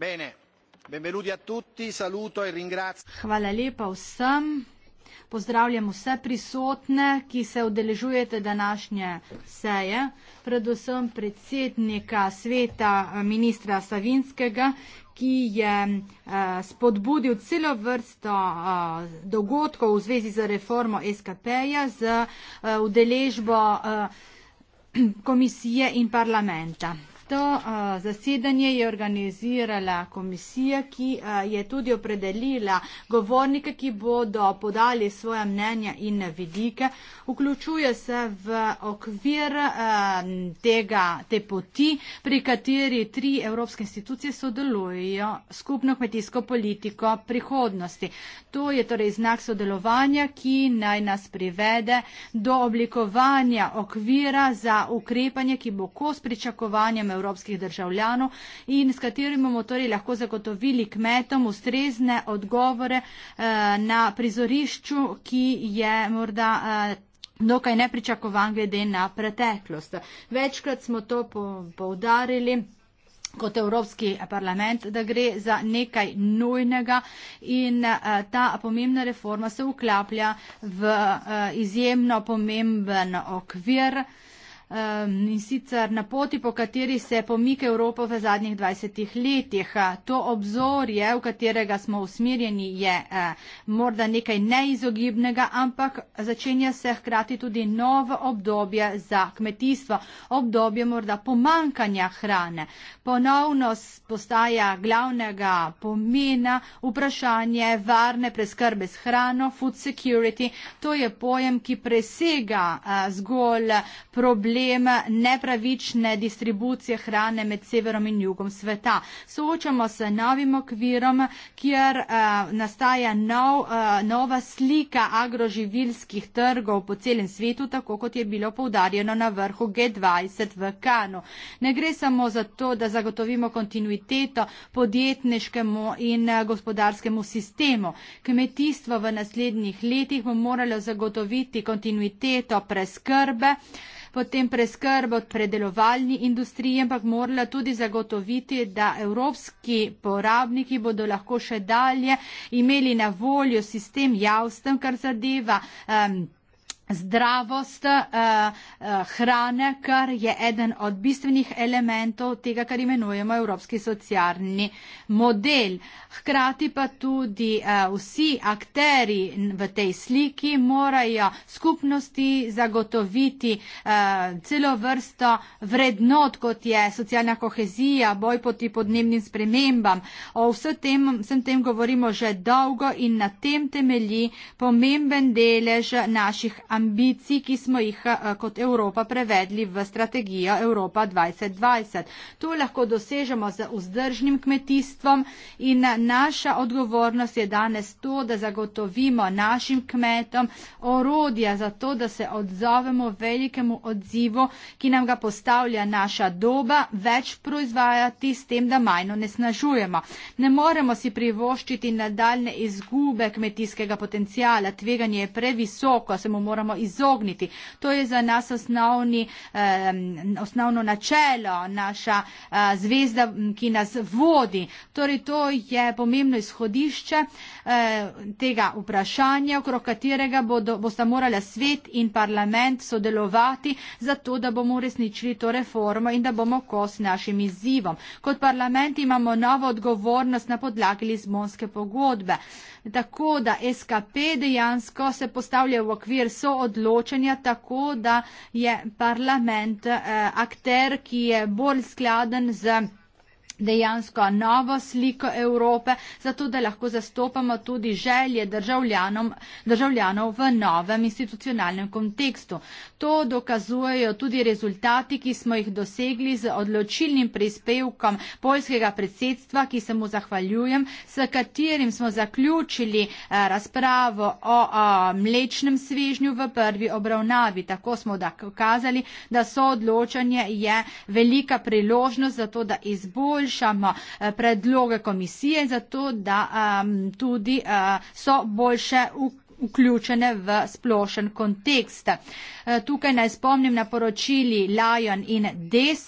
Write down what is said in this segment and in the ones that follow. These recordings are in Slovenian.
E Hvala lepa vsem. Pozdravljam vse prisotne, ki se odeležujete današnje seje, predvsem predsednika sveta eh, ministra Savinskega, ki je eh, spodbudil celo vrsto eh, dogodkov v zvezi z reformo SKP-ja z udeležbo komisije in parlamenta. Tisto zasedanje je organizirala komisija, ki je tudi opredelila govornike, ki bodo podali svoje mnenja in vidike. Vključuje se v okvir tega, te poti, pri kateri tri evropske institucije sodelujejo skupno kmetijsko politiko prihodnosti. To je torej znak sodelovanja, ki naj nas privede do oblikovanja okvira za ukrepanje, ki bo kos pričakovanjem evropskih državljanov in s katerim bomo torej lahko zagotovili kmetom ustrezne odgovore eh, na prizorišču, ki je morda eh, dokaj nepričakovan glede na preteklost. Večkrat smo to poudarili kot Evropski parlament, da gre za nekaj nujnega in eh, ta pomembna reforma se uklaplja v izjemno pomemben okvir in sicer na poti, po kateri se pomik Evropa v zadnjih 20 letih. To obzorje, v katerega smo usmirjeni, je e, morda nekaj neizogibnega, ampak začenja se hkrati tudi novo obdobje za kmetijstvo, obdobje morda pomankanja hrane. Ponovno postaja glavnega pomena vprašanje varne preskrbe s hrano, food security. To je pojem, ki presega e, zgolj problem problem nepravične distribucije hrane med severom in jugom sveta. Soočamo se novim okvirom, kjer uh, nastaja nov, uh, nova slika agroživilskih trgov po celem svetu, tako kot je bilo poudarjeno na vrhu G20 v Kanu. Ne gre samo za to, da zagotovimo kontinuiteto podjetniškemu in eh, gospodarskemu sistemu. Kmetijstvo v naslednjih letih bo moralo zagotoviti kontinuiteto preskrbe, potem preskrbo predelovalni industriji, ampak morala tudi zagotoviti, da evropski porabniki bodo lahko še dalje imeli na voljo sistem javstem, kar zadeva. Um, zdravost eh, eh, hrane, kar je eden od bistvenih elementov tega, kar imenujemo Evropski socialni model. Hkrati pa tudi eh, vsi akteri v tej sliki morajo skupnosti zagotoviti celo vrsto vrednot, kot je socialna kohezija, boj poti podnebnim spremembam. O vsem tem, tem govorimo že dolgo in na tem temelji pomemben delež naših ambicij ambicij, ki smo jih eh, kot Evropa prevedli v strategijo Evropa 2020. To lahko dosežemo z vzdržnim kmetijstvom in naša odgovornost je danes to, da zagotovimo našim kmetom orodja za to, da se odzovemo velikemu odzivu, ki nam ga postavlja naša doba, več proizvajati s tem, da manj ne snažujemo. Ne moremo si privoščiti nadaljne izgube kmetijskega potencijala, tveganje je previsoko, se mu moramo moramo izogniti. To je za nas osnovni, eh, osnovno načelo, naša eh, zvezda, ki nas vodi. Torej, to je pomembno izhodišče. Eh, Eh, tega vprašanja, okrog katerega bodo, bosta morala svet in parlament sodelovati, zato da bomo uresničili to reformo in da bomo kos našim izzivom. Kot parlament imamo novo odgovornost na podlagi Lizbonske pogodbe. Tako da SKP dejansko se postavlja v okvir soodločanja, tako da je parlament eh, akter, ki je bolj skladen z dejansko novo sliko Evrope, zato da lahko zastopamo tudi želje državljanov v novem institucionalnem kontekstu. To dokazujejo tudi rezultati, ki smo jih dosegli z odločilnim prispevkom poljskega predsedstva, ki se mu zahvaljujem, s katerim smo zaključili eh, razpravo o mlečnem svežnju v prvi obravnavi. Tako smo dokazali, da so odločanje je velika priložnost za to, da izboljšamo izboljšamo eh, predloge komisije, zato da tudi eh, so boljše vključene v splošen kontekst. Tukaj naj spomnim na poročili Lion in Des.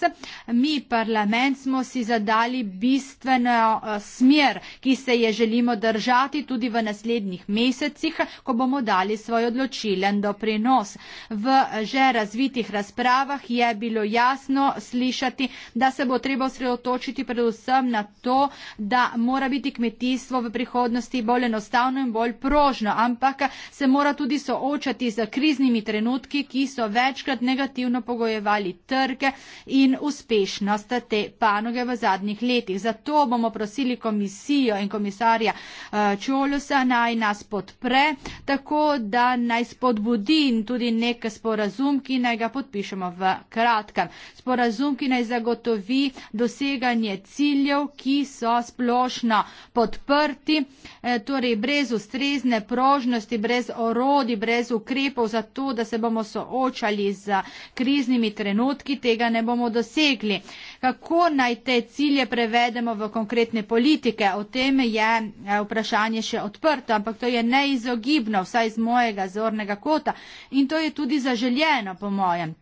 Mi, parlament, smo si zadali bistveno eh, smer, ki se je želimo držati tudi v naslednjih mesecih, ko bomo dali svoj odločilen doprinos. V eh, že razvitih razpravah je bilo jasno slišati, da se bo treba osredotočiti predvsem na to, da mora biti kmetijstvo v prihodnosti bolj enostavno in bolj prožno, ampak se mora tudi soočati z kriznimi trenutki, ki so večkrat negativno pogojevali trge in uspešnost te panoge v zadnjih letih. Zato bomo prosili komisijo in komisarja eh, Čolusa naj nas podpre, tako da naj spodbudi in tudi nek sporazum, ki naj ga podpišemo v kratkem. Sporazum, ki naj zagotovi doseganje ciljev, ki so splošno podprti, eh, torej brez ustrezne prožnosti, brez orodi, brez ukrepov za to, da se bomo soočili soočali z kriznimi trenutki, tega ne bomo dosegli. Kako naj te cilje prevedemo v konkretne politike? O tem je eh, vprašanje še odprto, ampak to je neizogibno, vsaj z mojega zornega kota. In to je tudi zaželjeno, po mojem.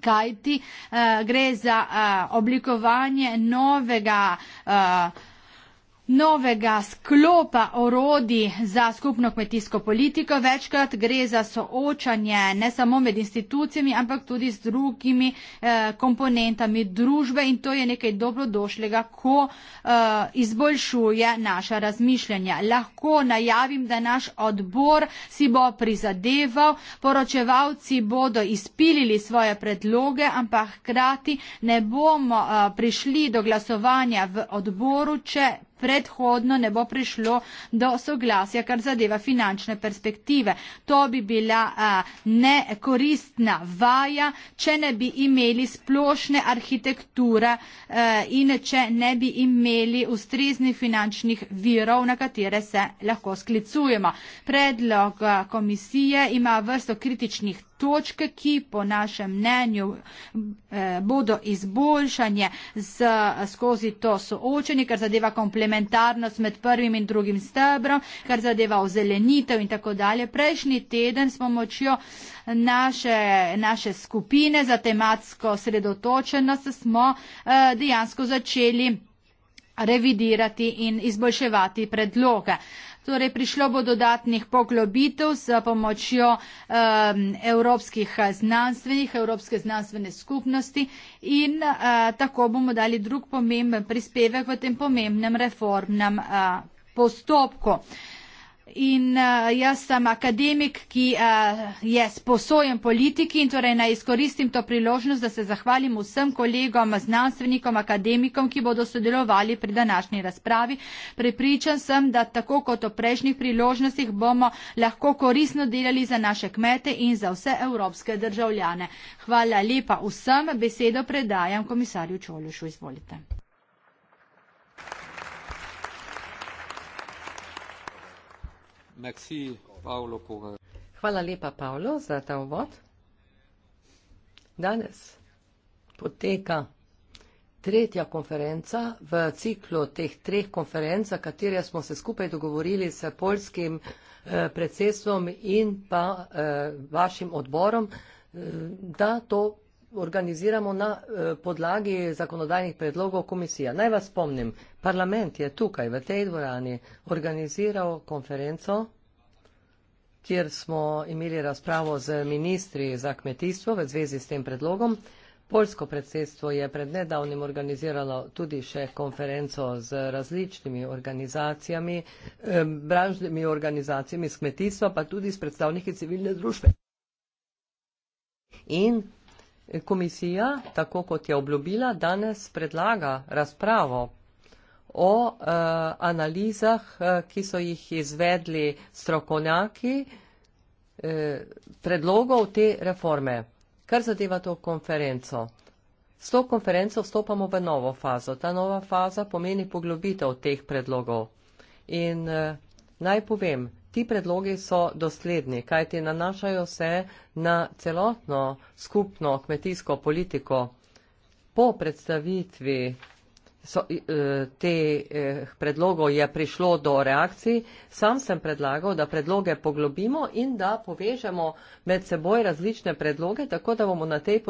Kaj ti uh, eh, gre za uh, oblikovanje novega uh, novega sklopa orodi za skupno kmetijsko politiko. Večkrat gre za soočanje ne samo med institucijami, ampak tudi z drugimi eh, komponentami družbe in to je nekaj dobrodošljega, ko eh, izboljšuje naša razmišljanja. Lahko najavim, da naš odbor si bo prizadeval, poročevalci bodo izpilili svoje predloge, ampak hkrati ne bomo eh, prišli do glasovanja v odboru, če predhodno ne bo prišlo do soglasja, kar zadeva finančne perspektive. To bi bila nekoristna vaja, če ne bi imeli splošne arhitekture in če ne bi imeli ustreznih finančnih virov, na katere se lahko sklicujemo. Predlog komisije ima vrsto kritičnih točke, ki po našem mnenju eh, bodo izboljšanje z, skozi to soočenje, kar zadeva komplementarnost med prvim in drugim stebrom, kar zadeva ozelenitev in tako dalje. Prejšnji teden s pomočjo naše, naše skupine za tematsko sredotočenost smo eh, dejansko začeli revidirati in izboljševati predloge. Torej, prišlo bo dodatnih poglobitev s pomočjo um, evropskih znanstvenih, evropske znanstvene skupnosti in uh, tako bomo dali drug pomemben prispevek v tem pomembnem reformnem uh, postopku. Uh, in uh, jaz sem akademik, ki uh, je sposojen politiki in torej naj izkoristim to priložnost, da se zahvalim vsem kolegom, znanstvenikom, akademikom, ki bodo sodelovali pri današnji razpravi. Prepričan sem, da tako kot o prejšnjih priložnostih bomo lahko korisno delali za naše kmete in za vse evropske državljane. Hvala lepa vsem, besedo predajam komisarju Čolušu. Izvolite. Euh, Hvala lepa, Pavlo, za ta uvod. Danes poteka tretja konferenca v ciklu teh treh konferenc, za katere smo se skupaj dogovorili s polskim eh, predsedstvom in pa eh, vašim odborom, eh, da to organiziramo na eh, podlagi zakonodajnih predlogov komisija. Naj vas spomnim, parlament je tukaj v tej dvorani organiziral konferenco, kjer smo imeli razpravo z ministri za kmetijstvo v zvezi s tem predlogom. Polsko predsedstvo je pred nedavnim organiziralo tudi še konferenco z različnimi organizacijami, eh, branžnimi organizacijami iz kmetijstva, pa tudi s predstavniki civilne družbe. In Komisija, tako kot je obljubila, danes predlaga razpravo o eh, analizah, eh, ki so jih izvedli strokovnjaki eh, predlogov te reforme, kar zadeva to konferenco. S to konferenco vstopamo v novo fazo. Ta nova faza pomeni poglobitev teh predlogov. In eh, naj povem, ti predlogi so dosledni, kajti nanašajo se na celotno skupno kmetijsko politiko. Po predstavitvi so, e, te e, predlogov je prišlo do reakcij. Sam sem predlagal, da predloge poglobimo in da povežemo med seboj različne predloge, tako da bomo na tej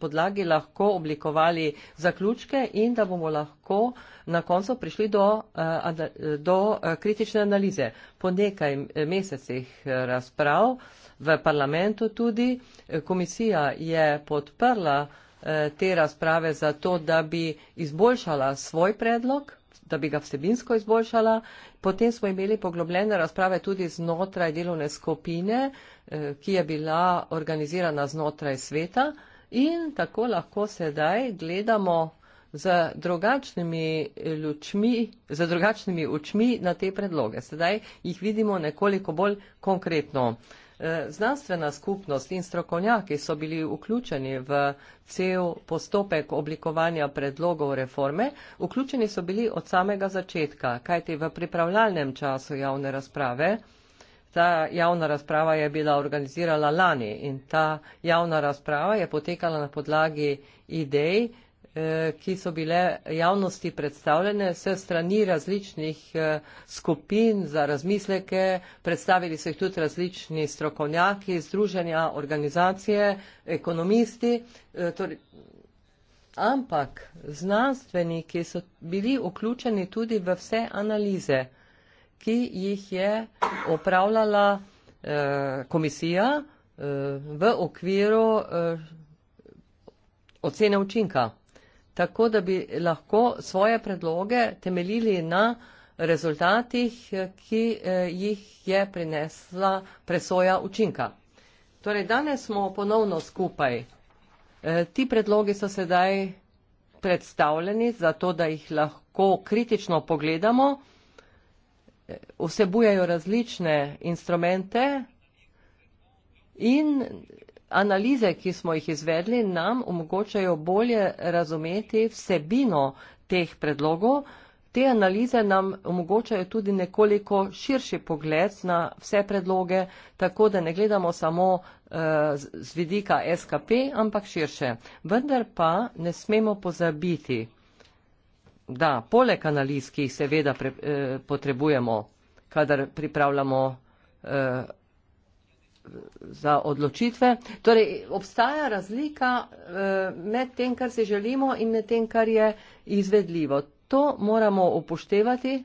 podlagi lahko oblikovali zaključke in da bomo lahko na koncu prišli do, e, do kritične analize. Po nekaj mesecih razprav v parlamentu tudi komisija je podprla Eh, te razprave za to, da bi izboljšala svoj predlog, da bi ga vsebinsko izboljšala. Potem smo imeli poglobljene razprave tudi znotraj delovne skupine, eh, ki je bila organizirana znotraj sveta in tako lahko sedaj gledamo z drugačnimi lučmi, z drugačnimi očmi na te predloge. Sedaj jih vidimo nekoliko bolj konkretno. Uh, Eh, znanstvena skupnost in strokovnjaki so bili vključeni v cel postopek oblikovanja predlogov reforme, vključeni so bili od samega začetka, kajti v pripravljalnem času javne razprave, ta javna razprava je bila organizirala lani in ta javna razprava je potekala na podlagi idej, Eh, ki so bile javnosti predstavljene, se strani različnih eh, skupin za razmisleke, predstavili so jih tudi različni strokovnjaki, združenja, organizacije, ekonomisti. Eh, torej, ampak znanstveniki so bili vključeni tudi v vse analize, ki jih je opravljala komisija v okviru ocene učinka tako da bi lahko svoje predloge temeljili na rezultatih, ki eh, jih je prinesla presoja učinka. Torej, danes smo ponovno skupaj. Eh, ti predlogi so sedaj predstavljeni, zato da jih lahko kritično pogledamo. Eh, Vsebujajo različne instrumente in analize, ki smo jih izvedli, nam omogočajo bolje razumeti vsebino teh predlogov. Te analize nam omogočajo tudi nekoliko širši pogled na vse predloge, tako da ne gledamo samo uh, z vidika SKP, ampak širše. Vendar pa ne smemo pozabiti, da poleg analiz, ki jih seveda pre, uh, potrebujemo, kadar pripravljamo uh, za odločitve. Torej, obstaja razlika eh, med tem, kar si želimo in med tem, kar je izvedljivo. To moramo upoštevati.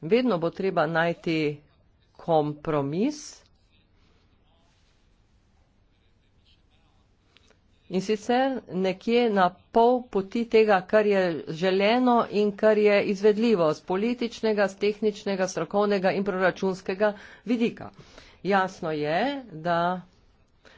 Vedno bo treba najti kompromis. In sicer nekje na pol poti tega, kar je želeno in kar je izvedljivo z političnega, z tehničnega, strokovnega in proračunskega vidika. Jasno je, da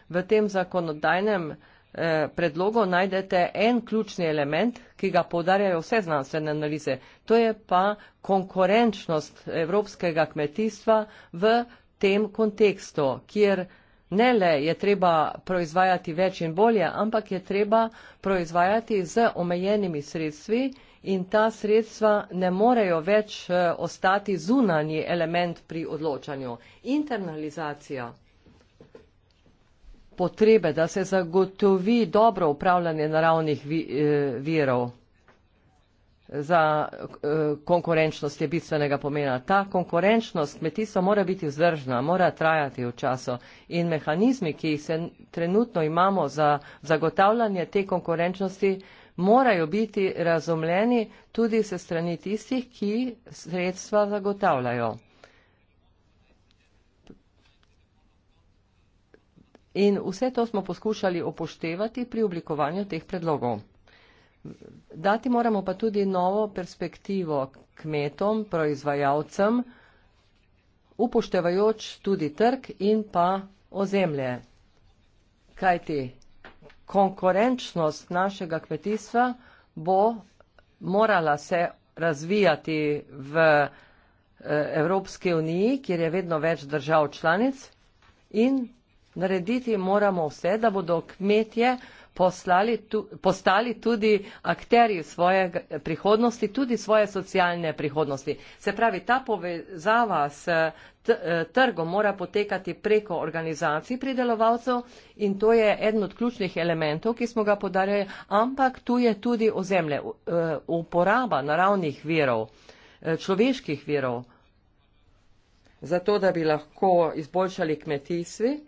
v tem zakonodajnem eh, predlogu najdete en ključni element, ki ga podarjajo vse znanstvene analize. To je pa konkurenčnost evropskega kmetijstva v tem kontekstu, kjer ne le je treba proizvajati več in bolje, ampak je treba proizvajati z omejenimi sredstvi in ta sredstva ne morejo več eh, ostati zunanji element pri odločanju. Internalizacija potrebe, da se zagotovi dobro upravljanje naravnih virov. Vi, eh, za eh, konkurenčnost je bistvenega pomena. Ta konkurenčnost kmetijstva mora biti vzdržna, mora trajati v času in mehanizmi, ki jih se trenutno imamo za zagotavljanje te konkurenčnosti, morajo biti razumljeni tudi se strani tistih, ki sredstva zagotavljajo. In vse to smo poskušali upoštevati pri oblikovanju teh predlogov. Dati moramo pa tudi novo perspektivo kmetom, proizvajalcem, upoštevajoč tudi trg in pa ozemlje. Kajti konkurenčnost našega kmetijstva bo morala se razvijati v eh, Evropski uniji, kjer je vedno več držav članic in narediti moramo vse, da bodo kmetje poslali, tu, postali tudi akteri svoje prihodnosti, tudi svoje socialne prihodnosti. Se pravi, ta povezava s eh, trgom mora potekati preko organizacij pridelovalcev in to je eden od ključnih elementov, ki smo ga podarjali, ampak tu je tudi ozemlje, eh, uporaba naravnih virov, eh, človeških virov, zato da bi lahko izboljšali kmetijstvi.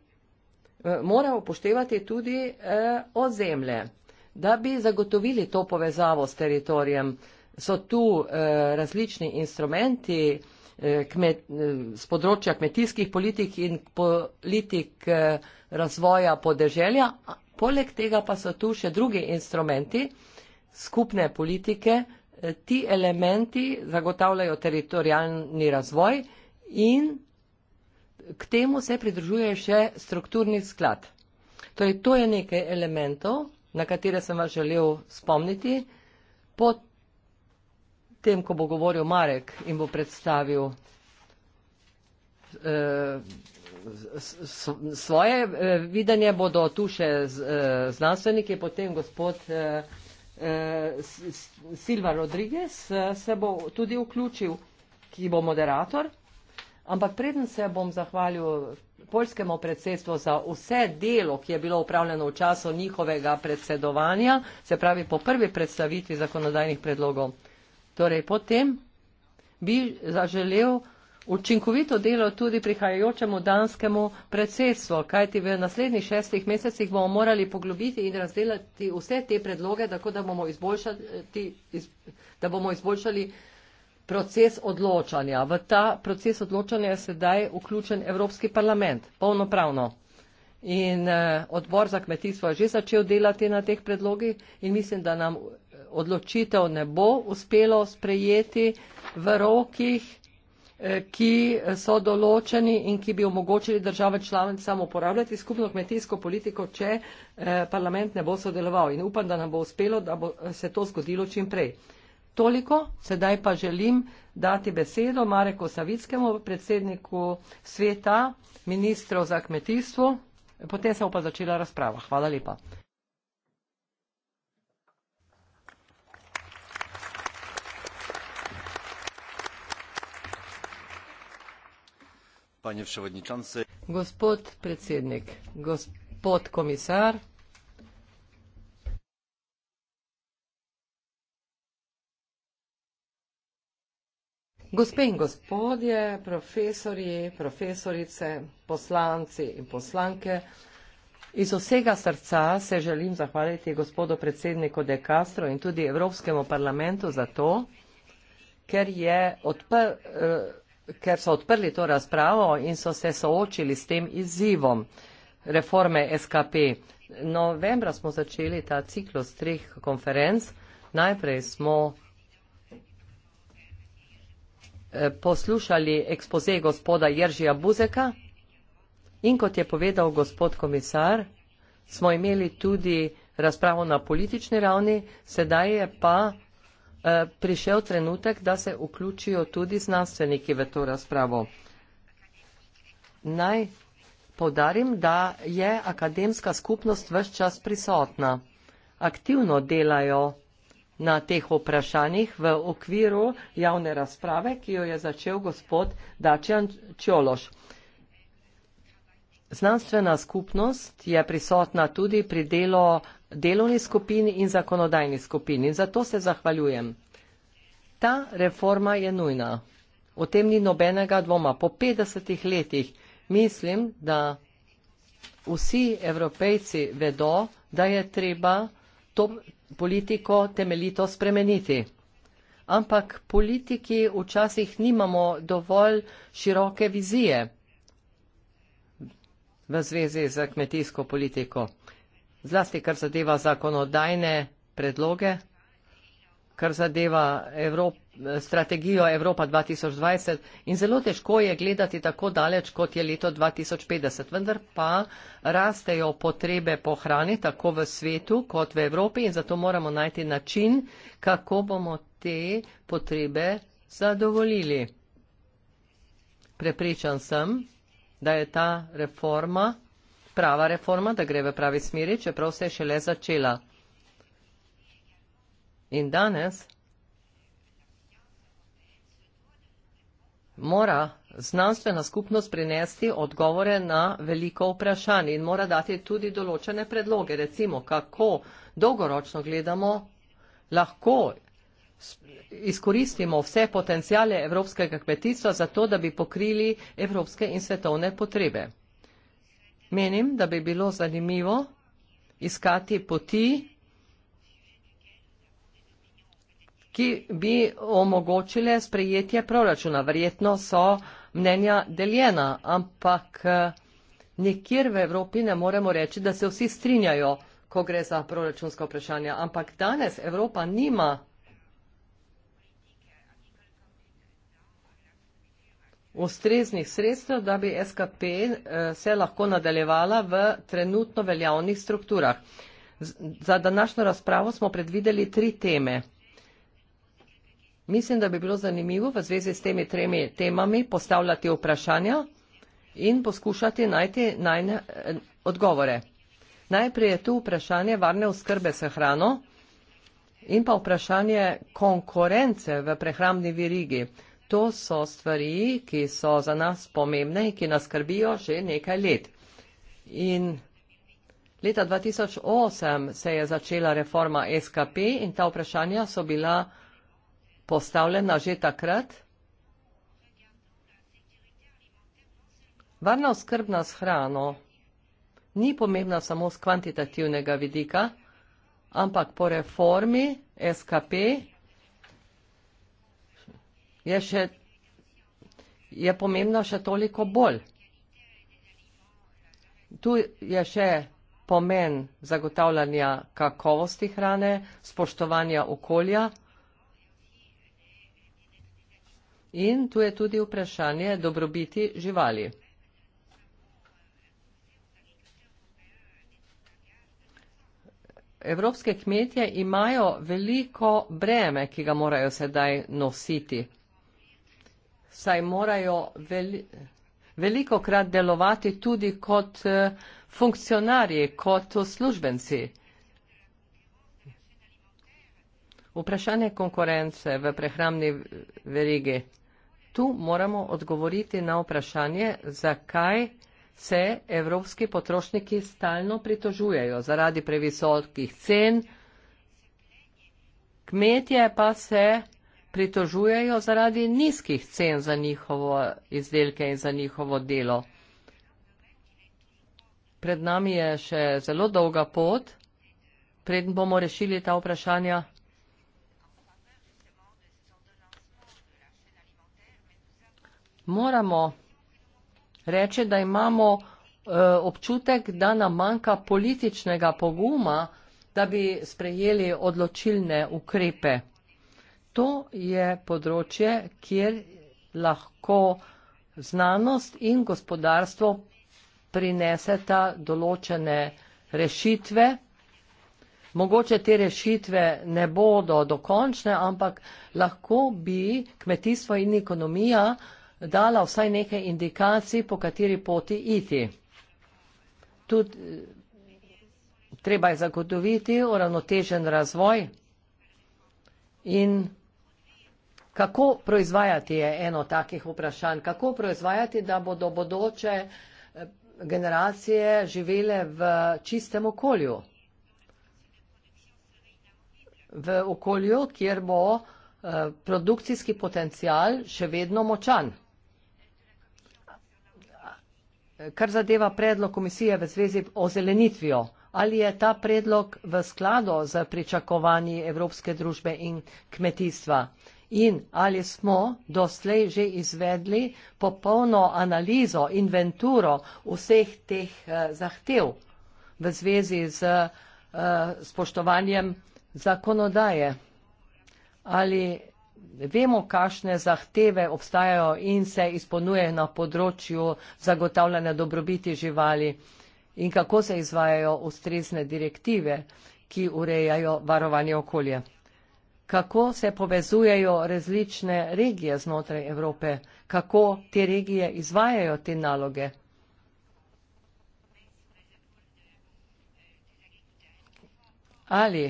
Eh, mora upoštevati tudi eh, ozemlje. Da bi zagotovili to povezavo s teritorijem, so tu eh, različni instrumenti eh, kmet, eh, z področja kmetijskih politik in politik eh, razvoja podeželja. Poleg tega pa so tu še drugi instrumenti skupne politike. Eh, ti elementi zagotavljajo teritorijalni razvoj in k temu se pridružuje še strukturni sklad. Torej, to je nekaj elementov, na katere sem vas želel spomniti. Po tem, ko bo govoril Marek in bo predstavil eh, svoje eh, videnje, bodo tu še z, eh, znanstveniki, potem gospod eh, eh, Silva Rodriguez eh, se bo tudi vključil, ki bo moderator. Ampak preden se bom zahvalil poljskemu predsedstvu za vse delo, ki je bilo upravljeno v času njihovega predsedovanja, se pravi po prvi predstavitvi zakonodajnih predlogov, torej potem bi zaželel učinkovito delo tudi prihajajočemu danskemu predsedstvu, kajti v naslednjih šestih mesecih bomo morali poglobiti in razdelati vse te predloge, tako da bomo izboljšali. Da bomo izboljšali proces odločanja. V ta proces odločanja je sedaj vključen Evropski parlament, polnopravno. In eh, odbor za kmetijstvo je že začel delati na teh predlogih in mislim, da nam eh, odločitev ne bo uspelo sprejeti v rokih, eh, ki so določeni in ki bi omogočili države članicam uporabljati skupno kmetijsko politiko, če parlament ne bo sodeloval. In upam, da nam bo uspelo, da bo se to zgodilo čim prej. Toliko, sedaj pa želim dati besedo Mareku Savickemu, predsedniku sveta, ministro za kmetijstvo. Potem se bo pa začela razprava. Hvala lepa. Gospod predsednik, gospod komisar, Gospe in gospodje, profesori, profesorice, poslanci in poslanke, iz vsega srca se želim zahvaliti gospodu predsedniku De Castro in tudi Evropskemu parlamentu za to, ker, je odpr, eh, ker so odprli to razpravo in so se soočili s tem izzivom reforme SKP. Novembra smo začeli ta ciklus treh konferenc. Najprej smo Eh, poslušali ekspoze gospoda Jeržija Buzeka in kot je povedal gospod komisar, smo imeli tudi razpravo na politični ravni, sedaj je pa eh, prišel trenutek, da se vključijo tudi znanstveniki v to razpravo. Naj povdarim, da je akademska skupnost vse čas prisotna. Aktivno delajo vsega, na teh vprašanjih v okviru javne razprave, ki jo je začel gospod Dačjan Čološ. Znanstvena skupnost je prisotna tudi pri delo delovni skupini in zakonodajni skupini. Zato se zahvaljujem. Ta reforma je nujna. O tem ni nobenega dvoma. Po 50 letih mislim, da vsi evropejci vedo, da je treba to, politiko temeljito spremeniti. Ampak politiki včasih nimamo dovolj široke vizije v zvezi z kmetijsko politiko. Zlasti, kar zadeva zakonodajne predloge, kar zadeva Evropo strategijo Evropa 2020 in zelo težko je gledati tako daleč, kot je leto 2050. Vendar pa rastejo potrebe po hrani tako v svetu kot v Evropi in zato moramo najti način, kako bomo te potrebe zadovoljili. Prepričan sem, da je ta reforma prava reforma, da gre v pravi smeri, čeprav se je šele začela. In danes mora znanstvena skupnost prinesti odgovore na veliko vprašanj in mora dati tudi določene predloge, recimo kako dolgoročno gledamo, lahko izkoristimo vse potencijale evropskega kmetijstva za to, da bi pokrili evropske in svetovne potrebe. Menim, da bi bilo zanimivo iskati poti, ki bi omogočile sprejetje proračuna. Verjetno so mnenja deljena, ampak eh, nikjer v Evropi ne moremo reči, da se vsi strinjajo, ko gre za proračunsko vprašanje. Ampak danes Evropa nima. ustreznih sredstev, da bi SKP eh, se lahko nadaljevala v trenutno veljavnih strukturah. Za današnjo razpravo smo predvideli tri teme. Mislim, da bi bilo zanimivo v zvezi s temi tremi temami postavljati vprašanja in poskušati najti najne eh, odgovore. Najprej je tu vprašanje varne oskrbe s hrano in pa vprašanje konkurence v prehrambni virigi. To so stvari, ki so za nas pomembne in ki nas skrbijo že nekaj let. In leta 2008 se je začela reforma SKP in ta vprašanja so bila postavljena že takrat? Varna oskrbna s hrano ni pomembna samo z kvantitativnega vidika, ampak po reformi SKP je, še, je pomembna še toliko bolj. Tu je še pomen zagotavljanja kakovosti hrane, spoštovanja okolja. In tu je tudi vprašanje dobrobiti živali. Evropske kmetje imajo veliko breme, ki ga morajo sedaj nositi. Saj morajo veli, veliko krat delovati tudi kot eh, funkcionarji, kot službenci. Vprašanje konkurence v prehramni verigi. Tu moramo odgovoriti na vprašanje, zakaj se evropski potrošniki stalno pritožujejo zaradi previsokih cen, kmetje pa se pritožujejo zaradi nizkih cen za njihovo izdelke in za njihovo delo. Pred nami je še zelo dolga pot, preden bomo rešili ta vprašanja. moramo reči, da imamo eh, občutek, da nam manjka političnega poguma, da bi sprejeli odločilne ukrepe. To je področje, kjer lahko znanost in gospodarstvo prineseta določene rešitve. Mogoče te rešitve ne bodo dokončne, ampak lahko bi kmetijstvo in ekonomija uh, dala vsaj nekaj indikacij, po kateri poti iti. Tudi treba je zagotoviti uravnotežen razvoj in kako proizvajati je eno takih vprašanj, kako proizvajati, da bodo bodoče eh, generacije živele v čistem okolju. V okolju, kjer bo eh, produkcijski potencial še vedno močan. Kar zadeva predlog komisije v zvezi o zelenitvijo, ali je ta predlog v skladu z pričakovanji Evropske družbe in kmetijstva? In ali smo doslej že izvedli popolno analizo, inventuro vseh teh eh, zahtev v zvezi z eh, spoštovanjem zakonodaje? Ali vemo, kakšne zahteve obstajajo in se izpolnjujejo na področju zagotavljanja dobrobiti živali in kako se izvajajo ustrezne direktive, ki urejajo varovanje okolja. Kako se povezujejo različne regije znotraj Evrope, kako te regije izvajajo te naloge. Ali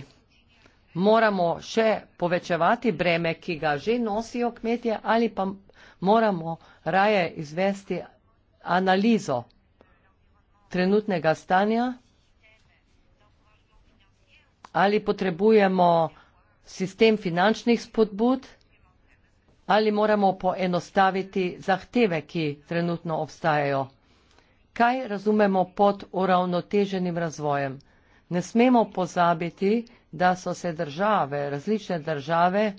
moramo še povečevati breme, ki ga že nosijo kmetje, ali pa moramo raje izvesti analizo trenutnega stanja, ali potrebujemo sistem finančnih spodbud, ali moramo poenostaviti zahteve, ki trenutno obstajajo. Kaj razumemo pod uravnoteženim razvojem? Ne smemo pozabiti, da so se države, različne države,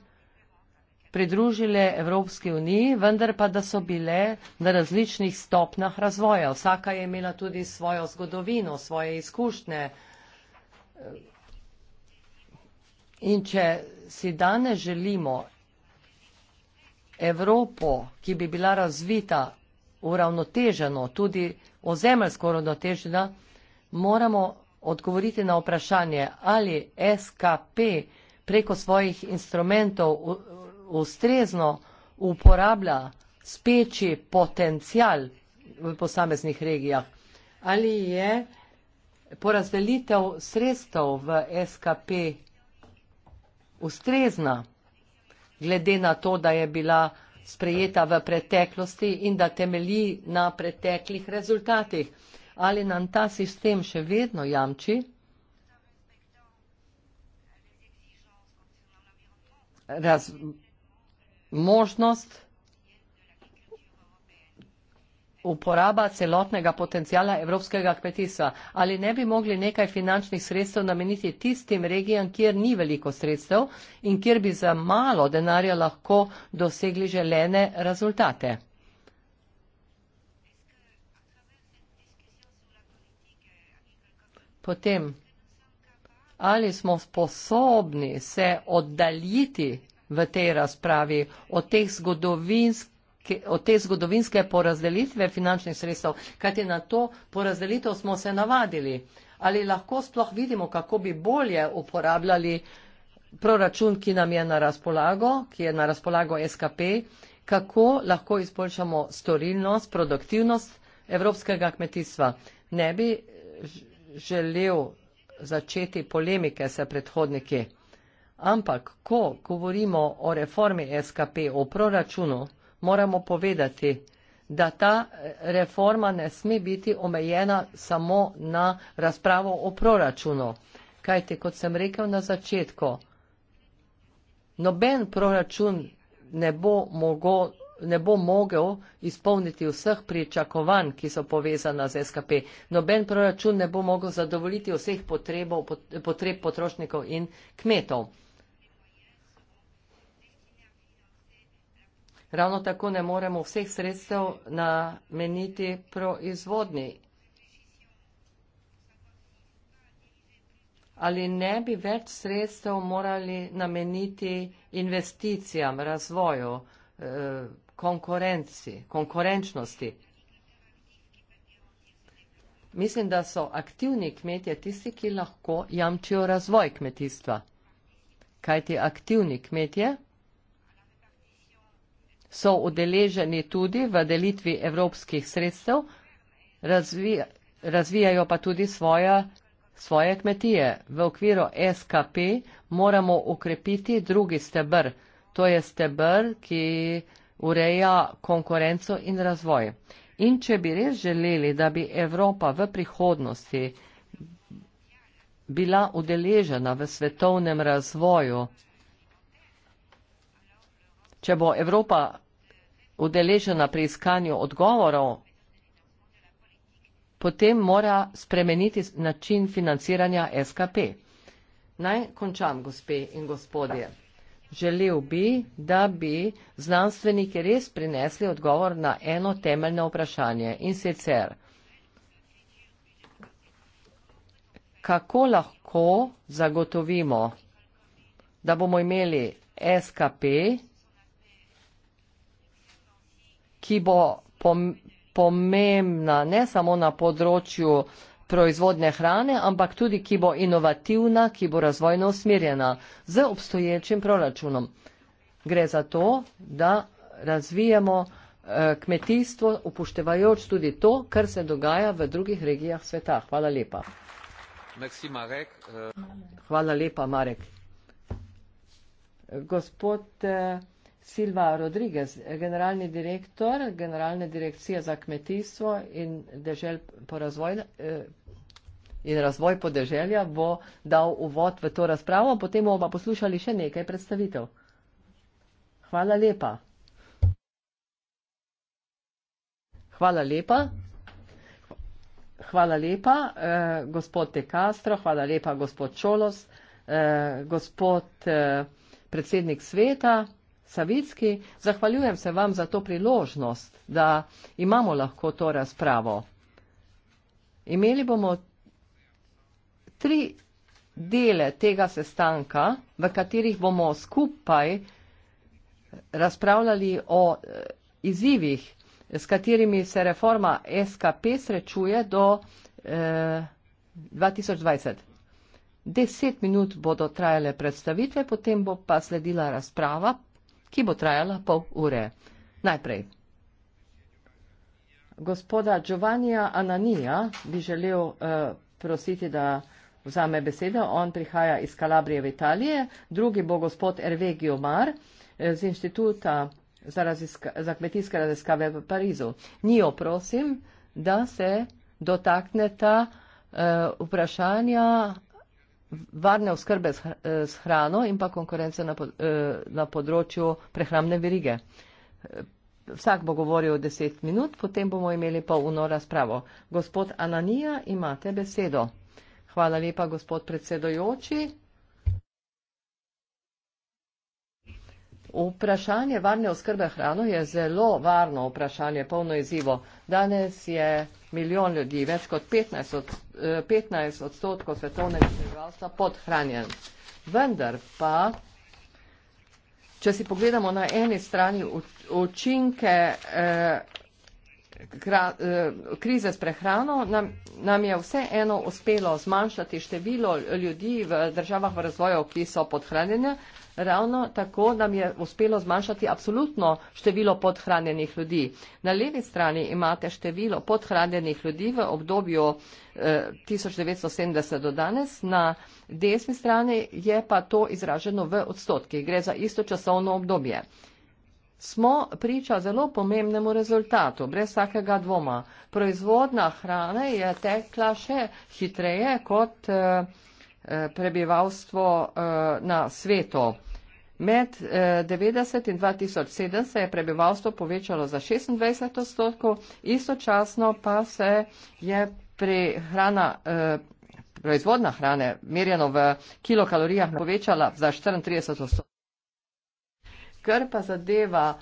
pridružile Evropski uniji, vendar pa, da so bile na različnih stopnjah razvoja. Vsaka je imela tudi svojo zgodovino, svoje izkušnje. In če si danes želimo Evropo, ki bi bila razvita, uravnoteženo, tudi ozemelsko uravnoteženo, moramo odgovorite na vprašanje, ali SKP preko svojih instrumentov ustrezno uporablja speči potencial v posameznih regijah, ali je porazdelitev sredstev v SKP ustrezna, glede na to, da je bila sprejeta v preteklosti in da temelji na preteklih rezultatih ali nam ta sistem še vedno jamči, raz, možnost uporaba celotnega potencijala evropskega kmetijstva. Ali ne bi mogli nekaj finančnih sredstev nameniti tistim regijam, kjer ni veliko sredstev in kjer bi za malo denarja lahko dosegli želene rezultate? potem ali smo sposobni se oddaljiti v tej razpravi od teh zgodovinskih od te zgodovinske porazdelitve finančnih sredstev, kajti na to porazdelitev smo se navadili. Ali lahko sploh vidimo, kako bi bolje uporabljali proračun, ki nam je na razpolago, ki je na razpolago SKP, kako lahko izboljšamo storilnost, produktivnost evropskega kmetijstva. Ne bi želel začeti polemike s predhodniki. Ampak, ko govorimo o reformi SKP, o proračunu, moramo povedati, da ta eh, reforma ne sme biti omejena samo na razpravo o proračunu. Kajte, kot sem rekel na začetku, noben proračun ne bo mogel ne bo mogel izpolniti vseh pričakovanj, ki so povezana z SKP. Noben proračun ne bo mogel zadovoljiti vseh potrebov, potreb potrošnikov in kmetov. Ravno tako ne moremo vseh sredstev nameniti proizvodni. Ali ne bi več sredstev morali nameniti investicijam, razvoju, eh, konkurenci, konkurenčnosti. Mislim, da so aktivni kmetje tisti, ki lahko jamčijo razvoj kmetijstva. Kaj ti aktivni kmetje so udeleženi tudi v delitvi evropskih sredstev, razvija, razvijajo pa tudi svoja, svoje kmetije. V okviru SKP moramo ukrepiti drugi stebr. To je stebr, ki ureja konkurenco in razvoj. In če bi res želeli, da bi Evropa v prihodnosti bila udeležena v svetovnem razvoju, če bo Evropa udeležena pri iskanju odgovorov, potem mora spremeniti način financiranja SKP. Naj končam, gospe in gospodje. Želel bi, da bi znanstveniki res prinesli odgovor na eno temeljno vprašanje in sicer, kako lahko zagotovimo, da bomo imeli SKP, ki bo pomembna ne samo na področju vprašanja, proizvodne hrane, ampak tudi, ki bo inovativna, ki bo razvojno usmerjena z obstoječim proračunom. Gre za to, da razvijamo eh, kmetijstvo, upoštevajoč tudi to, kar se dogaja v drugih regijah sveta. Hvala lepa. Marek, uh... Hvala lepa, Marek. Gospod. Uh... Silva Rodriguez, generalni direktor Generalne direkcije za kmetijstvo in dežel po razvoju. Eh, in razvoj podeželja bo dal uvod v to razpravo, potem bomo pa poslušali še nekaj predstavitev. Hvala lepa. Hvala lepa. Hvala lepa, eh, gospod De Castro, hvala lepa, gospod Čolos, eh, gospod eh, predsednik sveta. Savitski, zahvaljujem se vam za to priložnost, da imamo lahko to razpravo. Imeli bomo tri dele tega sestanka, v katerih bomo skupaj razpravljali o eh, izzivih, s katerimi se reforma SKP srečuje do eh, 2020. Deset minut bodo trajale predstavitve, potem bo pa sledila razprava ki bo trajala pol ure. Najprej. Gospoda Giovannija Ananija bi želel eh, prositi, da vzame besedo. On prihaja iz Kalabrije v Italije. Drugi bo gospod Erve Giomar eh, z inštituta za, za kmetijske raziskave v Parizu. Njo prosim, da se dotakneta uh, vprašanja varne oskrbe eh, s hrano in pa konkurence na eh, področju prehramne verige. Eh, vsak bo govoril deset minut, potem bomo imeli pa uno razpravo. Gospod Ananija, imate besedo. Hvala lepa, gospod predsedojoči. Vprašanje varne oskrbe hrano je zelo varno vprašanje, polno izzivo. Danes je milijon ljudi, več kot 15, od, 15 eh, odstotkov svetovnega prebivalstva podhranjen. Vendar pa, če si pogledamo na eni strani učinke eh, kra, eh, krize s prehrano, nam, nam je vse eno uspelo zmanjšati število ljudi v državah v razvoju, ki so podhranjene, ravno tako nam je uspelo zmanjšati absolutno število podhranjenih ljudi. Na levi strani imate število podhranjenih ljudi v obdobju eh, 1970 do danes, na desni strani je pa to izraženo v odstotkih. Gre za isto časovno obdobje. Smo priča zelo pomembnemu rezultatu, brez vsakega dvoma. Proizvodna hrane je tekla še hitreje kot. Eh, Eh, prebivalstvo eh, na svetu. Med 90 eh, in 2007 se je prebivalstvo povečalo za 26 odstotkov, istočasno pa se je prehrana, proizvodna hrane, merjeno v kilokalorijah, povečala za 34 odstotkov. Kar pa zadeva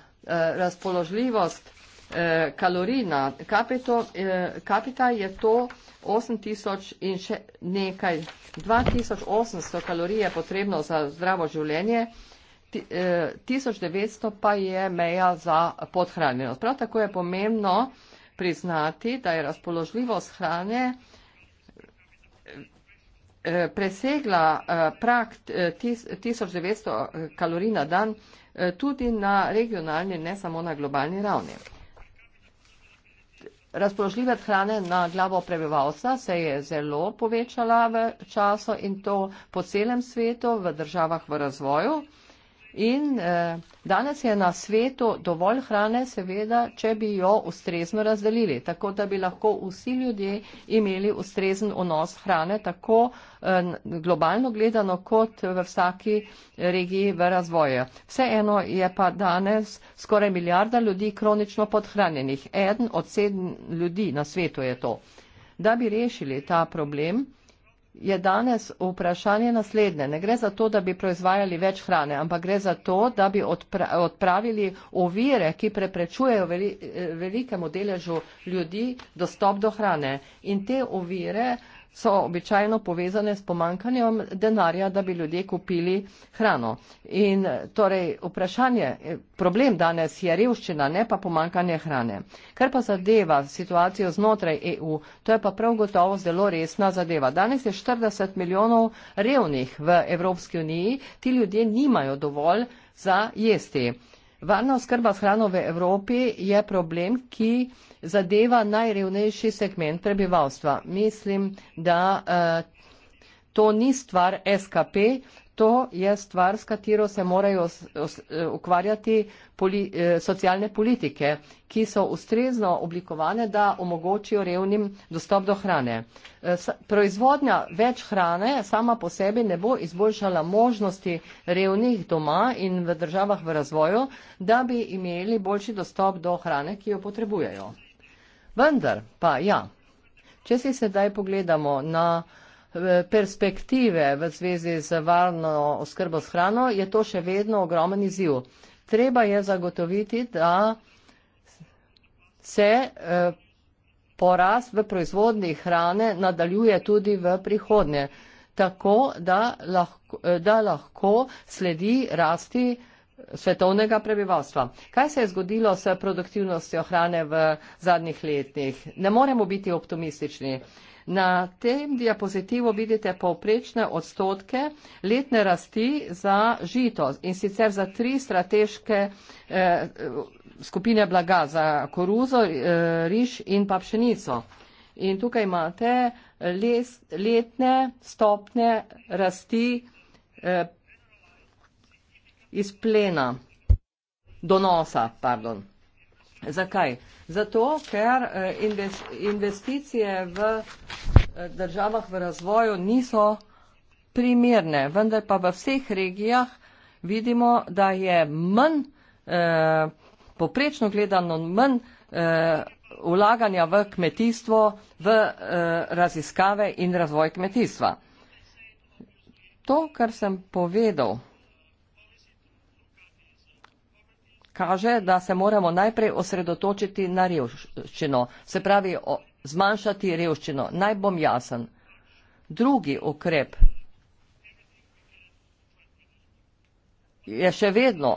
razpoložljivost eh, kalorij na kapito, eh, kapita je to 8000 in še nekaj, 2800 kalorij je potrebno za zdravo življenje, ti, eh, 1900 pa je meja za podhranjenost. Prav tako je pomembno priznati, da je razpoložljivost hrane eh, presegla eh, prak 1900 eh, kalorij na dan tudi na regionalni, ne samo na globalni ravni razpoložljive hrane na glavo prebivalca se je zelo povečala v času in to po celem svetu, v državah v razvoju. In eh, danes je na svetu dovolj hrane, seveda, če bi jo ustrezno razdelili, tako da bi lahko vsi ljudje imeli ustrezen vnos hrane, tako eh, globalno gledano, kot v vsaki regiji v razvoju. Vseeno je pa danes skoraj milijarda ljudi kronično podhranjenih. En od sedem ljudi na svetu je to. Da bi rešili ta problem, je danes vprašanje naslednje. Ne gre za to, da bi proizvajali več hrane, ampak gre za to, da bi odpravili ovire, ki preprečujejo eh, velikemu deležu ljudi dostop do hrane. In te ovire so običajno povezane s pomankanjem denarja, da bi ljudje kupili hrano. In torej vprašanje, problem danes je revščina, ne pa pomankanje hrane. Ker pa zadeva situacijo znotraj EU, to je pa prav gotovo zelo resna zadeva. Danes je 40 milijonov revnih v Evropski uniji, ti ljudje nimajo dovolj za jesti. Varna oskrba s hrano v Evropi je problem, ki zadeva najrevnejši segment prebivalstva. Mislim, da uh, to ni stvar SKP, To je stvar, s katero se morajo eh, ukvarjati poli, eh, socialne politike, ki so ustrezno oblikovane, da omogočijo revnim dostop do hrane. Eh, proizvodnja več hrane sama po sebi ne bo izboljšala možnosti revnih doma in v državah v razvoju, da bi imeli boljši dostop do hrane, ki jo potrebujejo. Vendar pa ja, če si sedaj pogledamo na perspektive v zvezi z varno oskrbo s hrano, je to še vedno ogromen izziv. Treba je zagotoviti, da se eh, porast v proizvodni hrane nadaljuje tudi v prihodnje, tako da lahko, eh, da lahko sledi rasti svetovnega prebivalstva. Kaj se je zgodilo s produktivnostjo hrane v zadnjih letih? Ne moremo biti optimistični. Na tem diapozitivu vidite povprečne odstotke letne rasti za žito in sicer za tri strateške eh, skupine blaga, za koruzo, eh, riž in pa pšenico. In tukaj imate les, letne stopne rasti eh, iz plena, donosa, pardon. Zakaj? Zato, ker eh, investicije v eh, državah v razvoju niso primerne, vendar pa v vseh regijah vidimo, da je mn, eh, poprečno gledano mn, ulaganja v kmetijstvo, v raziskave in razvoj kmetijstva. To, kar sem povedal, kaže, da se moramo najprej osredotočiti na revščino, se pravi o, zmanjšati revščino. Naj bom jasen. Drugi ukrep je še vedno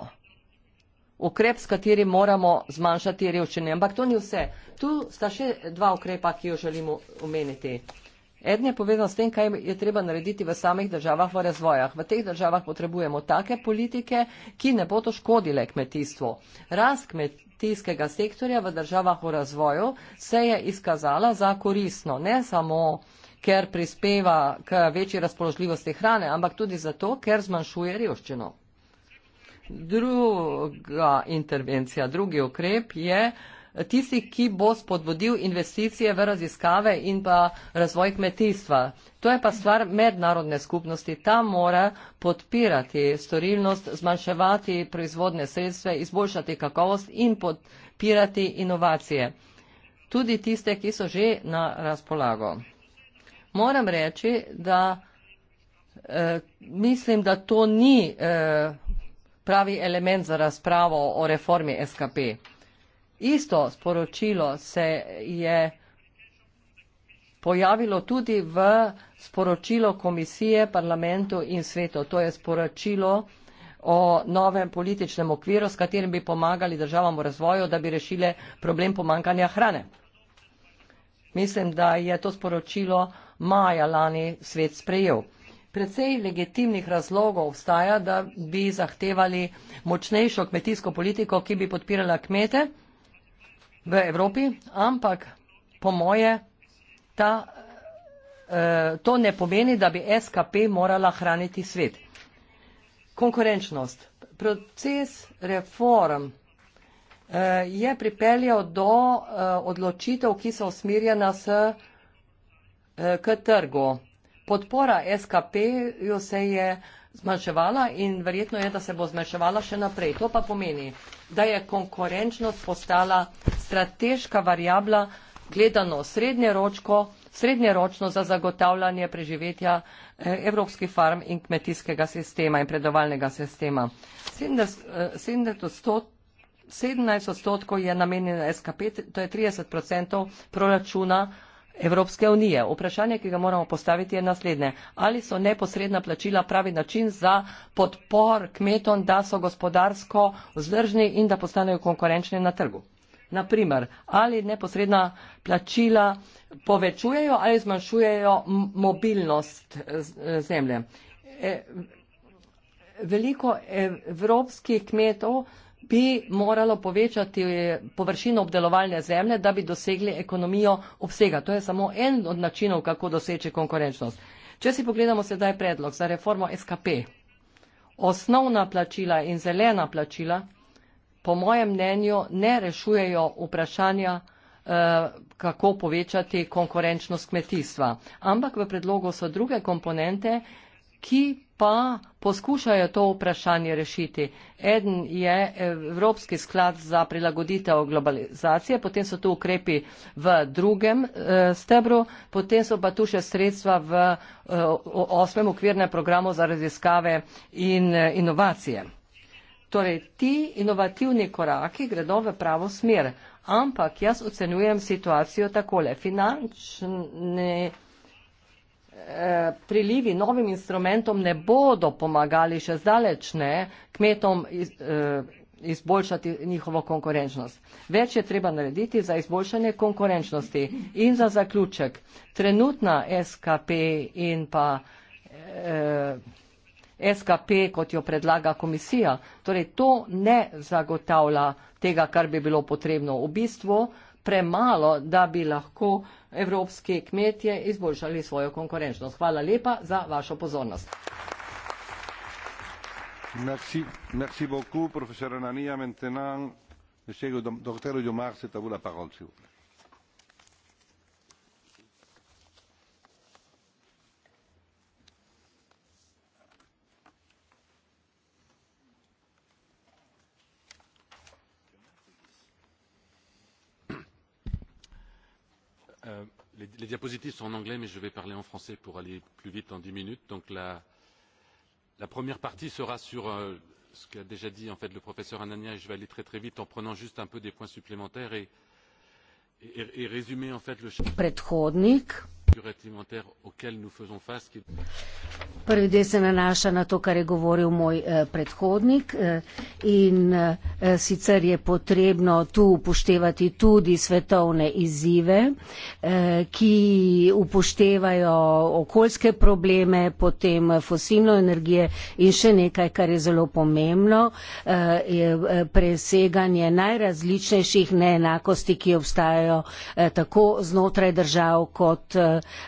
ukrep, s katerim moramo zmanjšati revščine. Ampak to ni vse. Tu sta še dva ukrepa, ki jo želimo omeniti. Eden je povezan s tem, kaj je treba narediti v samih državah v razvojah. V teh državah potrebujemo take politike, ki ne bodo škodile kmetijstvu. Rast kmetijskega sektorja v državah v razvoju se je izkazala za korisno, ne samo ker prispeva k večji razpoložljivosti hrane, ampak tudi zato, ker zmanjšuje revščino. Druga intervencija, drugi ukrep je tisti, ki bo spodbudil investicije v raziskave in pa razvoj kmetijstva. To je pa stvar mednarodne skupnosti. Ta mora podpirati storilnost, zmanjševati proizvodne sredstve, izboljšati kakovost in podpirati inovacije. Tudi tiste, ki so že na razpolago. Moram reči, da eh, mislim, da to ni eh, pravi element za razpravo o reformi SKP. Isto sporočilo se je pojavilo tudi v sporočilo komisije, parlamentu in svetu. To je sporočilo o novem političnem okviru, s katerim bi pomagali državam v razvoju, da bi rešile problem pomankanja hrane. Mislim, da je to sporočilo maja lani svet sprejel. Predvsej legitimnih razlogov obstaja, da bi zahtevali močnejšo kmetijsko politiko, ki bi podpirala kmete v Evropi, ampak po moje ta, eh, to ne pomeni, da bi SKP morala hraniti svet. Konkurenčnost. Proces reform eh, je pripeljal do eh, odločitev, ki so usmirjena s, eh, k trgu. Podpora SKP jo se je eh, zmanjševala in verjetno je, da se bo zmanjševala še naprej. To pa pomeni, da je konkurenčnost postala strateška variabla gledano srednjeročko, srednjeročno za zagotavljanje preživetja eh, evropskih farm in kmetijskega sistema in predovalnega sistema. 17 eh, odstotkov je namenjeno SKP, to je 30 odstotkov proračuna Evropske unije. Vprašanje, ki ga moramo postaviti, je naslednje. Ali so neposredna plačila pravi način za podpor kmetom, da so gospodarsko vzdržni in da postanejo konkurenčni na trgu? Naprimer, ali neposredna plačila povečujejo ali zmanjšujejo mobilnost zemlje. E, veliko evropskih kmetov bi moralo povečati površino obdelovalne zemlje, da bi dosegli ekonomijo obsega. To je samo en od načinov, kako doseči konkurenčnost. Če si pogledamo sedaj predlog za reformo SKP, osnovna plačila in zelena plačila, po mojem mnenju, ne rešujejo vprašanja, eh, kako povečati konkurenčnost kmetijstva. Ampak v predlogu so druge komponente, ki pa poskušajo to vprašanje rešiti. Eden je Evropski sklad za prilagoditev globalizacije, potem so tu ukrepi v drugem eh, stebru, potem so pa tu še sredstva v eh, osmem okvirnem programu za raziskave in eh, inovacije. Torej, ti inovativni koraki gredo v pravo smer, ampak jaz ocenujem situacijo takole. Finančni prilivi novim instrumentom ne bodo pomagali še zdaleč ne kmetom iz, eh, izboljšati njihovo konkurenčnost. Več je treba narediti za izboljšanje konkurenčnosti in za zaključek. Trenutna SKP in pa eh, SKP, kot jo predlaga komisija, torej to ne zagotavlja tega, kar bi bilo potrebno v bistvu premalo, da bi lahko evropski kmetje izboljšali svojo konkurenčnost. Hvala lepa za vašo pozornost. Merci, merci beaucoup, profesor Ananija Mentenan. Monsieur le docteur Jomar, c'est à vous la parole, s'il vous plaît. Euh, les diapositives sont en anglais mais je vais parler en français pour aller plus vite en dix minutes. la première partie sera sur euh, ce qu'a déjà dit en fait le professeur ananias et je vais aller très très vite en prenant juste un peu des points supplémentaires et résumer en fait le prvi del se nanaša na to, kar je govoril moj eh, predhodnik, eh, in eh, sicer je potrebno tu upoštevati tudi svetovne izzive, ki upoštevajo okoljske probleme, potem fosilno energije in še nekaj, kar je zelo pomembno, je preseganje najrazličnejših neenakosti, ki obstajajo tako znotraj držav kot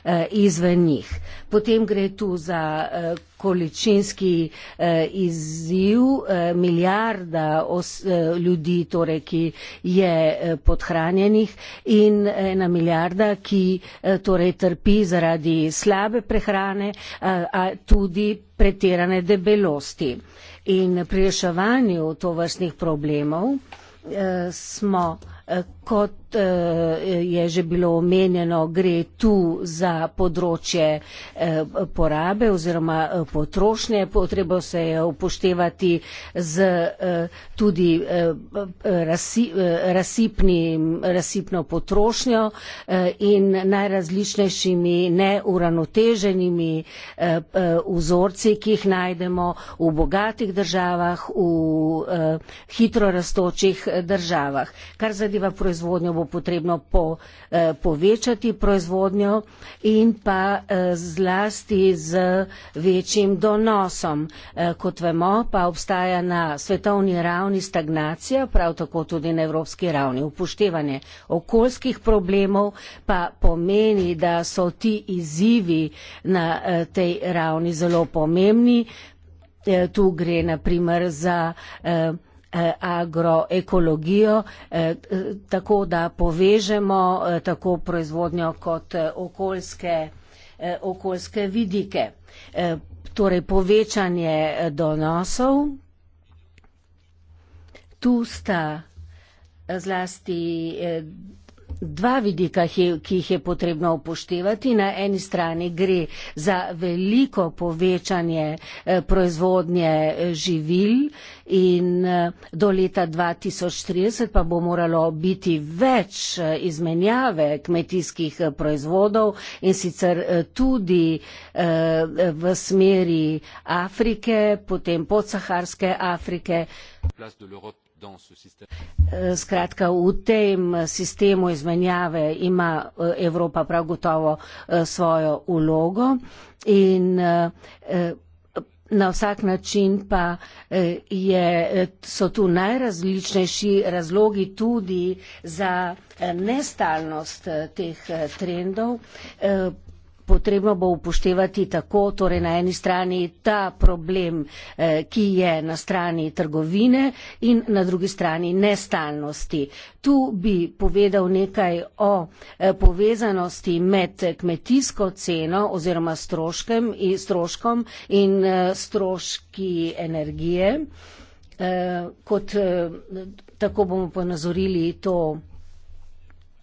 Eh, izven njih. Potem gre tu za eh, količinski eh, izziv, milijarda os, ljudi, torej, ki je podhranjenih in ena milijarda, ki torej trpi zaradi slabe prehrane, a tudi pretirane debelosti. In pri reševanju tovrstnih problemov smo kot Eh, je že bilo omenjeno, gre tu za področje eh, porabe oziroma eh, potrošnje. Potrebo se je upoštevati z tudi razsipni, razsipno potrošnjo in najrazličnejšimi neuranoteženimi vzorci, ki jih najdemo v bogatih državah, v hitro rastočih državah. Kar zadeva proizvodnjo, bo potrebno po, eh, povečati proizvodnjo in pa eh, zlasti z večjim donosom. Eh, kot vemo, pa obstaja na svetovni ravni stagnacija, prav tako tudi na evropski ravni. Upoštevanje okoljskih problemov pa pomeni, da so ti izzivi na tej ravni zelo pomembni. Tu gre naprimer za eh, Eh, agroekologijo, eh, tako da povežemo eh, tako proizvodnjo kot okoljske, okoljske vidike. Torej povečanje donosov, tu sta zlasti dva vidika, ki jih je potrebno upoštevati. Na eni strani gre za veliko povečanje eh, proizvodnje eh, živil in eh, do leta 2030 pa bo moralo biti več izmenjave kmetijskih proizvodov in sicer tudi v smeri Afrike, potem podsaharske Afrike. Eh, skratka, v tem sistemu izmenjave ima eh, Evropa prav gotovo eh, svojo ulogo in na vsak način pa je, so tu najrazličnejši razlogi tudi za nestalnost teh trendov potrebno bo upoštevati tako, torej na eni strani ta problem, eh, ki je na strani trgovine in na drugi strani nestalnosti. Tu bi povedal nekaj o eh, povezanosti med eh, kmetijsko ceno oziroma stroškom in stroški energije. Kot, tako bomo ponazorili to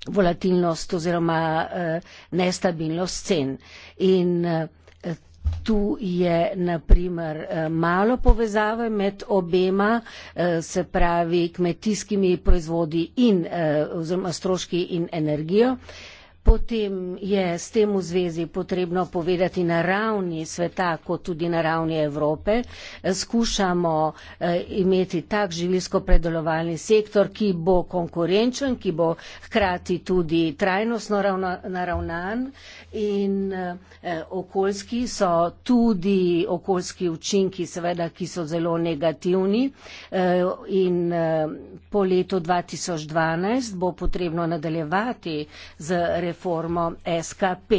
volatilnost oziroma eh, nestabilnost cen. In eh, tu je naprimer eh, malo povezave med obema, se pravi kmetijskimi proizvodi in oziroma stroški in energijo. Potem je s tem v zvezi potrebno povedati na ravni sveta, kot tudi na ravni Evrope. Skušamo eh, imeti tak živilsko predelovalni sektor, ki bo konkurenčen, ki bo hkrati tudi trajnostno naravnan in eh, okoljski so tudi okoljski učinki, seveda, ki so zelo negativni eh, in po letu 2012 bo potrebno nadaljevati z reformacijami reformo SKP.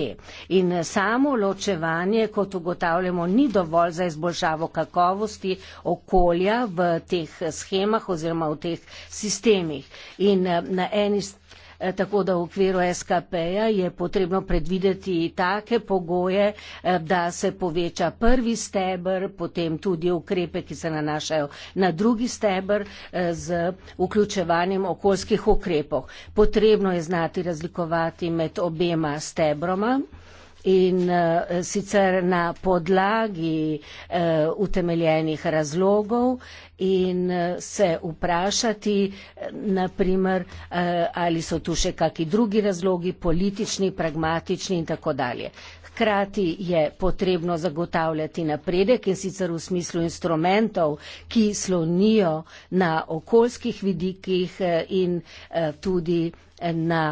In eh, samo ločevanje, kot ugotavljamo, ni dovolj za izboljšavo kakovosti okolja v teh eh, schemah oziroma v teh sistemih. In eh, na eni strani Eh, tako da v okviru SKP-ja je potrebno predvideti take pogoje, eh, da se poveča prvi stebr, potem tudi ukrepe, ki se nanašajo na drugi stebr eh, z vključevanjem okoljskih ukrepov. Potrebno je znati razlikovati med obema stebroma in uh, sicer na podlagi uh, utemeljenih razlogov in uh, se vprašati, naprimer, uh, ali so tu še kaki drugi razlogi, politični, pragmatični in tako dalje. Hkrati je potrebno zagotavljati napredek in sicer v smislu instrumentov, ki slonijo na okoljskih vidikih in tudi na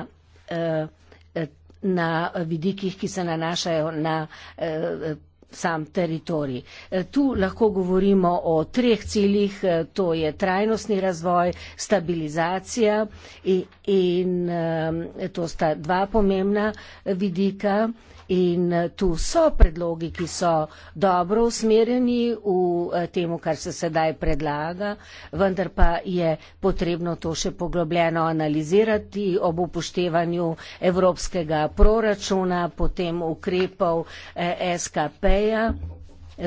na vidikih, ki se nanašajo na eh, sam teritorij. Eh, tu lahko govorimo o treh ciljih, eh, to je trajnostni razvoj, stabilizacija in, in to sta dva pomembna vidika. In eh, tu so predlogi, ki so dobro usmerjeni v eh, temu, kar se sedaj predlaga, vendar pa je potrebno to še poglobljeno analizirati ob upoštevanju evropskega proračuna, potem ukrepov eh, SKP-ja.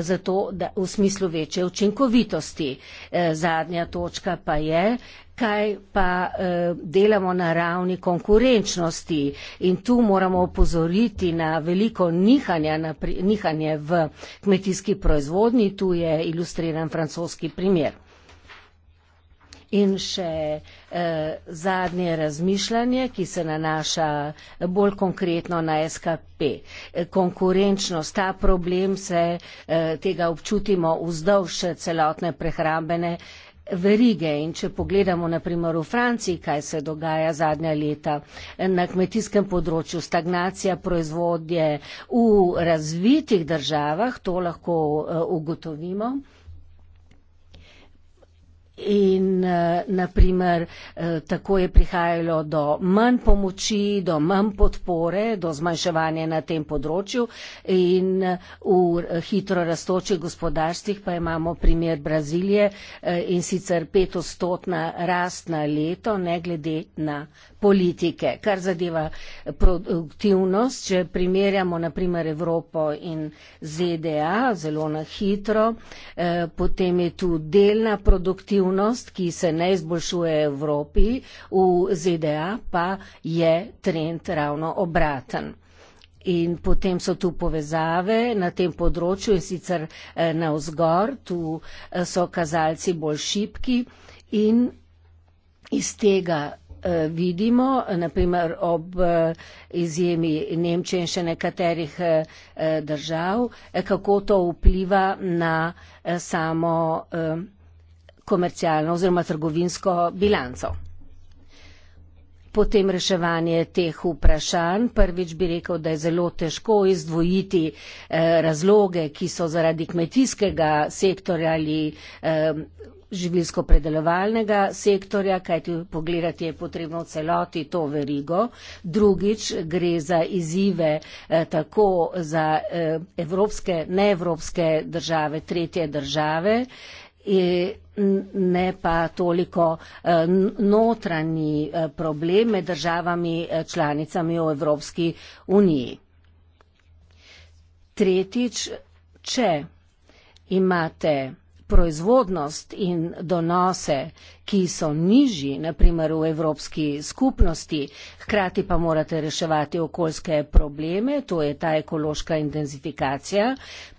Zato, da v smislu večje učinkovitosti. Zadnja točka pa je, kaj pa eh, delamo na ravni konkurenčnosti in tu moramo opozoriti na veliko nihanja, na pri, nihanje v kmetijski proizvodnji, tu je ilustriran francoski primer. In še eh, zadnje razmišljanje, ki se nanaša bolj konkretno na SKP. Eh, konkurenčnost, ta problem se eh, tega občutimo vzdolž celotne prehrambene eh, verige in če pogledamo naprimer v Franciji, kaj se dogaja zadnja leta na kmetijskem področju, stagnacija proizvodnje v razvitih državah, to lahko eh, ugotovimo. In uh, eh, naprimer, uh, eh, tako je prihajalo do manj pomoči, do manj podpore, do zmanjševanja na tem področju in eh, v hitro rastočih gospodarstvih pa imamo primer Brazilije uh, in sicer petostotna rast na leto, ne glede na politike, kar zadeva produktivnost, če primerjamo naprimer Evropo in ZDA, zelo na hitro, eh, potem je tu delna produktivnost, ki se ne izboljšuje v Evropi, v ZDA pa je trend ravno obraten. In potem so tu povezave na tem področju in sicer eh, na vzgor, tu eh, so kazalci bolj šipki in iz tega Eh, vidimo, naprimer ob eh, izjemi Nemčije in še nekaterih eh, držav, kako to vpliva na samo komercialno oziroma trgovinsko bilanco. Potem reševanje teh vprašanj. Prvič bi rekel, da je zelo težko izdvojiti razloge, ki so zaradi kmetijskega sektorja ali živilsko predelovalnega sektorja, kajti pogledati je potrebno celoti to verigo. Drugič gre za izzive eh, tako za eh, evropske, neevropske države, tretje države. In e, ne pa toliko eh, notranji eh, problem med državami eh, članicami v Evropski uniji. Tretjič, če imate proizvodnost in donose, ki so nižji, naprimer v Evropski skupnosti, hkrati pa morate reševati okoljske probleme, to je ta ekološka identifikacija,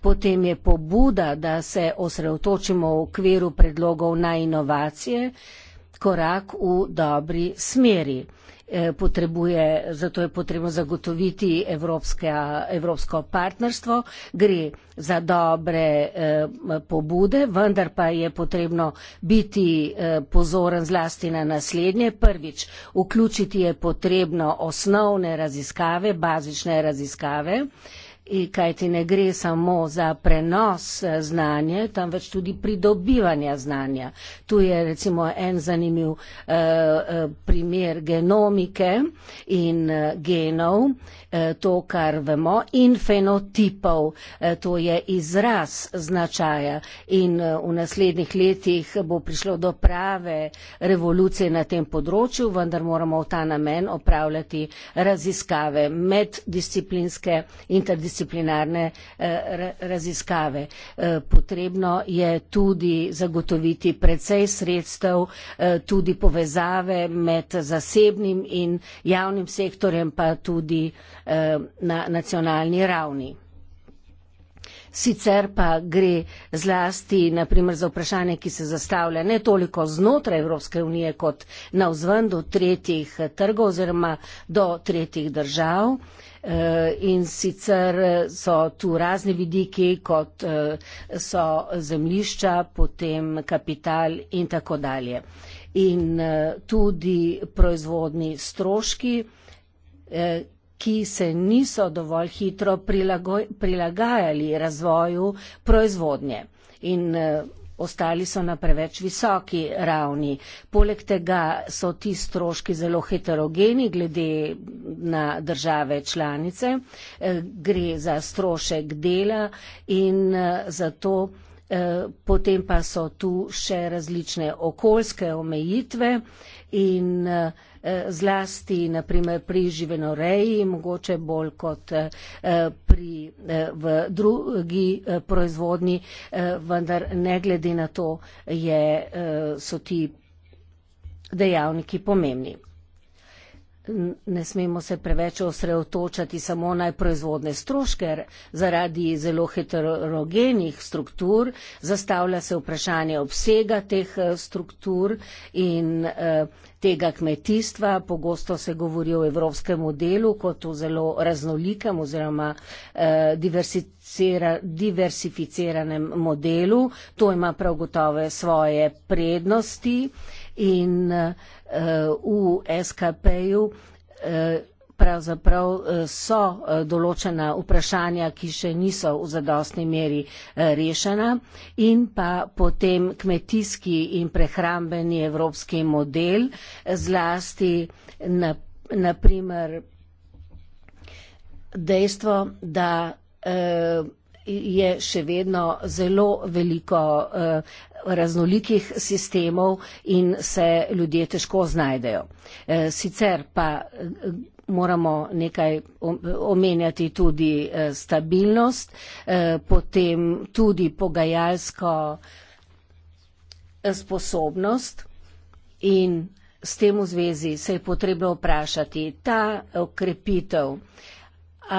potem je pobuda, da se osredotočimo v okviru predlogov na inovacije, korak v dobri smeri. Eh, potrebuje, zato je potrebno zagotoviti evropske, evropsko partnerstvo. Gre za dobre eh, pobude, vendar pa je potrebno biti eh, pozoren zlasti na naslednje. Prvič, vključiti je potrebno osnovne raziskave, bazične raziskave in e, kajti ne gre samo za prenos eh, znanja, temveč tudi pridobivanja znanja. Tu je recimo en zanimiv uh, primer genomike in genov. Uh, Eh, to, kar vemo, in fenotipov, eh, to je izraz značaja. In eh, v naslednjih letih bo prišlo do prave revolucije na tem področju, vendar moramo v ta namen opravljati raziskave, meddisciplinske, interdisciplinarne raziskave. Potrebno je tudi zagotoviti precej sredstev, tudi povezave med zasebnim in javnim sektorjem, pa tudi Eh, na nacionalni ravni. Sicer pa gre zlasti naprimer za vprašanje, ki se zastavlja ne toliko znotraj Evropske unije kot na vzven do tretjih eh, trgov oziroma do tretjih držav. Eh, in sicer so tu razni vidiki, kot so zemlišča, potem kapital in tako dalje. In tudi proizvodni stroški, ki se niso dovolj hitro prilagajali razvoju proizvodnje in eh, ostali so na preveč visoki ravni. Poleg tega so ti stroški zelo heterogeni glede na države članice, eh, gre za strošek dela in eh, zato Eh, potem pa so tu še različne okoljske omejitve in eh, zlasti naprimer pri živenoreji, mogoče bolj kot eh, pri v drugi proizvodni, vendar ne glede na to je, so ti dejavniki pomembni. Ne smemo se preveč osredotočati samo na proizvodne stroške, zaradi zelo heterogenih struktur zastavlja se vprašanje obsega teh eh, struktur in eh, tega kmetijstva. Pogosto se govori o evropskem modelu kot o zelo raznolikem oziroma eh, diversificiranem modelu. To ima prav gotove svoje prednosti in eh, v SKP-ju eh, pravzaprav eh, so določena vprašanja, ki še niso v zadostni meri rešena in pa potem kmetijski in prehrambeni evropski model zlasti naprimer dejstvo, da je še vedno zelo veliko eh, raznolikih sistemov in se ljudje težko znajdejo. Eh, sicer pa eh, moramo nekaj omenjati tudi stabilnost, potem tudi pogajalsko sposobnost in s tem v zvezi se je potrebno vprašati ta okrepitev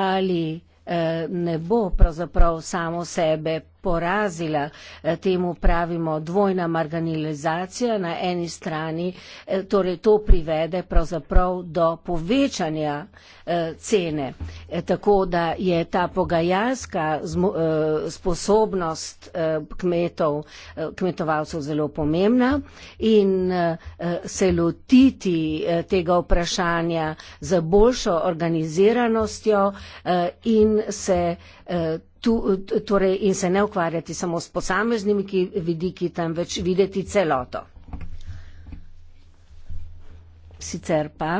ali Eh, ne bo pravzaprav samo sebe porazila. E, temu pravimo dvojna marginalizacija. Na eni strani e, torej to privede pravzaprav do povečanja e, cene. Tako da je ta pogajalska sposobnost kmetov, kmetovalcev zelo pomembna in se lotiti tega vprašanja z boljšo organiziranostjo in se tu, torej in se ne ukvarjati samo s posameznimi vidiki, temveč videti celoto. Sicer pa.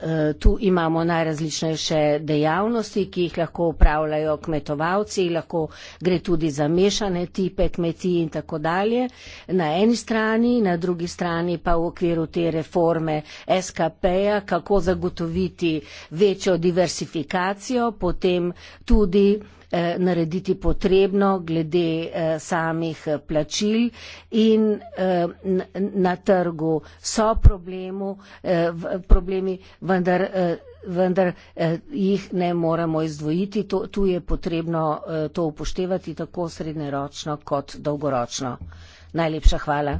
Eh, tu imamo najrazličnejše dejavnosti, ki jih lahko upravljajo kmetovalci, lahko gre tudi za mešane tipe kmetij in tako dalje. Na eni strani, na drugi strani pa v okviru te reforme SKP-ja, kako zagotoviti večjo diversifikacijo, potem tudi Eh, narediti potrebno glede eh, samih eh, plačil in na trgu so problemu, problemi, vendar, vendar jih ne moremo izdvojiti. Tu je potrebno to upoštevati tako srednjeročno kot dolgoročno. Najlepša hvala.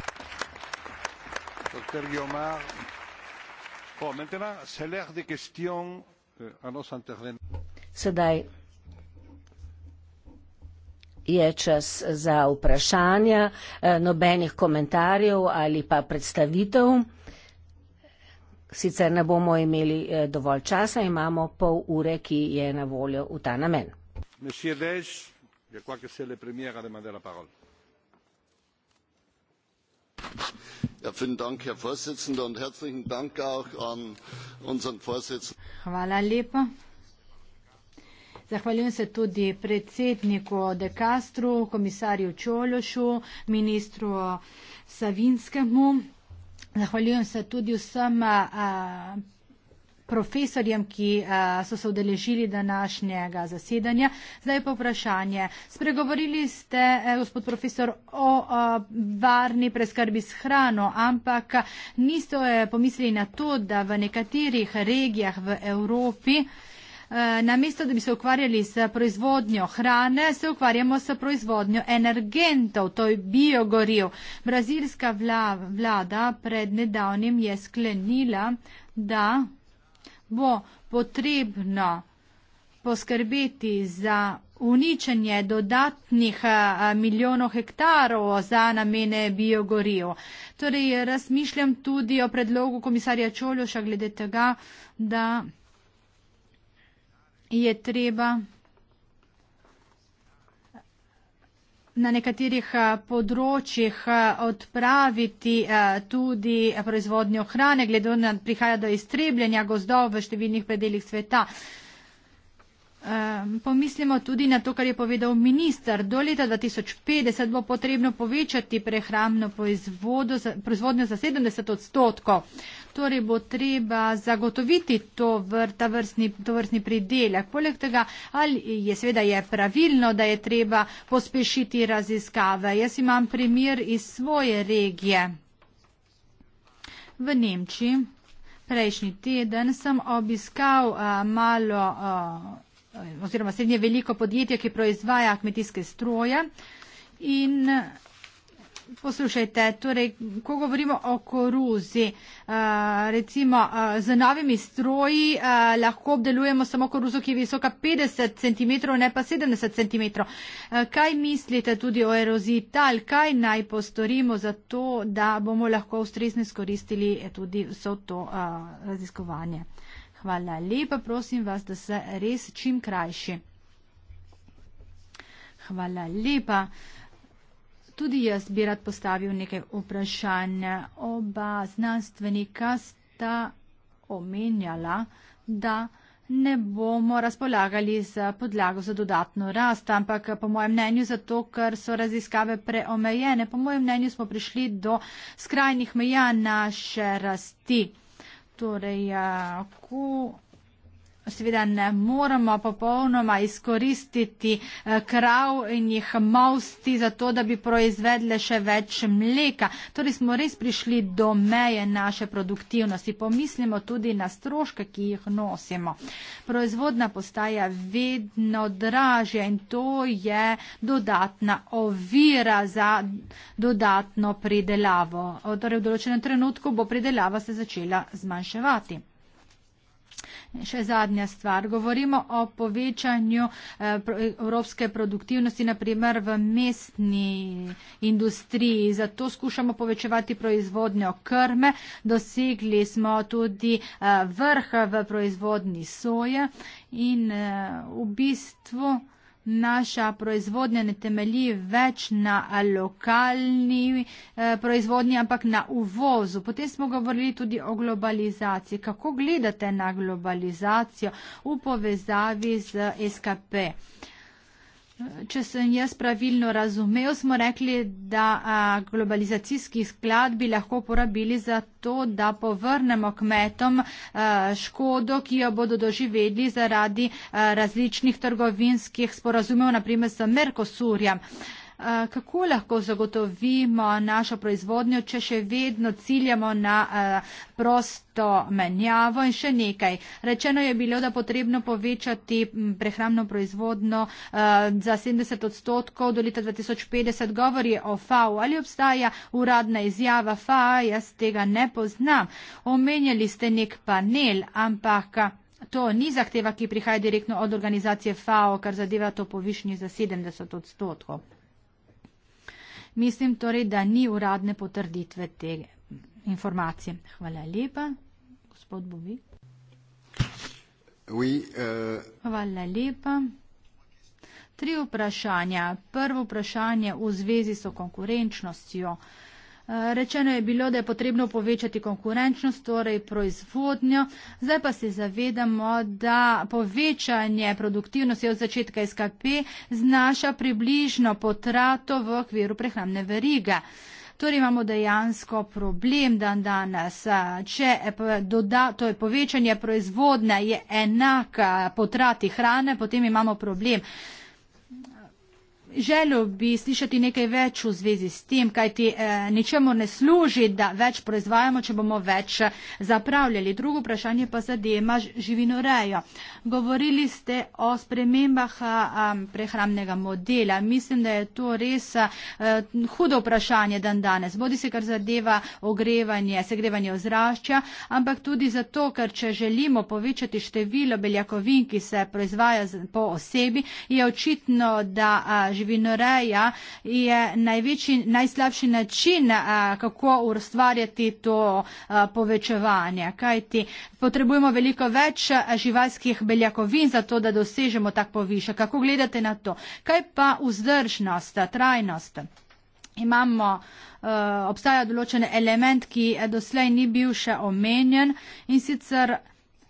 Euh, Sedaj je čas za vprašanja, eh, nobenih komentarjev ali pa predstavitev. Sicer ne bomo imeli eh, dovolj časa, imamo pol ure, ki je na voljo v ta namen. Ja, Hvala lepa. Zahvaljujem se tudi predsedniku De Castro, komisarju Čološu, ministru Savinskemu. Zahvaljujem se tudi vsem a, profesorjem, ki a, so se odeležili današnjega zasedanja. Zdaj pa vprašanje. Spregovorili ste, a, e, gospod profesor, o a, varni preskrbi s hrano, ampak niste e, pomislili na to, da v nekaterih regijah v Evropi a, Eh, namesto da bi se ukvarjali s proizvodnjo hrane, se ukvarjamo s proizvodnjo energentov, to je biogoriv. Brazilska vla, vlada pred nedavnim je sklenila, da bo potrebno poskrbeti za uničenje dodatnih eh, milijonov hektarov za namene biogorijo. Torej, razmišljam tudi o predlogu komisarja Čoljoša glede tega, da je treba na nekaterih eh, področjih eh, odpraviti eh, tudi proizvodnjo hrane, glede na prihaja do iztrebljanja gozdov v številnih predeljih sveta. Ehm, pomislimo tudi na to, kar je povedal minister. Do leta 2050 bo potrebno povečati prehramno proizvodnjo za 70 odstotkov torej bo treba zagotoviti to vr, vrstni, to vrstni pridelek. Poleg tega, ali je seveda je pravilno, da je treba pospešiti raziskave. Jaz imam primer iz svoje regije. V Nemčiji prejšnji teden sem obiskal a, eh, malo a, eh, oziroma srednje veliko podjetje, ki proizvaja kmetijske stroje in a, Poslušajte, torej, ko govorimo o koruzi, eh, recimo eh, z novimi stroji eh, lahko obdelujemo samo koruzo, ki je visoka 50 cm, ne pa 70 cm. Kaj mislite tudi o eroziji tal? Kaj naj postorimo za to, da bomo lahko ustrezno izkoristili tudi vso to raziskovanje? Hvala lepa, prosim vas, da se res čim krajši. Hvala lepa tudi jaz bi rad postavil nekaj vprašanj. Oba znanstvenika sta omenjala, da ne bomo razpolagali z podlago za dodatno rast, ampak po mojem mnenju zato, ker so raziskave preomejene. Po mojem mnenju smo prišli do skrajnih meja naše rasti. Torej, ko seveda ne moremo popolnoma izkoristiti eh, krav in jih mosti za to, da bi proizvedle še več mleka. Torej smo res prišli do meje naše produktivnosti. Pomislimo tudi na stroške, ki jih nosimo. Proizvodna postaja vedno dražja in to je dodatna ovira za dodatno pridelavo. Torej v določenem trenutku bo pridelava se začela zmanjševati. Še zadnja stvar. Govorimo o povečanju eh, evropske produktivnosti, naprimer v mestni industriji. Zato skušamo povečevati proizvodnjo krme. Dosegli smo tudi eh, vrh v proizvodnji soje in eh, v bistvu naša proizvodnja ne temelji več na lokalni eh, proizvodnji, ampak na uvozu. Potem smo govorili tudi o globalizaciji. Kako gledate na globalizacijo v povezavi z SKP? Uh, Če sem jaz pravilno razumel, smo rekli, da globalizacijski sklad bi lahko porabili za to, da povrnemo kmetom škodo, ki jo bodo doživeli zaradi različnih trgovinskih sporazumev, naprimer s Merkosurjem. Eh, kako lahko zagotovimo našo proizvodnjo, če še vedno ciljamo na eh, prosto menjavo in še nekaj. Rečeno je bilo, da potrebno povečati mm, prehramno proizvodno eh, za 70 odstotkov do leta 2050. Govori o FAO. Ali obstaja uradna izjava FAO? Jaz tega ne poznam. Omenjali ste nek panel, ampak. To ni zahteva, ki prihaja direktno od organizacije FAO, kar zadeva to povišnje za 70 odstotkov. Mislim torej, da ni uradne potrditve te informacije. Hvala lepa, gospod Bovi. Oui, uh... Hvala lepa. Tri vprašanja. Prvo vprašanje v zvezi s konkurenčnostjo. Uh, Rečeno je bilo, da je potrebno povečati konkurenčnost, torej proizvodnjo, zdaj pa se zavedamo, da povečanje produktivnosti od začetka SKP znaša približno potrato v okviru prehramne verige. Torej imamo dejansko problem dan danes. Če doda, to je povečanje proizvodnje je enaka potrati hrane, potem imamo problem želel bi slišati nekaj več v zvezi s tem, kaj ti eh, ničemu ne služi, da več proizvajamo, če bomo več eh, zapravljali. Drugo vprašanje pa zadeva živinorejo. Govorili ste o spremembah eh, eh, prehramnega modela. Mislim, da je to res eh, eh, hudo vprašanje dan danes. Bodi se, kar zadeva ogrevanje, segrevanje ozračja, ampak tudi zato, ker če želimo povečati število beljakovin, ki se proizvaja po osebi, je očitno, da eh, živinoreja je največji, najslabši način, kako ustvarjati to povečevanje. Kajti potrebujemo veliko več živalskih beljakovin za to, da dosežemo tak povišek. Kako gledate na to? Kaj pa vzdržnost, trajnost? Imamo, obstaja določen element, ki doslej ni bil še omenjen in sicer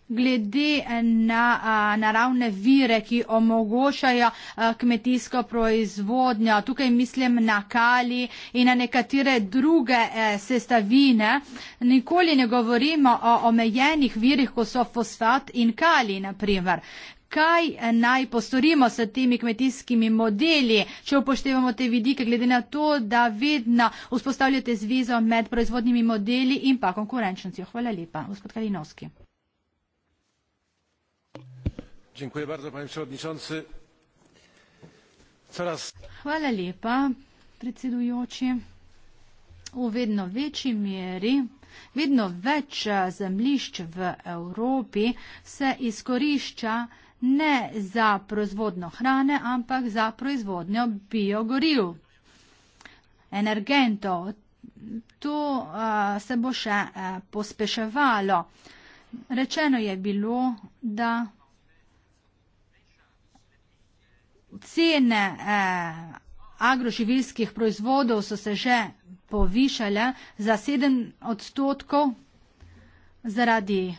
glede eh, na a, eh, naravne vire, ki omogočajo a, eh, kmetijsko proizvodnjo. Tukaj mislim na kali in na nekatere druge e, sestavine. Nikoli ne govorimo o omejenih virih, kot so fosfat in kali, naprimer. Kaj naj postorimo s temi kmetijskimi modeli, če upoštevamo te vidike, glede na to, da vedno vzpostavljate zvezo med proizvodnimi modeli in pa konkurenčnostjo? Hvala lepa, gospod Kalinovski panie przewodniczący! Coraz... Hvala lepa, predsedujoči. V vedno večji meri, vedno več eh, zemljišč v Evropi se izkorišča ne za proizvodno hrane, ampak za proizvodnjo biogoriv, energentov. To uh, se bo še uh, pospeševalo. Rečeno je bilo, da cene eh, agroživilskih proizvodov so se že povišale za sedem odstotkov zaradi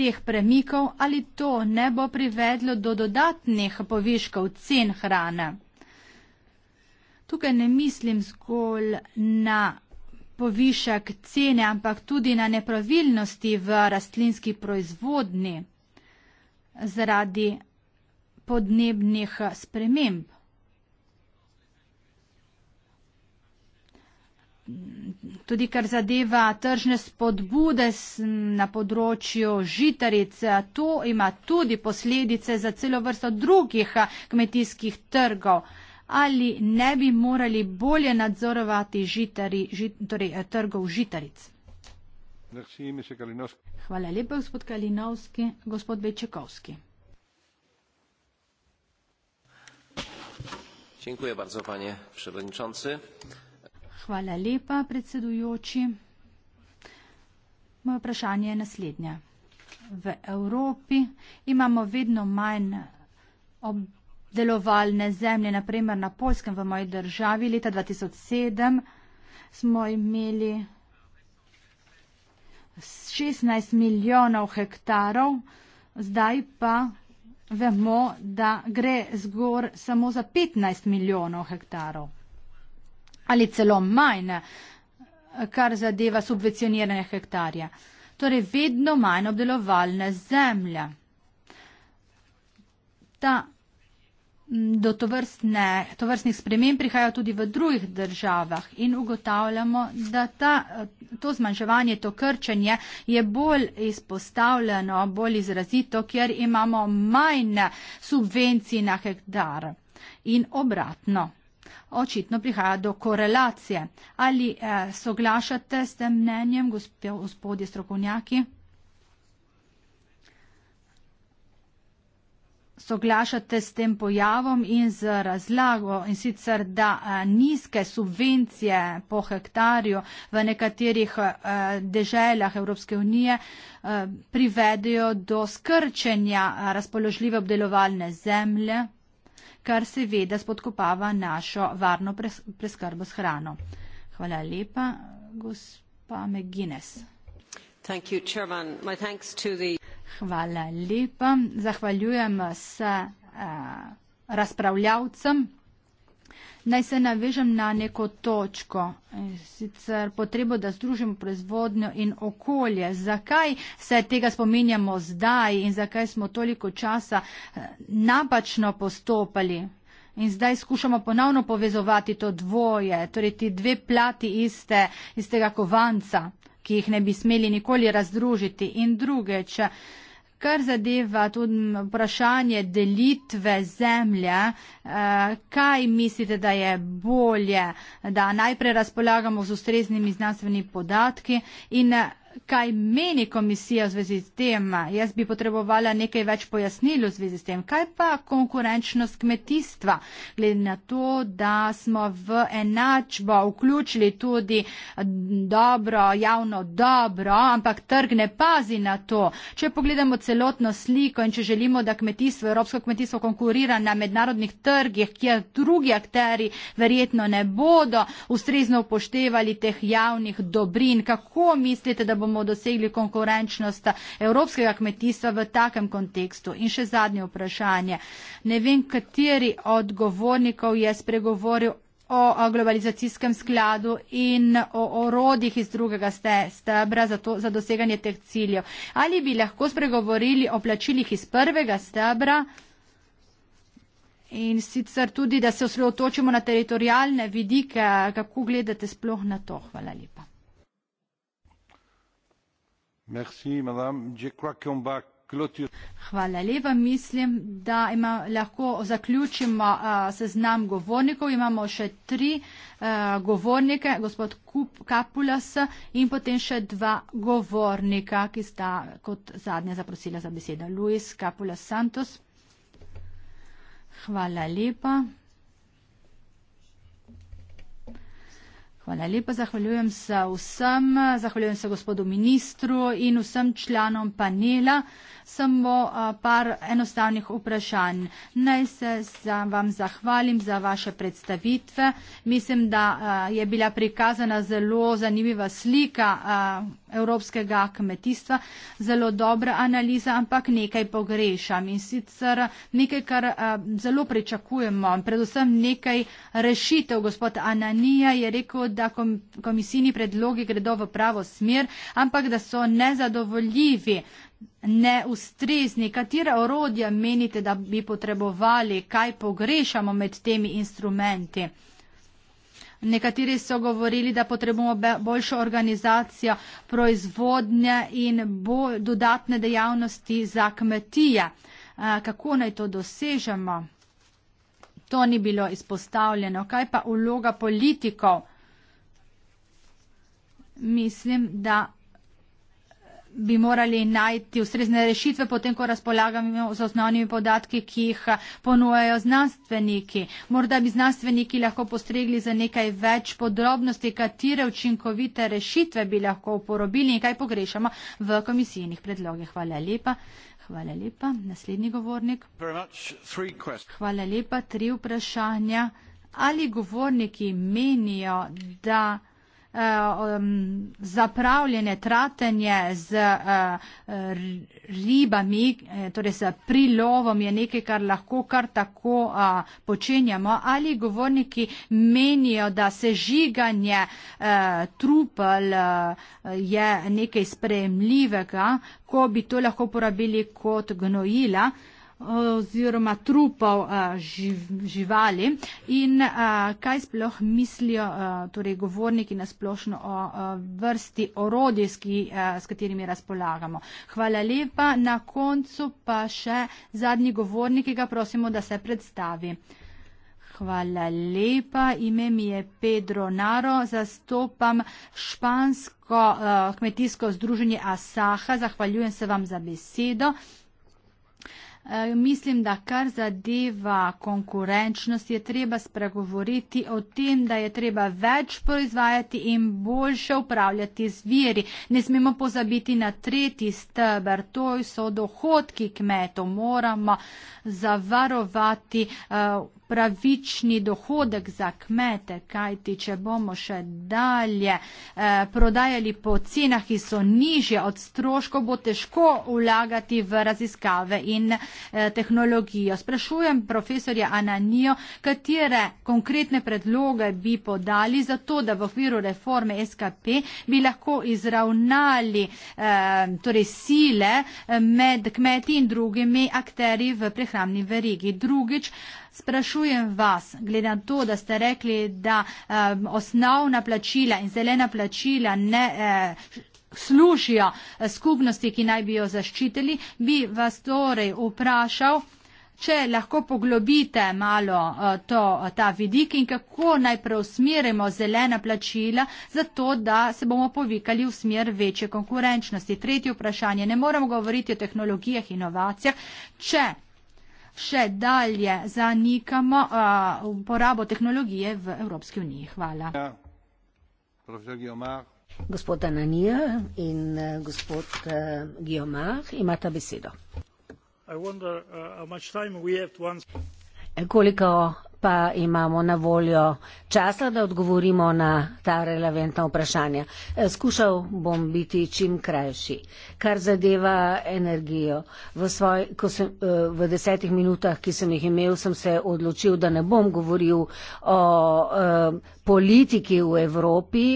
teh premikov, ali to ne bo privedlo do dodatnih poviškov cen hrane. Tukaj ne mislim zgolj na povišek cene, ampak tudi na nepravilnosti v rastlinski proizvodni zaradi podnebnih sprememb. Tudi kar zadeva tržne spodbude na področju žitaric, to ima tudi posledice za celo vrsto drugih kmetijskih trgov. Ali ne bi morali bolje nadzorovati žitari, žit, torej, trgov žitaric? Hvala lepa, gospod Kalinovski. Gospod Bečekovski. Hvala lepa, predsedujoči. Moje vprašanje je naslednje. V Evropi imamo vedno manj obdelovalne zemlje, naprimer na Poljskem v moji državi leta 2007 smo imeli 16 milijonov hektarov, zdaj pa vemo, da gre zgor samo za 15 milijonov hektarov ali celo manj, kar zadeva subvencioniranje hektarja. Torej vedno manj obdelovalna zemlja. Ta do tovrstne, tovrstnih sprememb prihaja tudi v drugih državah in ugotavljamo, da ta, to zmanjševanje, to krčenje je bolj izpostavljeno, bolj izrazito, kjer imamo manj subvencij na hektar in obratno. Očitno prihaja do korelacije. Ali eh, soglašate s tem mnenjem, gospodje strokovnjaki? soglašate s tem pojavom in z razlago in sicer, da eh, nizke subvencije po hektarju v nekaterih eh, deželah Evropske unije eh, privedejo do skrčenja razpoložljive obdelovalne zemlje, kar seveda spodkopava našo varno preskrbo s hrano. Hvala lepa, gospa McGuinness. Hvala lepa. Zahvaljujem se uh, razpravljavcem. Naj se navežem na neko točko, sicer potrebo, da združimo proizvodnjo in okolje. Zakaj se tega spominjamo zdaj in zakaj smo toliko časa eh, napačno postopali? In zdaj skušamo ponovno povezovati to dvoje, torej ti dve plati iste, istega kovanca ki jih ne bi smeli nikoli razdružiti. In drugeč, kar zadeva tudi vprašanje delitve zemlje, eh, kaj mislite, da je bolje, da najprej razpolagamo z ustreznimi znanstvenimi podatki in kaj meni komisija v zvezi s tem. Jaz bi potrebovala nekaj več pojasnil v zvezi s tem. Kaj pa konkurenčnost kmetijstva, glede na to, da smo v enačbo vključili tudi dobro, javno dobro, ampak trg ne pazi na to. Če pogledamo celotno sliko in če želimo, da kmetijstvo, evropsko kmetijstvo konkurira na mednarodnih trgih, kjer drugi akteri verjetno ne bodo ustrezno upoštevali teh javnih dobrin, kako mislite, da bo bomo dosegli konkurenčnost evropskega kmetijstva v takem kontekstu. In še zadnje vprašanje. Ne vem, kateri od govornikov je spregovoril o globalizacijskem skladu in o orodjih iz drugega stebra za, to, za doseganje teh ciljev. Ali bi lahko spregovorili o plačilih iz prvega stebra in sicer tudi, da se osredotočimo na teritorijalne vidike, kako gledate sploh na to? Hvala lepa. Hvala lepa. Mislim, da ima, lahko zaključimo uh, seznam govornikov. Imamo še tri uh, govornike, gospod Kup, Kapulas in potem še dva govornika, ki sta kot zadnja zaprosila za besedo. Luis Kapulas Santos. Hvala lepa. Hvala lepa, zahvaljujem se vsem, zahvaljujem se gospodu ministru in vsem članom panela samo par enostavnih vprašanj. Naj se za vam zahvalim za vaše predstavitve. Mislim, da je bila prikazana zelo zanimiva slika evropskega kmetijstva, zelo dobra analiza, ampak nekaj pogrešam in sicer nekaj, kar zelo pričakujemo, predvsem nekaj rešitev. Gospod Ananija je rekel, da komisijni predlogi gredo v pravo smer, ampak da so nezadovoljivi neustrezni. Katera orodja menite, da bi potrebovali, kaj pogrešamo med temi instrumenti? Nekateri so govorili, da potrebujemo boljšo organizacijo proizvodnje in bolj dodatne dejavnosti za kmetije. Kako naj to dosežemo? To ni bilo izpostavljeno. Kaj pa uloga politikov? Mislim, da bi morali najti ustrezne rešitve, potem ko razpolagamo z osnovnimi podatki, ki jih ponujajo znanstveniki. Morda bi znanstveniki lahko postregli za nekaj več podrobnosti, katere učinkovite rešitve bi lahko uporabili in kaj pogrešamo v komisijnih predlogih. Hvala lepa. Hvala lepa. Naslednji govornik. Hvala lepa. Tri vprašanja. Ali govorniki menijo, da Eh, um, zapravljene tratenje z eh, ribami, eh, torej s prilovom je nekaj, kar lahko kar tako počenjamo. Ali govorniki menijo, da sežiganje trupel je nekaj spremljivega, ko bi to lahko porabili kot gnojila? oziroma trupov eh, živali in eh, kaj sploh mislijo eh, torej govorniki na splošno o vrsti orodje, s katerimi razpolagamo. Hvala lepa. Na koncu pa še zadnji govornik, ki ga prosimo, da se predstavi. Hvala lepa. Ime mi je Pedro Naro. Zastopam špansko uh, kmetijsko združenje Asaha. Zahvaljujem se vam za besedo. Uh, Eh, mislim, da kar zadeva konkurenčnost, je treba spregovoriti o tem, da je treba več proizvajati in boljše upravljati z viri. Ne smemo pozabiti na tretji stebr, to so dohodki kmetov. Moramo zavarovati. Uh, pravični dohodek za kmete, kajti če bomo še dalje eh, prodajali po cenah, ki so nižje od stroškov, bo težko vlagati v raziskave in eh, tehnologijo. Sprašujem profesorja Ananijo, katere konkretne predloge bi podali za to, da v okviru reforme SKP bi lahko izravnali eh, torej sile eh, med kmeti in drugimi akteri v prehramni verigi. Drugič, sprašujem sprašujem vas, glede na to, da ste rekli, da um, osnovna plačila in zelena plačila ne. Eh, služijo eh, skupnosti, ki naj bi jo zaščitili, bi vas torej vprašal, če lahko poglobite malo eh, to, ta vidik in kako naj preusmerimo zelena plačila, zato da se bomo povikali v smer večje konkurenčnosti. Tretje vprašanje. Ne moramo govoriti o tehnologijah, inovacijah, če še dalje zanikamo uporabo tehnologije v Evropski uniji. Hvala. Ja. Gospod Ananija in e, gospod e, Giomar imata besedo. Uh, e, koliko pa imamo na voljo časa, da odgovorimo na ta relevantna vprašanja. E, skušal bom biti čim krajši. Kar zadeva energijo, v, svoj, sem, e, v desetih minutah, ki sem jih imel, sem se odločil, da ne bom govoril o e, politiki v Evropi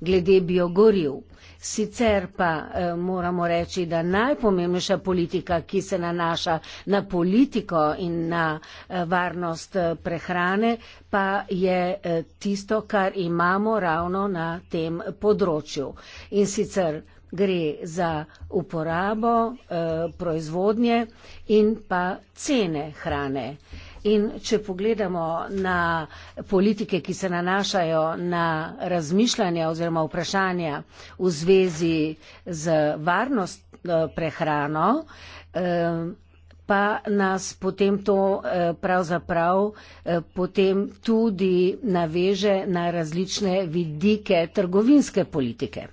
glede biogoriv. Sicer pa eh, moramo reči, da najpomembnejša politika, ki se nanaša na politiko in na eh, varnost eh, prehrane, pa je eh, tisto, kar imamo ravno na tem področju. In sicer gre za uporabo eh, proizvodnje in pa cene hrane. Eh, In če pogledamo na politike, ki se nanašajo na razmišljanja oziroma vprašanja v zvezi z varnost eh, prehrano, eh, pa nas potem to eh, pravzaprav potem tudi naveže na različne vidike trgovinske politike.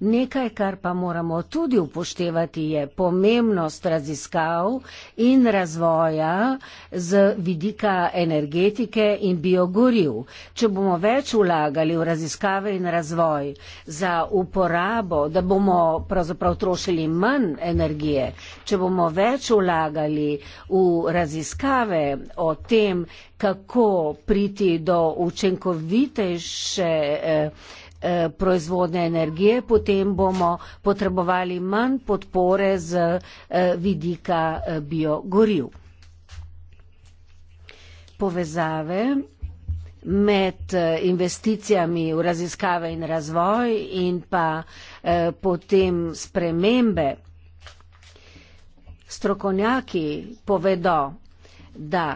Nekaj, kar pa moramo tudi upoštevati, je pomembnost raziskav in razvoja z vidika energetike in biogoriv. Če bomo več vlagali v raziskave in razvoj za uporabo, da bomo pravzaprav trošili manj energije, če bomo več vlagali v raziskave o tem, kako priti do učinkovitejše eh, Eh, proizvodne energije, potem bomo potrebovali manj podpore z eh, vidika eh, biogoriv. Povezave med investicijami v raziskave in razvoj in pa potem spremembe. Strokovnjaki povedo, da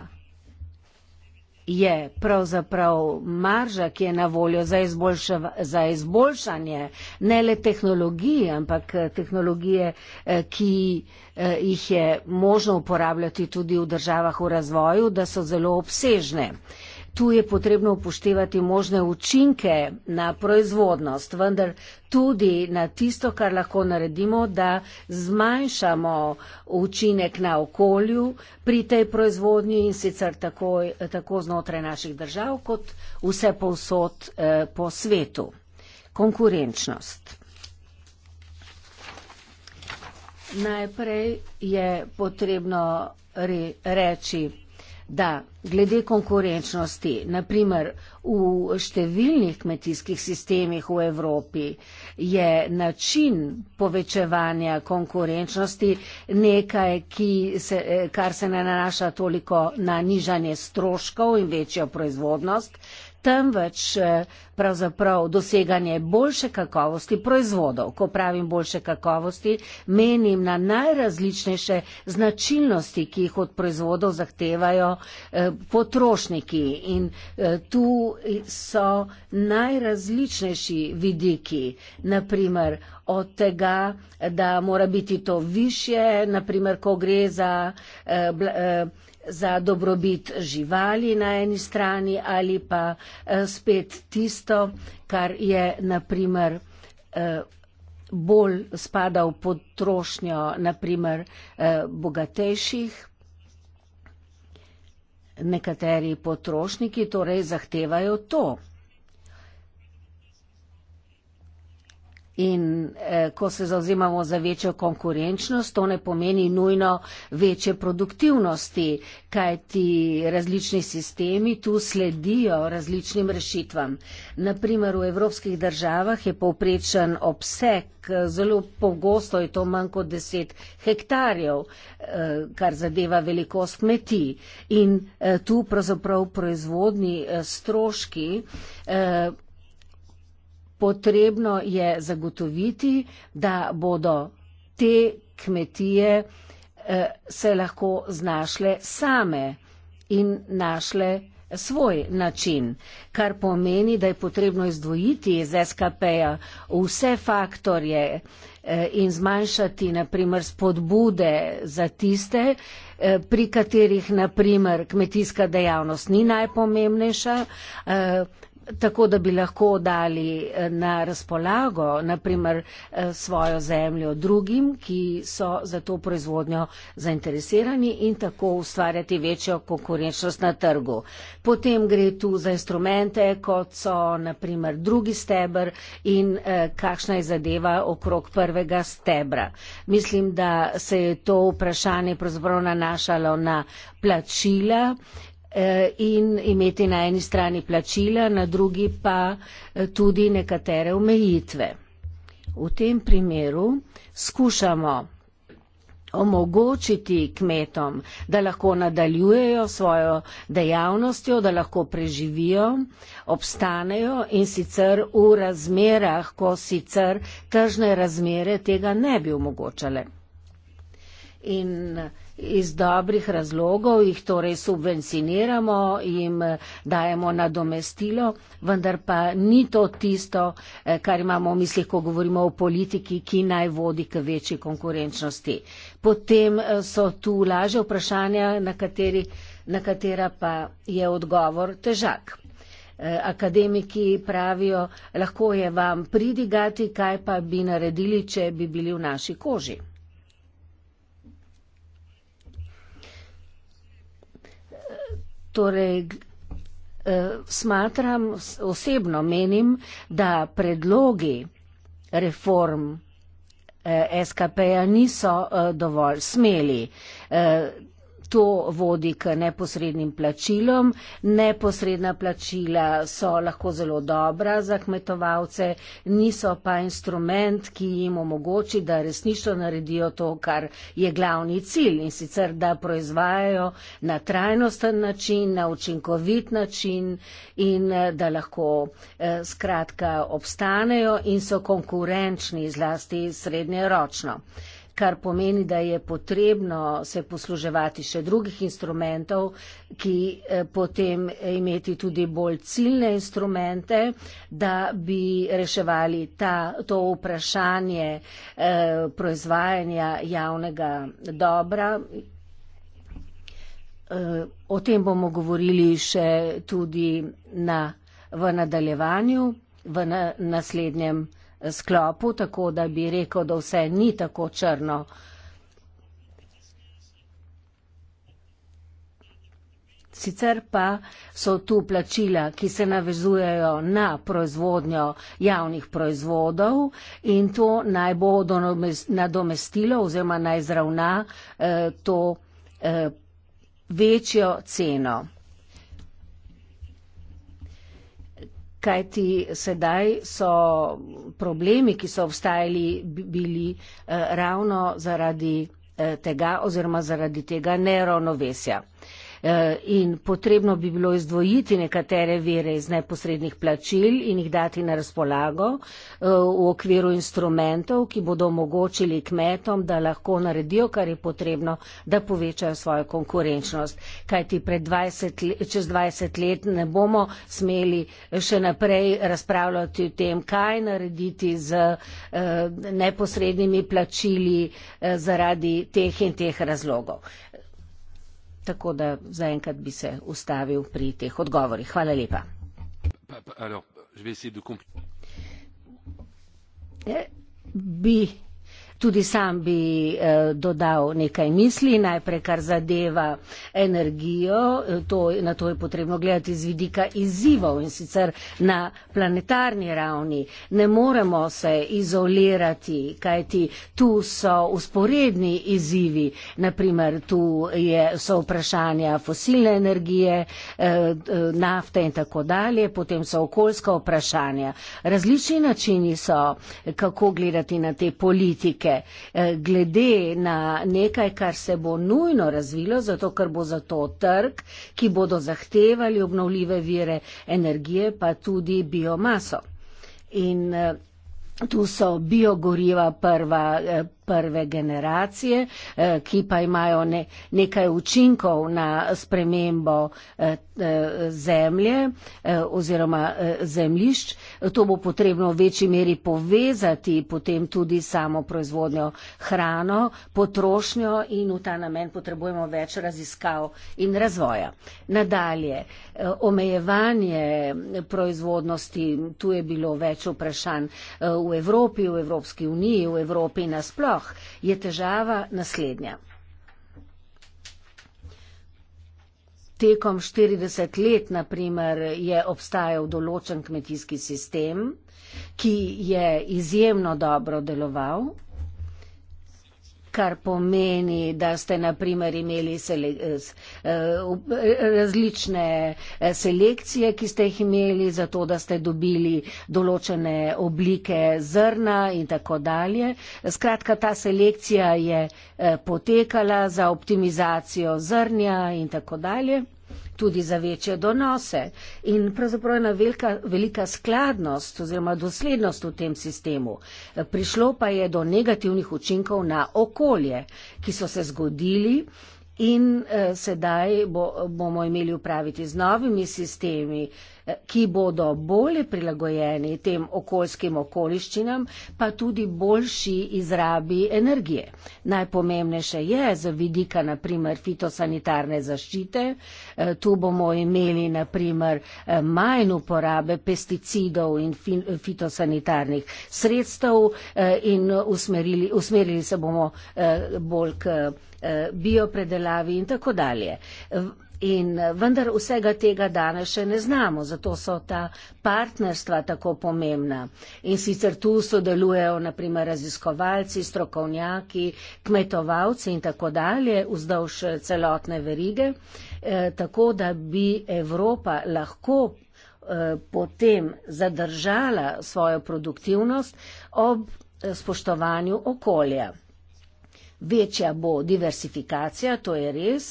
je pravzaprav marža, ki je na voljo za, izboljšava, za izboljšanje ne le eh, tehnologije, ampak tehnologije, ki eh, jih je možno uporabljati tudi v državah v razvoju, da so zelo obsežne. Tu je potrebno upoštevati možne učinke na proizvodnost, vendar tudi na tisto, kar lahko naredimo, da zmanjšamo učinek na okolju pri tej proizvodnji in sicer tako, tako znotraj naših držav kot vse povsod eh, po svetu. Konkurenčnost. Najprej je potrebno reči da glede konkurenčnosti, naprimer v številnih kmetijskih sistemih v Evropi, je način povečevanja konkurenčnosti nekaj, se, kar se ne nanaša toliko na nižanje stroškov in večjo proizvodnost, temveč eh, pravzaprav doseganje boljše kakovosti proizvodov. Ko pravim boljše kakovosti, menim na najrazličnejše značilnosti, ki jih od proizvodov zahtevajo eh, potrošniki. In eh, tu so najrazličnejši vidiki, naprimer od tega, da mora biti to više, naprimer, ko gre za. Eh, za dobrobit živali na eni strani ali pa eh, spet tisto, kar je naprimer eh, bolj spada v potrošnjo naprimer eh, bogatejših. Nekateri potrošniki torej zahtevajo to. In eh, ko se zauzemamo za večjo konkurenčnost, to ne pomeni nujno večje produktivnosti, kaj ti različni sistemi tu sledijo različnim rešitvam. Naprimer, v evropskih državah je povprečen obseg, eh, zelo pogosto je to manj kot 10 hektarjev, eh, kar zadeva velikost kmetij. In eh, tu pravzaprav proizvodni eh, stroški. Eh, Potrebno je zagotoviti, da bodo te kmetije eh, se lahko znašle same in našle svoj način, kar pomeni, da je potrebno izdvojiti iz SKP-ja vse faktorje eh, in zmanjšati naprimer spodbude za tiste, eh, pri katerih naprimer kmetijska dejavnost ni najpomembnejša, tako da bi lahko dali eh, na razpolago, naprimer, eh, svojo zemljo drugim, ki so za to proizvodnjo zainteresirani in tako ustvarjati večjo konkurenčnost na trgu. Potem gre tu za instrumente, kot so naprimer drugi stebr in eh, kakšna je zadeva okrog prvega stebra. Mislim, da se je to vprašanje pravzaprav nanašalo na plačila. Eh, in imeti na eni strani plačila, na drugi pa eh, tudi nekatere omejitve. V tem primeru skušamo omogočiti kmetom, da lahko nadaljujejo svojo dejavnostjo, da lahko preživijo, obstanejo in sicer v razmerah, ko sicer tržne razmere tega ne bi omogočale. In uh, iz dobrih razlogov, jih torej subvencioniramo, jim dajemo nadomestilo, vendar pa ni to tisto, eh, kar imamo v mislih, ko govorimo o politiki, ki naj vodi k večji konkurenčnosti. Potem eh, so tu laže vprašanja, na, kateri, na katera pa je odgovor težak. Eh, akademiki pravijo, lahko je vam pridigati, kaj pa bi naredili, če bi bili v naši koži. Torej, eh, smatram, osebno menim, da predlogi reform eh, SKP-ja niso eh, dovolj smeli to vodi k neposrednim plačilom. Neposredna plačila so lahko zelo dobra za kmetovalce, niso pa instrument, ki jim omogoči, da resnično naredijo to, kar je glavni cilj in sicer, da proizvajajo na trajnosten način, na učinkovit način in da lahko eh, skratka obstanejo in so konkurenčni zlasti srednjeročno kar pomeni, da je potrebno se posluževati še drugih instrumentov, ki eh, potem imeti tudi bolj ciljne instrumente, da bi reševali ta, to vprašanje eh, proizvajanja javnega dobra. Eh, o tem bomo govorili še tudi na, v nadaljevanju, v na, naslednjem sklopu, tako da bi rekel, da vse ni tako črno. Sicer pa so tu plačila, ki se navezujejo na proizvodnjo javnih proizvodov in to naj bo nadomestilo oziroma naj zravna eh, to eh, večjo ceno. kajti sedaj so problemi, ki so obstajali, bili eh, ravno zaradi eh, tega oziroma zaradi tega neravnovesja. Eh, in potrebno bi bilo izdvojiti nekatere vere iz neposrednih plačil in jih dati na razpolago eh, v okviru instrumentov, ki bodo omogočili kmetom, da lahko naredijo, kar je potrebno, da povečajo svojo konkurenčnost. Kajti pred 20, čez 20 let ne bomo smeli še naprej razpravljati o tem, kaj narediti z eh, neposrednimi plačili zaradi teh in teh razlogov. Tako da zaenkrat bi se ustavil pri teh odgovorih. Hvala lepa. Pa, pa, alors, je vais essayer de compl- eh, ja, bi. Tudi sam bi eh, dodal nekaj misli, najprej kar zadeva energijo, eh, to, na to je potrebno gledati z vidika izzivov in sicer na planetarni ravni. Ne moremo se izolirati, kajti tu so usporedni izzivi, naprimer tu je, so vprašanja fosilne energije, eh, nafte in tako dalje, potem so okoljska vprašanja. Različni načini so, kako gledati na te politike razlike eh, glede na nekaj, kar se bo nujno razvilo, zato ker bo za to trg, ki bodo zahtevali obnovljive vire energije, pa tudi biomaso. In eh, tu so biogoriva prva. Eh, prve generacije, eh, ki pa imajo ne, nekaj učinkov na spremembo eh, eh, zemlje oziroma zemlišč. To bo potrebno v večji meri povezati potem tudi samo proizvodnjo hrano, potrošnjo in v ta namen potrebujemo več raziskav in razvoja. Nadalje, omejevanje proizvodnosti, tu je bilo več vprašanj v Evropi, v Evropski uniji, v Evropi nasploh sploh, je težava naslednja. Tekom 40 let, naprimer, je obstajal določen kmetijski sistem, ki je izjemno dobro deloval, kar pomeni, da ste naprimer imeli sele, eh, eh, različne eh, selekcije, ki ste jih imeli, zato da ste dobili določene oblike zrna in tako dalje. Skratka, ta selekcija je potekala za optimizacijo zrnja in tako dalje tudi za večje donose. In pravzaprav je ena velika, velika skladnost oziroma doslednost v tem sistemu. Prišlo pa je do negativnih učinkov na okolje, ki so se zgodili. In eh, sedaj bo, bomo imeli upraviti z novimi sistemi, eh, ki bodo bolje prilagojeni tem okoljskim okoliščinam, pa tudi boljši izrabi energije. Najpomembnejše je za vidika naprimer fitosanitarne zaščite, e, tu bomo imeli naprimer e, manj uporabe pesticidov in fitosanitarnih sredstev e, in usmerili, usmerili se bomo bolj k biopredelavi in tako dalje. In eh, vendar vsega tega danes še ne znamo, zato so ta partnerstva tako pomembna. In sicer tu sodelujejo naprimer raziskovalci, strokovnjaki, kmetovalci in tako dalje vzdolž eh, celotne verige, eh, tako da bi Evropa lahko eh, potem zadržala svojo produktivnost ob eh, spoštovanju okolja. Večja bo diversifikacija, to je res.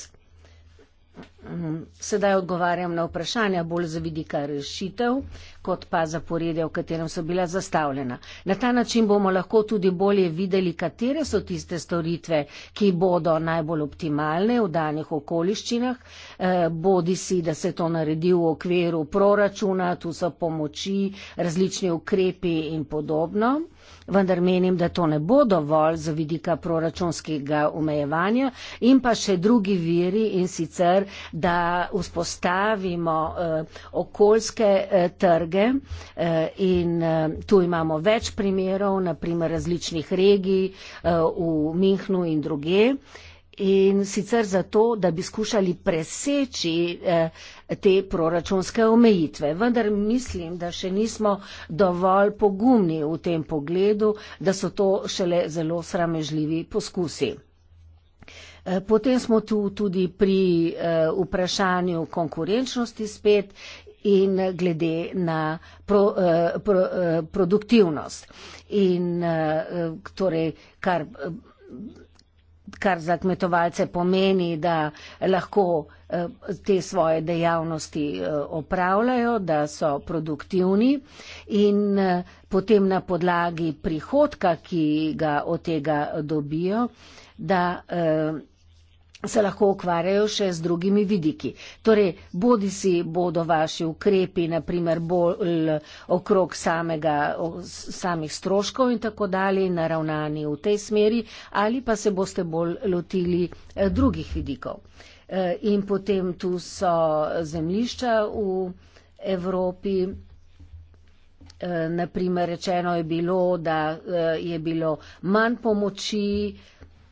Ehm, sedaj odgovarjam na vprašanja bolj za vidika rešitev, kot pa za poredje, v katerem so bila zastavljena. Na ta način bomo lahko tudi bolje videli, katere so tiste storitve, ki bodo najbolj optimalne v danih okoliščinah, ehm, bodi si, da se to naredi v okviru proračuna, tu so pomoči, različni ukrepi in podobno. Vendar menim, da to ne bo dovolj za vidika proračunskega omejevanja in pa še drugi viri in sicer, da vzpostavimo eh, okoljske eh, trge eh, in tu imamo več primerov, naprimer različnih regij v Minhnu in druge. In sicer zato, da bi skušali preseči te proračunske omejitve. Vendar mislim, da še nismo dovolj pogumni v tem pogledu, da so to šele zelo sramežljivi poskusi. Potem smo tu tudi pri eh, vprašanju konkurenčnosti spet in glede na pro, eh, pro, eh, produktivnost. In torej, kar, kar za kmetovalce pomeni, da lahko te svoje dejavnosti opravljajo, da so produktivni in potem na podlagi prihodka, ki ga od tega dobijo, da se lahko ukvarjajo še z drugimi vidiki. Torej, bodi si bodo vaši ukrepi, naprimer bolj okrog samega, samih stroškov in tako dalje, naravnani v tej smeri, ali pa se boste bolj lotili eh, drugih vidikov. Eh, in potem tu so zemlišča v Evropi. Eh, naprimer, rečeno je bilo, da je bilo manj pomoči,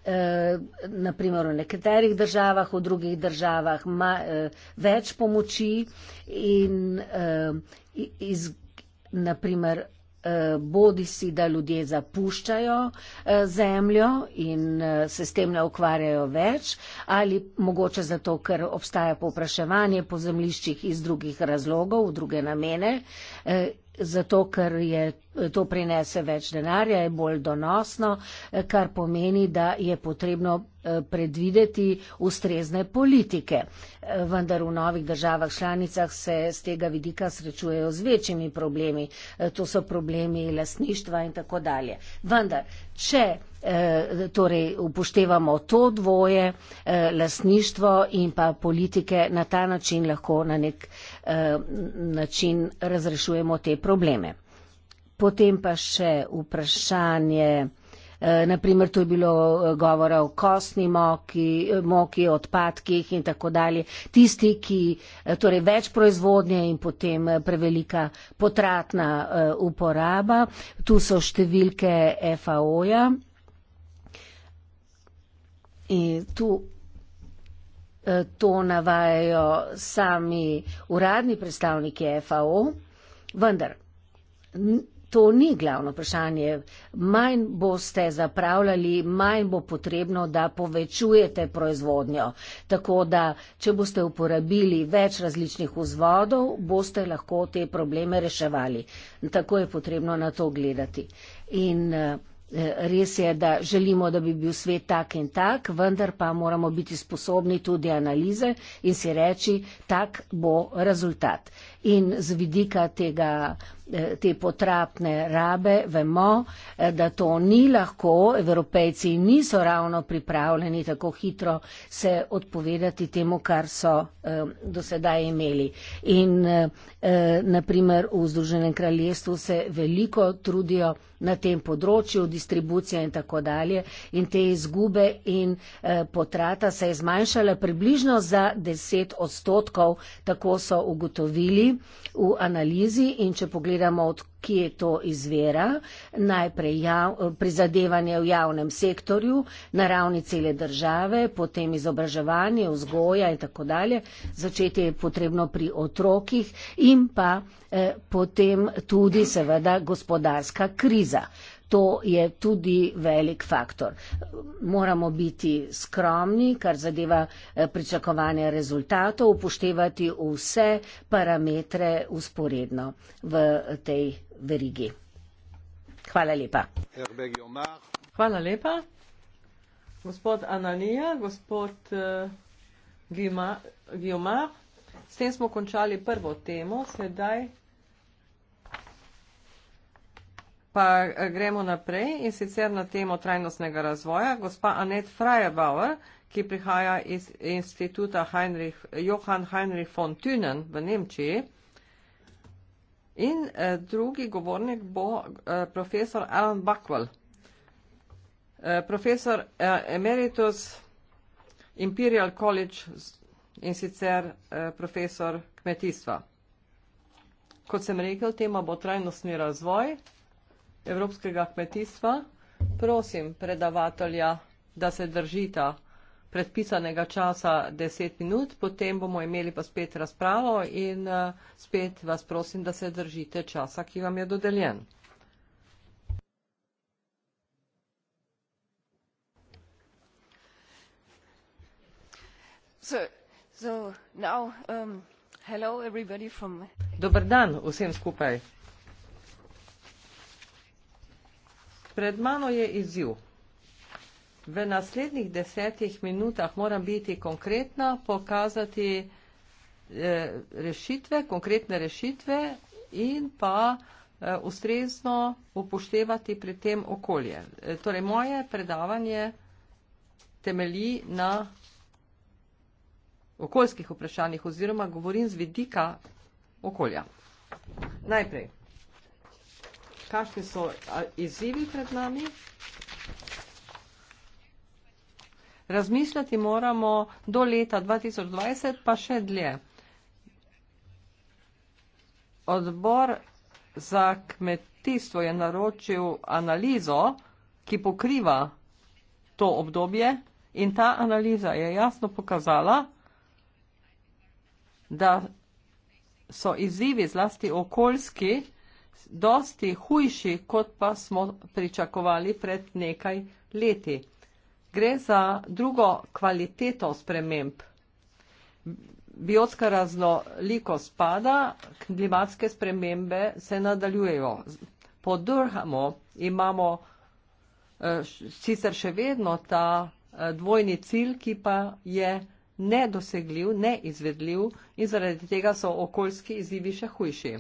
Eh, naprimer v nekaterih državah, v drugih državah ma, eh, več pomoči in eh, iz, naprimer eh, bodi si, da ljudje zapuščajo eh, zemljo in eh, se s tem ne ukvarjajo več ali mogoče zato, ker obstaja povpraševanje po zemljiščih iz drugih razlogov, v druge namene. Eh, zato, ker je to prinese več denarja, je bolj donosno, kar pomeni, da je potrebno eh, predvideti ustrezne politike. Vendar v novih državah članicah se z tega vidika srečujejo z večjimi problemi. Eh, to so problemi lasništva in tako dalje. Vendar, če Eh, torej upoštevamo to dvoje, eh, lasništvo in pa politike, na ta način lahko na nek eh, način razrešujemo te probleme. Potem pa še vprašanje, naprimer tu je bilo govora o kosni moki, moki odpadkih in tako dalje. Tisti, ki torej več proizvodnje in potem prevelika potratna uporaba, tu so številke FAO-ja. In tu eh, to navajajo sami uradni predstavniki FAO, vendar to ni glavno vprašanje. Manj boste zapravljali, manj bo potrebno, da povečujete proizvodnjo. Tako da, če boste uporabili več različnih vzvodov, boste lahko te probleme reševali. Tako je potrebno na to gledati. In, uh, Eh, res je, da želimo, da bi bil svet tak in tak, vendar pa moramo biti sposobni tudi analize in si reči, tak bo rezultat in z vidika tega, eh, te potrapne rabe vemo, eh, da to ni lahko, evropejci niso ravno pripravljeni tako hitro se odpovedati temu, kar so eh, dosedaj imeli. In naprimer v Združenem kraljestvu se veliko trudijo na tem področju, distribucija in tako dalje. In te izgube in potrata se je zmanjšala približno za 10 odstotkov, tako so ugotovili v analizi in če pogledamo, odkje to izvira, najprej jav, prizadevanje v javnem sektorju, na ravni cele države, potem izobraževanje, vzgoja in tako dalje, začeti je potrebno pri otrokih in pa eh, potem tudi seveda gospodarska kriza. To je tudi velik faktor. Moramo biti skromni, kar zadeva eh, pričakovanje rezultatov, upoštevati vse parametre usporedno v tej verigi. Hvala lepa. Hvala lepa. Gospod Analija, gospod uh, eh, Gilmar, s tem smo končali prvo temo, sedaj Pa eh, gremo naprej in sicer na temo trajnostnega razvoja. Gospa Anet Freyerbauer, ki prihaja iz instituta Heinrich, Johann Heinrich von Thünen v Nemčiji. In eh, drugi govornik bo eh, profesor Alan Buckwell, eh, profesor eh, emeritus Imperial College in sicer eh, profesor kmetijstva. Kot sem rekel, tema bo trajnostni razvoj evropskega kmetijstva. Prosim predavatelja, da se držita predpisanega časa 10 minut, potem bomo imeli pa spet razpravo in eh, spet vas prosim, da se držite časa, ki vam je dodeljen. So, so now, um, hello from... Dobar dan vsem skupaj. Pred mano je izziv. V naslednjih desetih minutah moram biti konkretna, pokazati eh, rešitve, konkretne rešitve in pa eh, ustrezno upoštevati pri tem okolje. Eh, torej, moje predavanje temelji na okoljskih vprašanjih oziroma govorim z vidika okolja. Najprej kakšni so izzivi pred nami. Razmišljati moramo do leta 2020, pa še dlje. Odbor za kmetijstvo je naročil analizo, ki pokriva to obdobje in ta analiza je jasno pokazala, da so izzivi zlasti okoljski, dosti hujši, kot pa smo pričakovali pred nekaj leti. Gre za drugo kvaliteto sprememb. Biotska raznolikost pada, klimatske spremembe se nadaljujejo. Po Durhamu imamo eh, sicer še vedno ta eh, dvojni cilj, ki pa je nedosegljiv, neizvedljiv in zaradi tega so okoljski izzivi še hujši.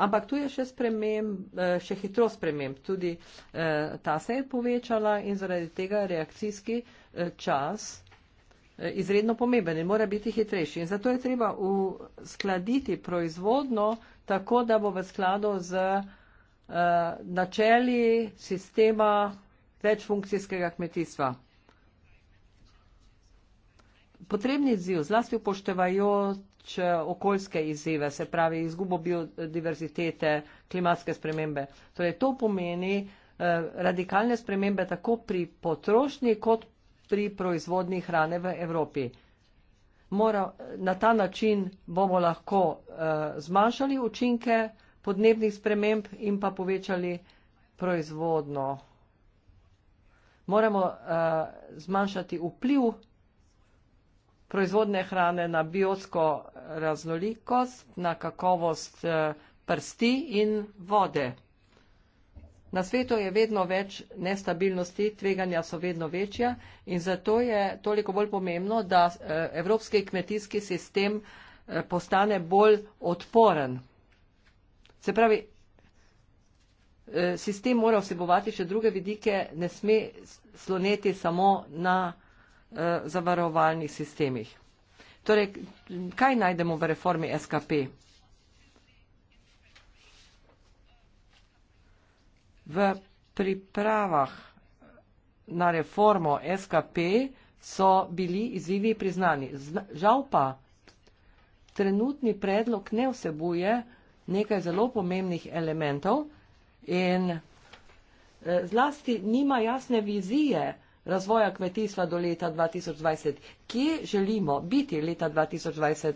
Ampak tu je še, sprememb, eh, še hitrost sprememb. Tudi eh, ta se je povečala in zaradi tega je reakcijski eh, čas izredno pomemben in mora biti hitrejši. In zato je treba uskladiti proizvodno tako, da bo v skladu z načeli sistema večfunkcijskega kmetijstva. Potrebni odziv, zlasti upoštevajo pač okoljske izzive, se pravi izgubo biodiverzitete, klimatske spremembe. Torej, to pomeni eh, radikalne spremembe tako pri potrošnji, kot pri proizvodnji hrane v Evropi. Mora, na ta način bomo lahko uh, zmanjšali učinke podnebnih sprememb in pa povečali proizvodno. Moramo uh, zmanjšati vpliv proizvodne hrane, na biotsko raznolikost, na kakovost eh, prsti in vode. Na svetu je vedno več nestabilnosti, tveganja so vedno večja in zato je toliko bolj pomembno, da eh, evropski kmetijski sistem eh, postane bolj odporen. Se pravi, sistem mora vsebovati še druge vidike, ne sme sloneti samo na kmetijstvo uh, zavarovalnih sistemih. Torej, kaj najdemo v reformi SKP? V pripravah na reformo SKP so bili izzivi priznani. Zna, žal pa trenutni predlog ne vsebuje nekaj zelo pomembnih elementov in eh, zlasti nima jasne vizije eh, razvoja kmetijstva do leta 2020. Kje želimo biti leta 2020?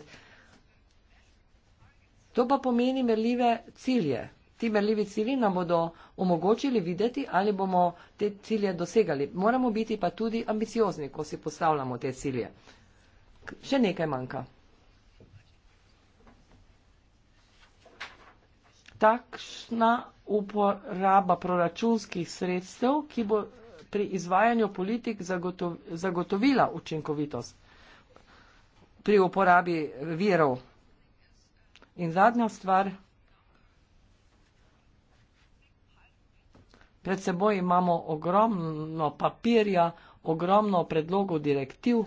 To pa pomeni merljive cilje. Ti merljivi cilji nam bodo omogočili videti, ali bomo te cilje dosegali. Moramo biti pa tudi ambiciozni, ko si postavljamo te cilje. Še nekaj manjka. Takšna uporaba proračunskih sredstev, ki bo pri izvajanju politik zagotov, zagotovila učinkovitost pri uporabi virov. In zadnja stvar, pred seboj imamo ogromno papirja, ogromno predlogov direktiv.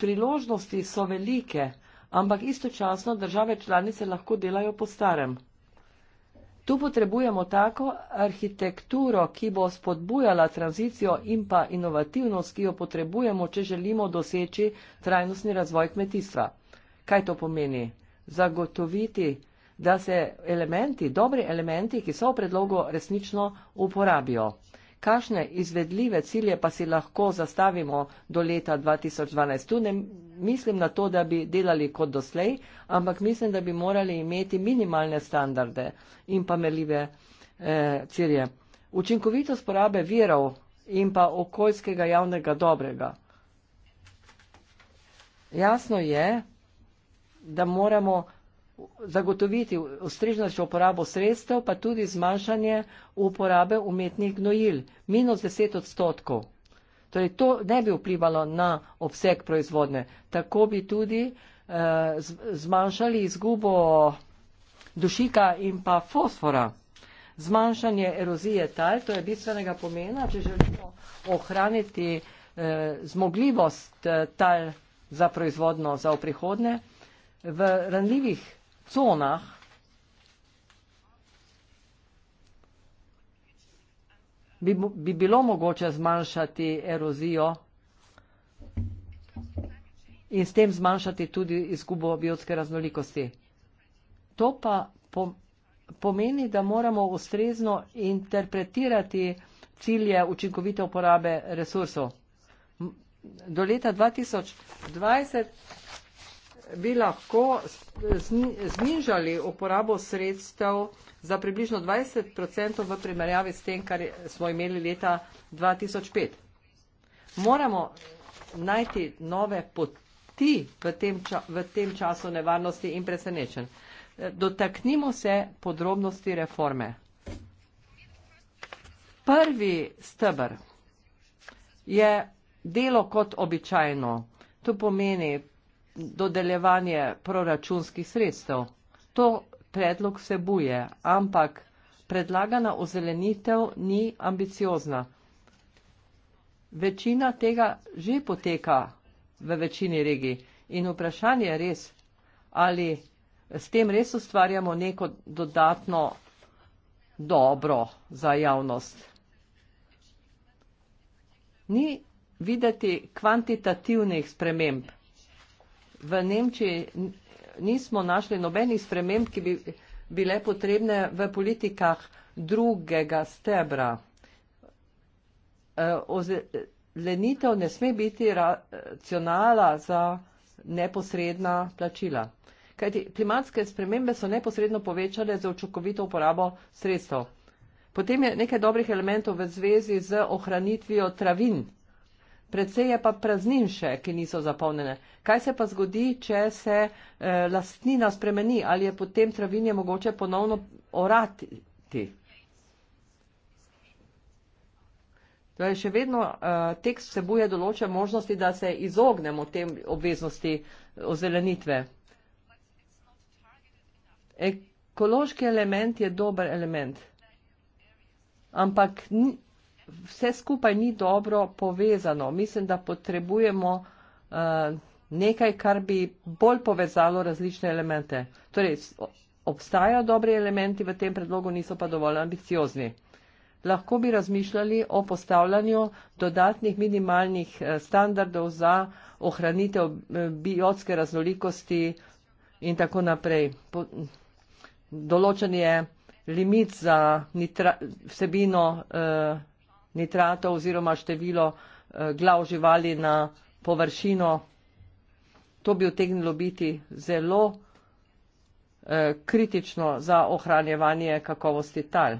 Priložnosti so velike, ampak istočasno države članice lahko delajo po starem. Tu potrebujemo tako arhitekturo, ki bo spodbujala tranzicijo in pa inovativnost, ki jo potrebujemo, če želimo doseči trajnostni razvoj kmetijstva. Kaj to pomeni? Zagotoviti, da se elementi, dobri elementi, ki so v predlogu, resnično uporabijo kakšne izvedljive cilje pa si lahko zastavimo do leta 2012. Tu ne mislim na to, da bi delali kot doslej, ampak mislim, da bi morali imeti minimalne standarde in pa merljive eh, cilje. Učinkovitost porabe virov in pa okoljskega javnega dobrega. Jasno je, da moramo zagotoviti ustreznejšo uporabo sredstev, pa tudi zmanjšanje uporabe umetnih gnojil, minus 10 odstotkov. Torej, to ne bi vplivalo na obseg proizvodne. Tako bi tudi eh, zmanjšali izgubo dušika in pa fosfora. Zmanjšanje erozije tal, to je bistvenega pomena, če želimo ohraniti eh, zmogljivost eh, tal za proizvodno za v prihodne. V ranljivih conah bi, bi bilo mogoče zmanjšati erozijo in s tem zmanjšati tudi izgubo biotske raznolikosti. To pa pomeni, da moramo ustrezno interpretirati cilje učinkovite uporabe resursov. Do leta 2020 bi lahko znižali uporabo sredstev za približno 20% v primerjavi s tem, kar smo imeli leta 2005. Moramo najti nove poti v tem, ča, v tem času nevarnosti in presenečen. E, dotaknimo se podrobnosti reforme. Prvi stebr je delo kot običajno. To pomeni dodeljevanje proračunskih sredstev. To predlog vsebuje, ampak predlagana ozelenitev ni ambiciozna. Večina tega že poteka v večini regij in vprašanje je res, ali s tem res ustvarjamo neko dodatno dobro za javnost. Ni videti kvantitativnih sprememb v Nemčiji nismo našli nobenih sprememb, ki bi bile potrebne v politikah drugega stebra. E, Lenitev ne sme biti racionala za neposredna plačila. Kajti klimatske spremembe so neposredno povečale za očukovito uporabo sredstev. Potem je nekaj dobrih elementov v zvezi z ohranitvijo travin predvsej je pa praznin še, ki niso zapolnjene. Kaj se pa zgodi, če se e, lastnina spremeni ali je potem travinje mogoče ponovno orati? Torej, še vedno uh, tekst vsebuje določe možnosti, da se izognemo tem obveznosti ozelenitve. Ekološki element je dober element, ampak vse skupaj ni dobro povezano. Mislim, da potrebujemo uh, nekaj, kar bi bolj povezalo različne elemente. Torej, obstajajo dobri elementi, v tem predlogu niso pa dovolj ambiciozni. Lahko bi razmišljali o postavljanju dodatnih minimalnih eh, standardov za ohranitev eh, biotske raznolikosti in tako naprej. Določen je limit za nitra, vsebino eh, nitratov oziroma število eh, glav živali na površino. To bi otegnilo biti zelo eh, kritično za ohranjevanje kakovosti tal.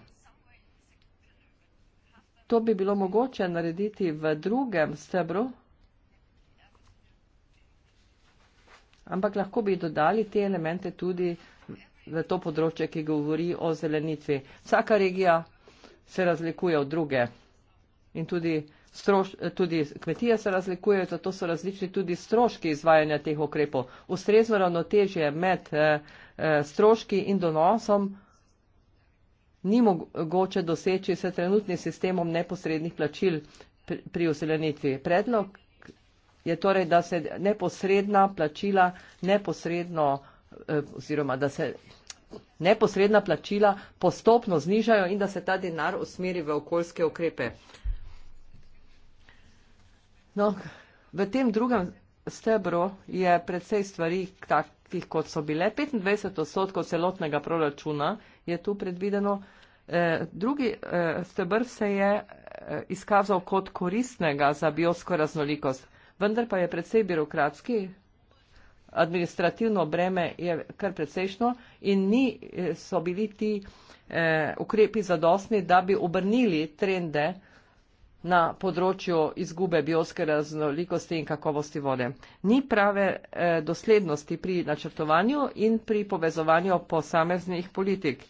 To bi bilo mogoče narediti v drugem stebru, ampak lahko bi dodali te elemente tudi v to področje, ki govori o zelenitvi. Vsaka regija se razlikuje od druge in tudi, stroš, tudi kmetije se razlikujejo, zato so različni tudi stroški izvajanja teh ukrepov. Ustrezno ravnotežje med eh, eh, stroški in donosom ni mogoče doseči s trenutnim sistemom neposrednih plačil pri, pri useljenitvi. Predlog je torej, da se neposredna plačila neposredno eh, oziroma da se neposredna plačila postopno znižajo in da se ta denar usmeri v okoljske ukrepe. No, v tem drugem stebru je predvsej stvari takih, kot so bile. 25 odstotkov celotnega proračuna je tu predvideno. Eh, drugi eh, stebr se je eh, izkazal kot koristnega za biosko raznolikost, vendar pa je predvsej birokratski, administrativno breme je kar predvsejšno in ni so bili ti ukrepi zadostni, da bi obrnili trende na področju izgube biotske raznolikosti in kakovosti vode. Ni prave eh, doslednosti pri načrtovanju in pri povezovanju posameznih politik.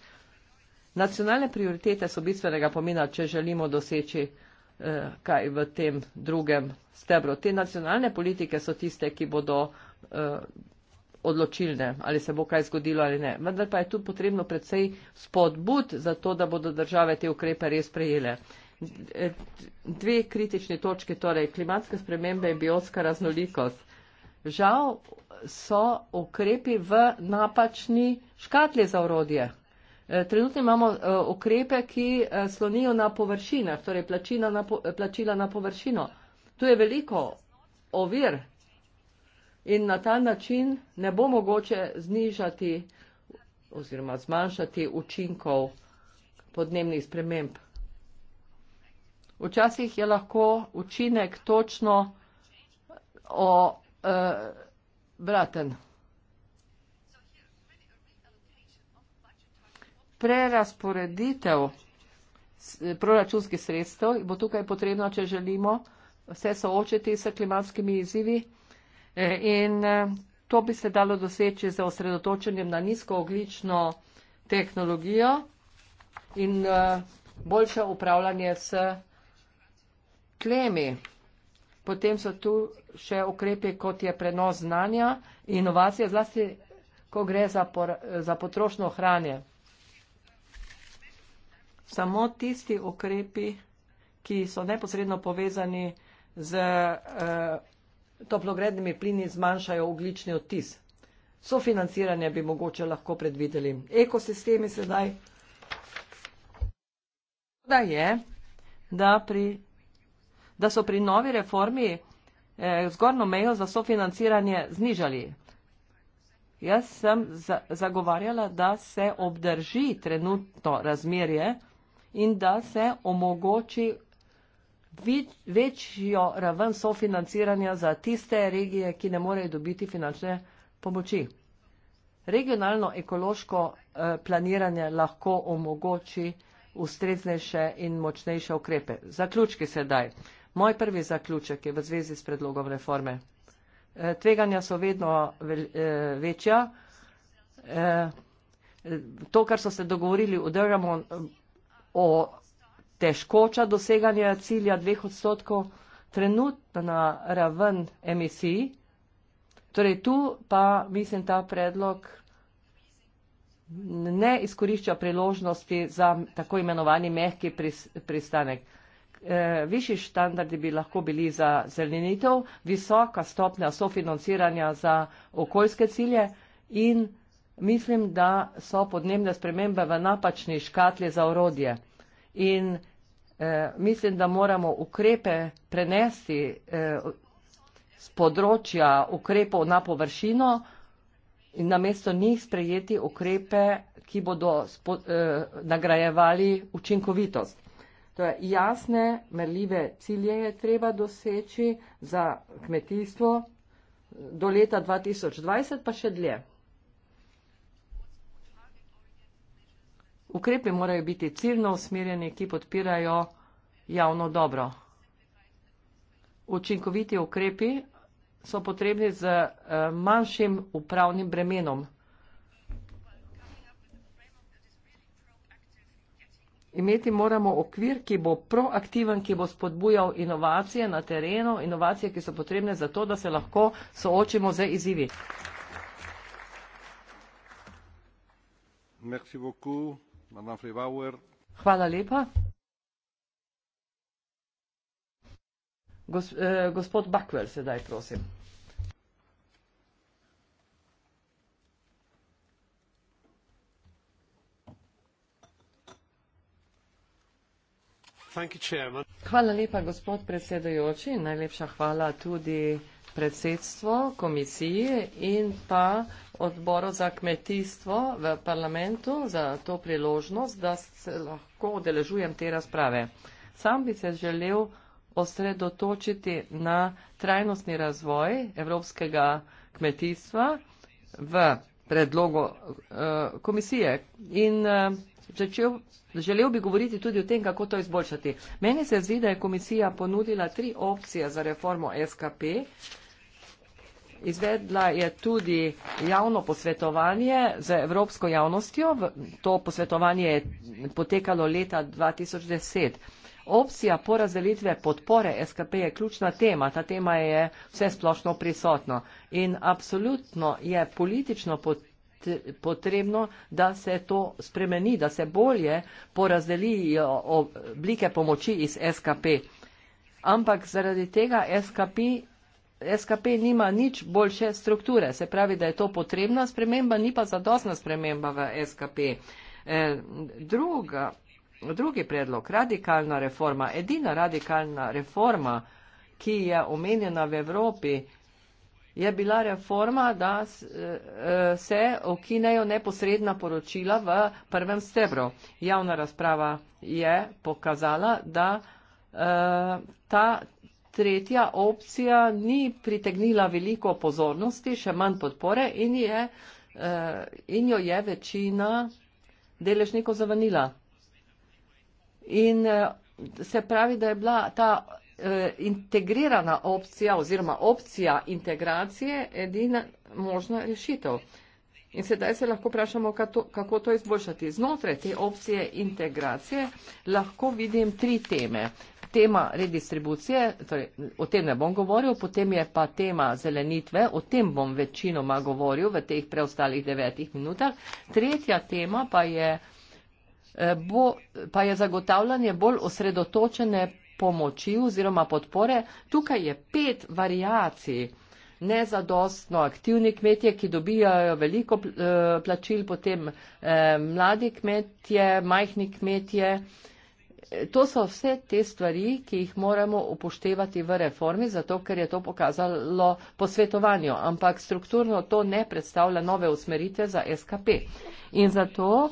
Nacionalne prioritete so bistvenega pomena, če želimo doseči eh, kaj v tem drugem stebru. Te nacionalne politike so tiste, ki bodo eh, odločilne, ali se bo kaj zgodilo ali ne. Vendar pa je tu potrebno predvsej spodbud za to, da bodo države te ukrepe res prejele dve kritične točke, torej klimatske spremembe in biotska raznolikost. Žal so ukrepi v napačni škatli za urodje. E, trenutno imamo e, ukrepe, ki e, slonijo na površinah, torej plačila na, po, plačila na površino. Tu je veliko ovir in na ta način ne bo mogoče znižati oziroma zmanjšati učinkov podnebnih sprememb. Včasih je lahko učinek točno obraten. Eh, Prerasporeditev eh, proračunskih sredstev bo tukaj potrebno, če želimo vse soočiti s klimatskimi izzivi eh, in to bi se dalo doseči za osredotočenjem na nizkooglično tehnologijo in boljše upravljanje s proračunskih sredstev tlemi. Potem so tu še ukrepi, kot je prenos znanja, inovacije, zlasti, ko gre za, por, za potrošno hranje. Samo tisti ukrepi, ki so neposredno povezani z eh, toplogrednimi plini, zmanjšajo oglični odtis. Sofinanciranje bi mogoče lahko predvideli. Ekosistemi sedaj. Da je, da pri da so pri novi reformi eh, zgornjo mejo za sofinanciranje znižali. Jaz sem zagovarjala, da se obdrži trenutno razmerje in da se omogoči večjo raven sofinanciranja za tiste regije, ki ne morejo dobiti finančne pomoči. Regionalno ekološko eh, planiranje lahko omogoči ustreznejše in močnejše ukrepe. Zaključki sedaj. Moj prvi zaključek je v zvezi s predlogom reforme. E, tveganja so vedno e, večja. E, to, kar so se dogovorili v Dramu o težkoča doseganja cilja dveh odstotkov, trenutna raven emisij, torej tu pa mislim ta predlog ne izkorišča priložnosti za tako imenovani mehki pristanek. Eh, višji standardi bi lahko bili za zelenitev, visoka stopnja sofinanciranja za okoljske cilje in mislim, da so podnebne spremembe v napačni škatli za orodje. In eh, mislim, da moramo ukrepe prenesti eh, z področja ukrepov na površino in namesto njih sprejeti ukrepe, ki bodo spod, eh, nagrajevali učinkovitost. Torej, jasne, merljive cilje je treba doseči za kmetijstvo do leta 2020 pa še dlje. Ukrepi morajo biti ciljno usmerjeni, ki podpirajo javno dobro. Učinkoviti ukrepi so potrebni z eh, manjšim upravnim bremenom. imeti moramo okvir, ki bo proaktiven, ki bo spodbujal inovacije na terenu, inovacije, ki so potrebne za to, da se lahko soočimo z izzivi. Hvala lepa. Eh, gospod Bakwell, sedaj prosim. Hvala lepa, gospod predsedajoči. Najlepša hvala tudi predsedstvo komisije in pa odboru za kmetijstvo v parlamentu za to priložnost, da se lahko odeležujem te razprave. Sam bi se želel osredotočiti na trajnostni razvoj evropskega kmetijstva v predlogu uh, komisije. In, uh, začel, želel bi govoriti tudi o tem, kako to izboljšati. Meni se zdi, da je komisija ponudila tri opcije za reformo SKP. Izvedla je tudi javno posvetovanje z evropsko javnostjo. To posvetovanje je potekalo leta 2010. Opcija porazdelitve podpore SKP je ključna tema. Ta tema je vse splošno prisotno. In absolutno je politično potrebno potrebno, da se to spremeni, da se bolje porazdelijo eh, oblike pomoči iz SKP. Ampak zaradi tega SKP, SKP nima nič boljše strukture. Se pravi, da je to potrebna sprememba, ni pa zadostna sprememba v SKP. Eh, druga, drugi predlog, radikalna reforma, edina radikalna reforma, ki je omenjena v Evropi, je bila reforma, da eh, eh, se okinejo neposredna poročila v prvem stebru. Javna razprava je pokazala, da eh, ta tretja opcija ni pritegnila veliko pozornosti, še manj podpore in, je, in jo je večina deležnikov zavrnila. In se pravi, da je bila ta uh, integrirana opcija oziroma opcija integracije edina možna rešitev. In sedaj se lahko vprašamo, kako to izboljšati. Znotraj te opcije integracije lahko vidim tri teme. Tema redistribucije, torej, o tem ne bom govoril, potem je pa tema zelenitve, o tem bom večinoma govoril v teh preostalih devetih minutah. Tretja tema pa je, eh, bo, pa je zagotavljanje bolj osredotočene pomoči oziroma podpore. Tukaj je pet variacij. Nezadostno aktivni kmetje, ki dobijajo veliko eh, plačil, potem eh, mladi kmetje, majhni kmetje. To so vse te stvari, ki jih moramo upoštevati v reformi, zato ker je to pokazalo posvetovanju, ampak strukturno to ne predstavlja nove usmeritve za SKP. In zato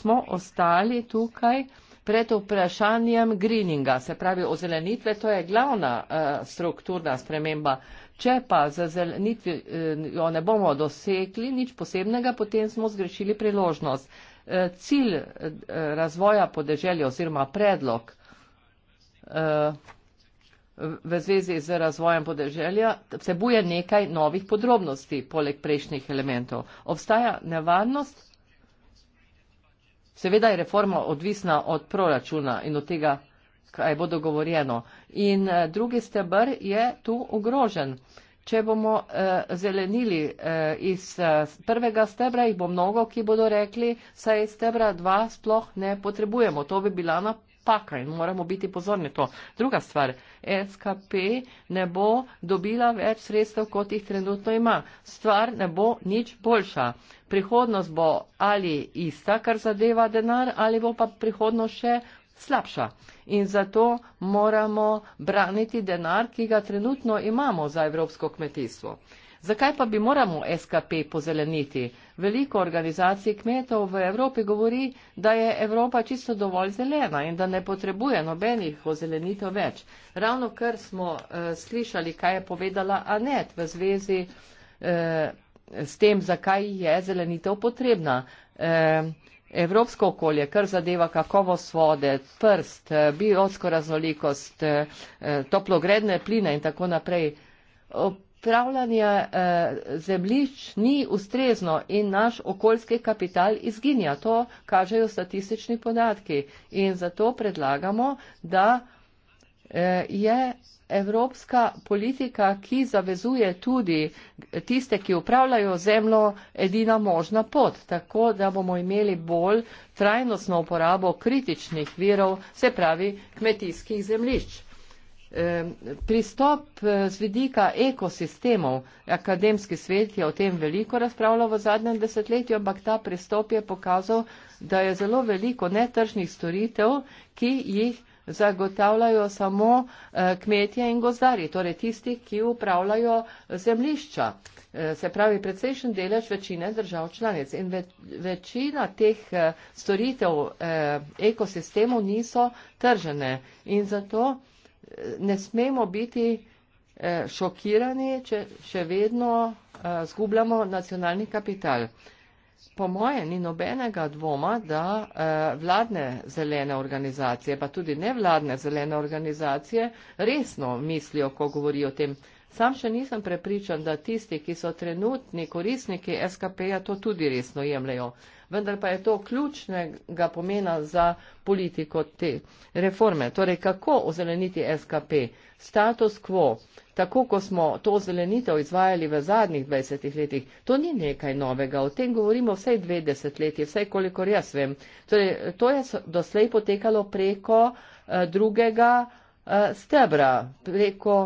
smo ostali tukaj pred vprašanjem greeninga, se pravi ozelenitve, to je glavna uh, strukturna sprememba. Če pa za zelenitvijo eh, ne bomo dosegli nič posebnega, potem smo zgrešili priložnost. Eh, cilj razvoja podeželja oziroma predlog v zvezi z razvojem podeželja vsebuje nekaj novih podrobnosti poleg prejšnjih elementov. Obstaja nevarnost, Seveda je reforma odvisna od proračuna in od tega, kaj bo dogovorjeno. In eh, drugi stebr je tu ogrožen. Če bomo eh, zelenili eh, iz eh, prvega stebra, jih bo mnogo, ki bodo rekli, saj stebra dva sploh ne potrebujemo. To bi bila napaka in moramo biti pozorni to. Druga stvar, SKP ne bo dobila več sredstev, kot jih trenutno ima. Stvar ne bo nič boljša. Eh, prihodnost bo ali ista, kar zadeva denar, ali bo pa prihodnost še slabša. In zato moramo braniti denar, ki ga trenutno imamo za evropsko kmetijstvo. Zakaj pa bi moramo SKP pozeleniti? Veliko organizacij kmetov v Evropi govori, da je Evropa čisto dovolj zelena in da ne potrebuje nobenih ozelenitev več. Ravno kar smo uh, slišali, kaj je povedala Anet v zvezi uh, s tem, zakaj je zelenitev potrebna. E, evropsko okolje, kar zadeva kakovost vode, prst, e, biotsko raznolikost, e, toplogredne pline in tako naprej. Upravljanje zemlič ni ustrezno in naš okoljski kapital izginja. To kažejo statistični podatki. In zato predlagamo, da Eh, je evropska politika, ki zavezuje tudi tiste, ki upravljajo zemljo, edina možna pot, tako da bomo imeli bolj trajnostno uporabo kritičnih virov, se pravi kmetijskih zemljišč. Pristop eh, z vidika ekosistemov, akademski svet je o tem veliko razpravljal v zadnjem desetletju, ampak ta pristop je pokazal, da je zelo veliko netržnih storitev, ki jih zagotavljajo samo eh, kmetje in gozdari, torej tisti, ki upravljajo eh, zemlišča. Eh, se pravi, precejšen delež večine držav članic in večina teh storitev ekosistemov niso tržene in zato ne smemo biti šokirani, če še vedno zgubljamo nacionalni kapital. Po moje ni nobenega dvoma, da eh, vladne zelene organizacije, pa tudi nevladne zelene organizacije, resno mislijo, ko govorijo o tem, Sam še nisem prepričan, da tisti, ki so trenutni korisniki SKP-ja, to tudi resno jemljajo. Vendar pa je to ključnega pomena za politiko te reforme. Torej, kako ozeleniti SKP? Status quo, tako ko smo to ozelenitev izvajali v zadnjih 20 letih, to ni nekaj novega. O tem govorimo vse 20 leti, vse kolikor jaz vem. Torej, to je doslej potekalo preko eh, drugega eh, stebra, preko.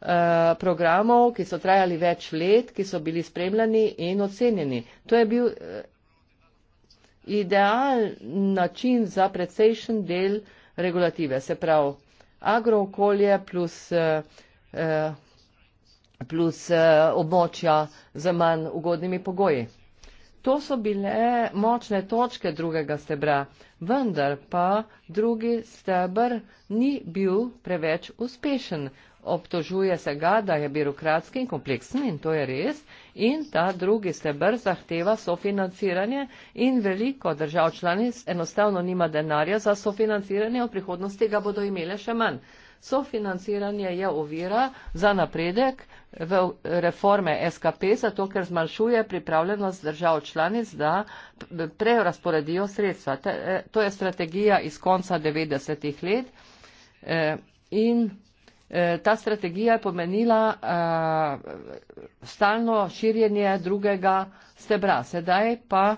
Eh, programov, ki so trajali več let, ki so bili spremljani in ocenjeni. To je bil uh, eh, idealen način za precejšen del regulative, se pravi agrookolje plus, uh, plus uh, območja z manj ugodnimi pogoji. To so bile močne točke drugega stebra, vendar pa drugi stebr ni bil preveč uspešen obtožuje se ga, da je birokratski in kompleksen in to je res. In ta drugi stebr zahteva sofinanciranje in veliko držav članic enostavno nima denarja za sofinanciranje, v prihodnosti ga bodo imele še manj. Sofinanciranje je ovira za napredek v reforme SKP, zato ker zmanjšuje pripravljenost držav članic, da prerasporedijo sredstva. Eh, to je strategija iz konca 90-ih let. Eh, in ta strategija je pomenila eh, stalno širjenje drugega stebra. Sedaj pa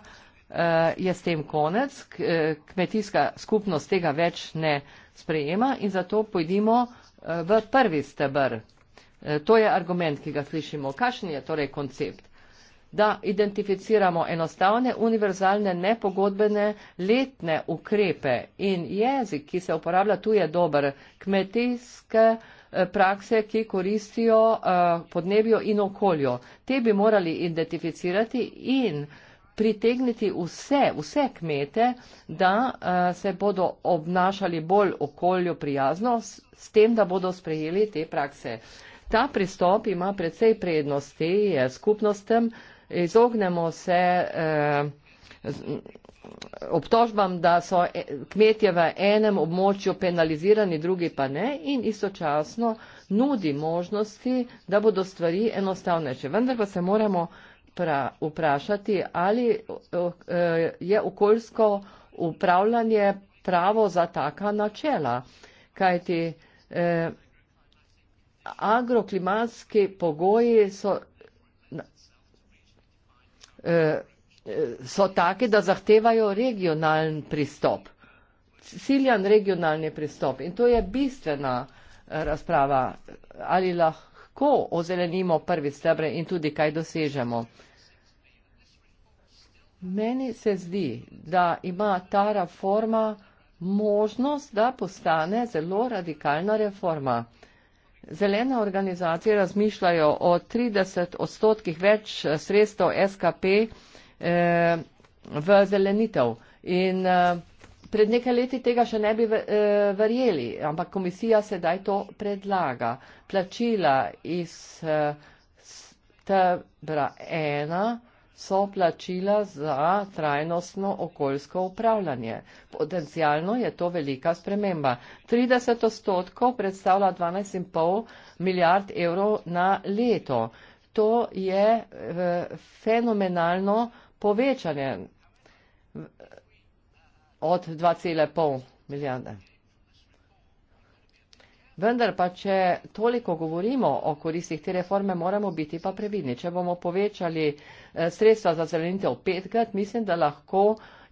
eh, je s tem konec, eh, kmetijska skupnost tega več ne sprejema in zato pojdimo v prvi stebr. To je argument, ki ga slišimo. Kakšen je torej koncept? Da identificiramo enostavne, univerzalne, nepogodbene letne ukrepe in jezik, ki se uporablja tu, je dober. Kmetijske uh, Eh, prakse, ki koristijo eh, podnebju in okolju. Te bi morali identificirati in pritegniti vse, vse kmete, da eh, se bodo obnašali bolj okolju prijazno s tem, da bodo sprejeli te prakse. Ta pristop ima predvsej prednosti skupnostem, izognemo se obtožbam, da so e, kmetje v enem območju penalizirani, drugi pa ne in istočasno nudi možnosti, da bodo stvari enostavnejše. Vendar pa se moramo pra, vprašati, ali e, je okoljsko upravljanje pravo za taka načela, kajti eh, agroklimatski pogoji so. Eh, so take, da zahtevajo regionalen pristop, ciljan regionalni pristop. In to je bistvena eh, razprava, ali lahko ozelenimo prvi stebre in tudi kaj dosežemo. Meni se zdi, da ima ta reforma možnost, da postane zelo radikalna reforma. Zelene organizacije razmišljajo o 30 odstotkih več eh, sredstev SKP, eh, v zelenitev. In eh, pred nekaj leti tega še ne bi eh, verjeli, ampak komisija sedaj to predlaga. Plačila iz eh, tebra ena so plačila za trajnostno okoljsko upravljanje. Potencialno je to velika sprememba. 30 odstotkov predstavlja 12,5 milijard evrov na leto. To je eh, fenomenalno eh, povečanje od 2,5 milijarde. Vendar pa, če toliko govorimo o koristih te reforme, moramo biti pa previdni. Če bomo povečali eh, sredstva za zelenitev petkrat, mislim, da lahko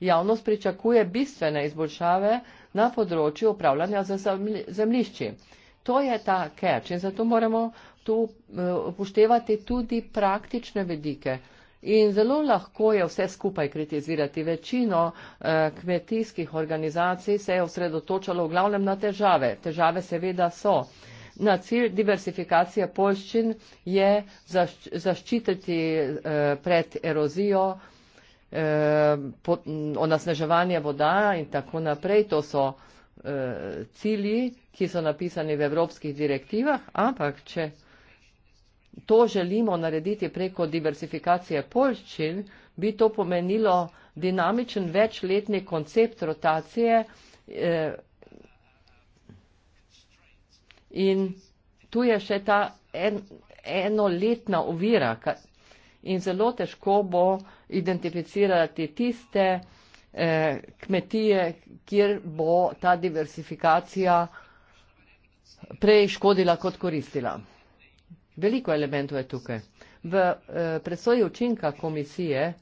javnost pričakuje bistvene izboljšave na področju upravljanja za zemlišči. To je ta catch in zato moramo tu eh, upoštevati tudi praktične vedike. In zelo lahko je vse skupaj kritizirati. Večino eh, kmetijskih organizacij se je osredotočalo v glavnem na težave. Težave seveda so. Na cilj diversifikacije polščin je zašč zaščititi eh, pred erozijo, eh, onasneževanje voda in tako naprej. To so eh, cilji, ki so napisani v evropskih direktivah, ampak če to želimo narediti preko diversifikacije polščin, bi to pomenilo dinamičen večletni koncept rotacije eh, in tu je še ta en, enoletna uvira in zelo težko bo identificirati tiste eh, kmetije, kjer bo ta diversifikacija prej škodila kot koristila veliko elementov je tukaj. V eh, presoji učinka komisije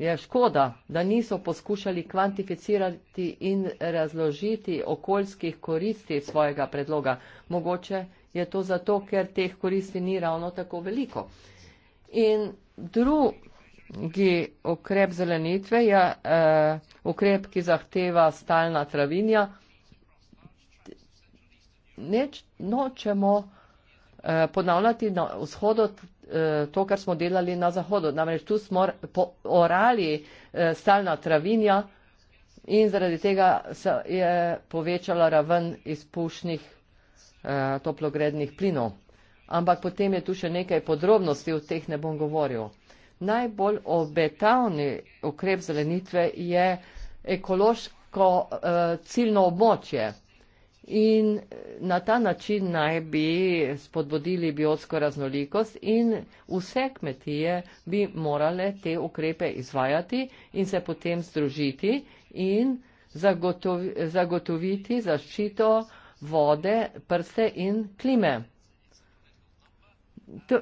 je škoda, da niso poskušali kvantificirati in razložiti okoljskih koristi svojega predloga. Mogoče je to zato, ker teh koristi ni ravno tako veliko. In drugi ukrep zelenitve je uh, ukrep, ki zahteva stalna travinja. Nečemo. Nečemo. Eh, ponavljati na vzhodu eh, to, kar smo delali na zahodu. Namreč tu smo orali eh, stalna travinja in zaradi tega se je povečala raven izpušnih toplogrednih plinov. Ampak potem je tu še nekaj podrobnosti, o teh ne bom govoril. Najbolj obetavni ukrep zelenitve je ekološko ciljno območje in na ta način naj bi spodbudili biotsko raznolikost in vse kmetije bi morale te ukrepe izvajati in se potem združiti in zagotovi, zagotoviti zaščito vode, prste in klime. To,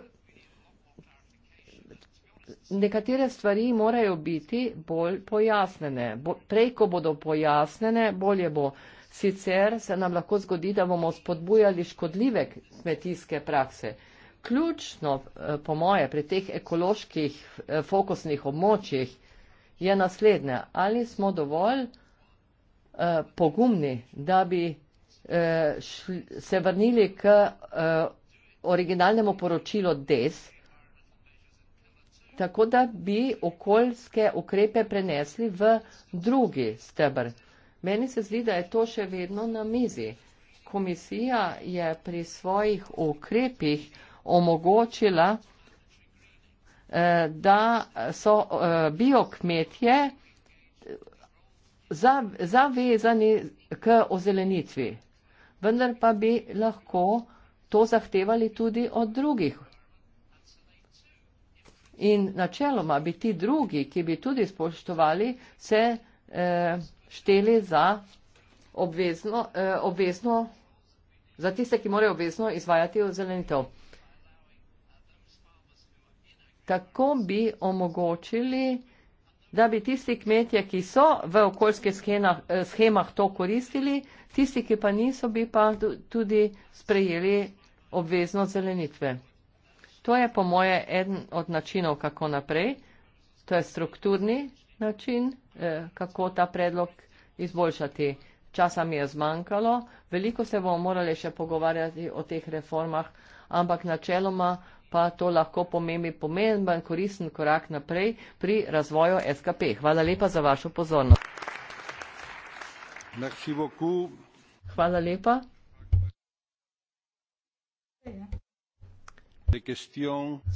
nekatere stvari morajo biti bolj pojasnene. Bo, prej, ko bodo pojasnene, bolje bo. Sicer se nam lahko zgodi, da bomo spodbujali škodljive kmetijske prakse. Ključno, eh, po moje, pri teh ekoloških eh, fokusnih območjih je naslednje, ali smo dovolj eh, pogumni, da bi se vrnili k originalnemu poročilu DES, tako da bi okoljske ukrepe prenesli v drugi stebr. Meni se zdi, da je to še vedno na mizi. Komisija je pri svojih ukrepih omogočila, eh, da so eh, biokmetje zavezani k ozelenitvi. Vendar pa bi lahko to zahtevali tudi od drugih. In načeloma bi ti drugi, ki bi tudi spoštovali, se. Eh, šteli za obvezno, eh, obvezno, za tiste, ki morajo obvezno izvajati ozelenitev. Tako bi omogočili, da bi tisti kmetje, ki so v okoljskih schemah, eh, schemah to koristili, tisti, ki pa niso, bi pa tudi sprejeli obvezno zelenitve. To je po moje eden od načinov, kako naprej. To je strukturni način. Eh, kako ta predlog izboljšati. Časa mi je zmanjkalo, veliko se bomo morali še pogovarjati o teh reformah, ampak načeloma pa to lahko pomeni pomemben koristen korak naprej pri razvoju SKP. Hvala lepa za vašo pozornost. Hvala lepa.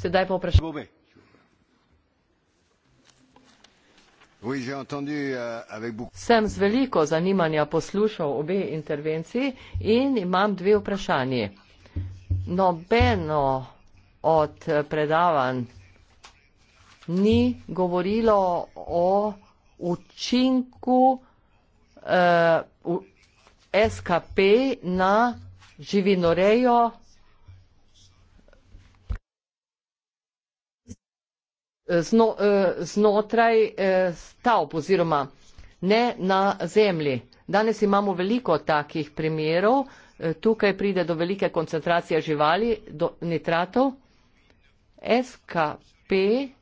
Sedaj pa vprašanje. Euh, Sem z veliko zanimanja poslušal obe intervenciji in imam dve vprašanji. Nobeno od predavanj ni govorilo o učinku eh, SKP na živinorejo Eh, zno, eh, znotraj eh, stavb oziroma ne na zemlji. Danes imamo veliko takih primerov, tukaj pride do velike koncentracije živali, do nitratov. SKP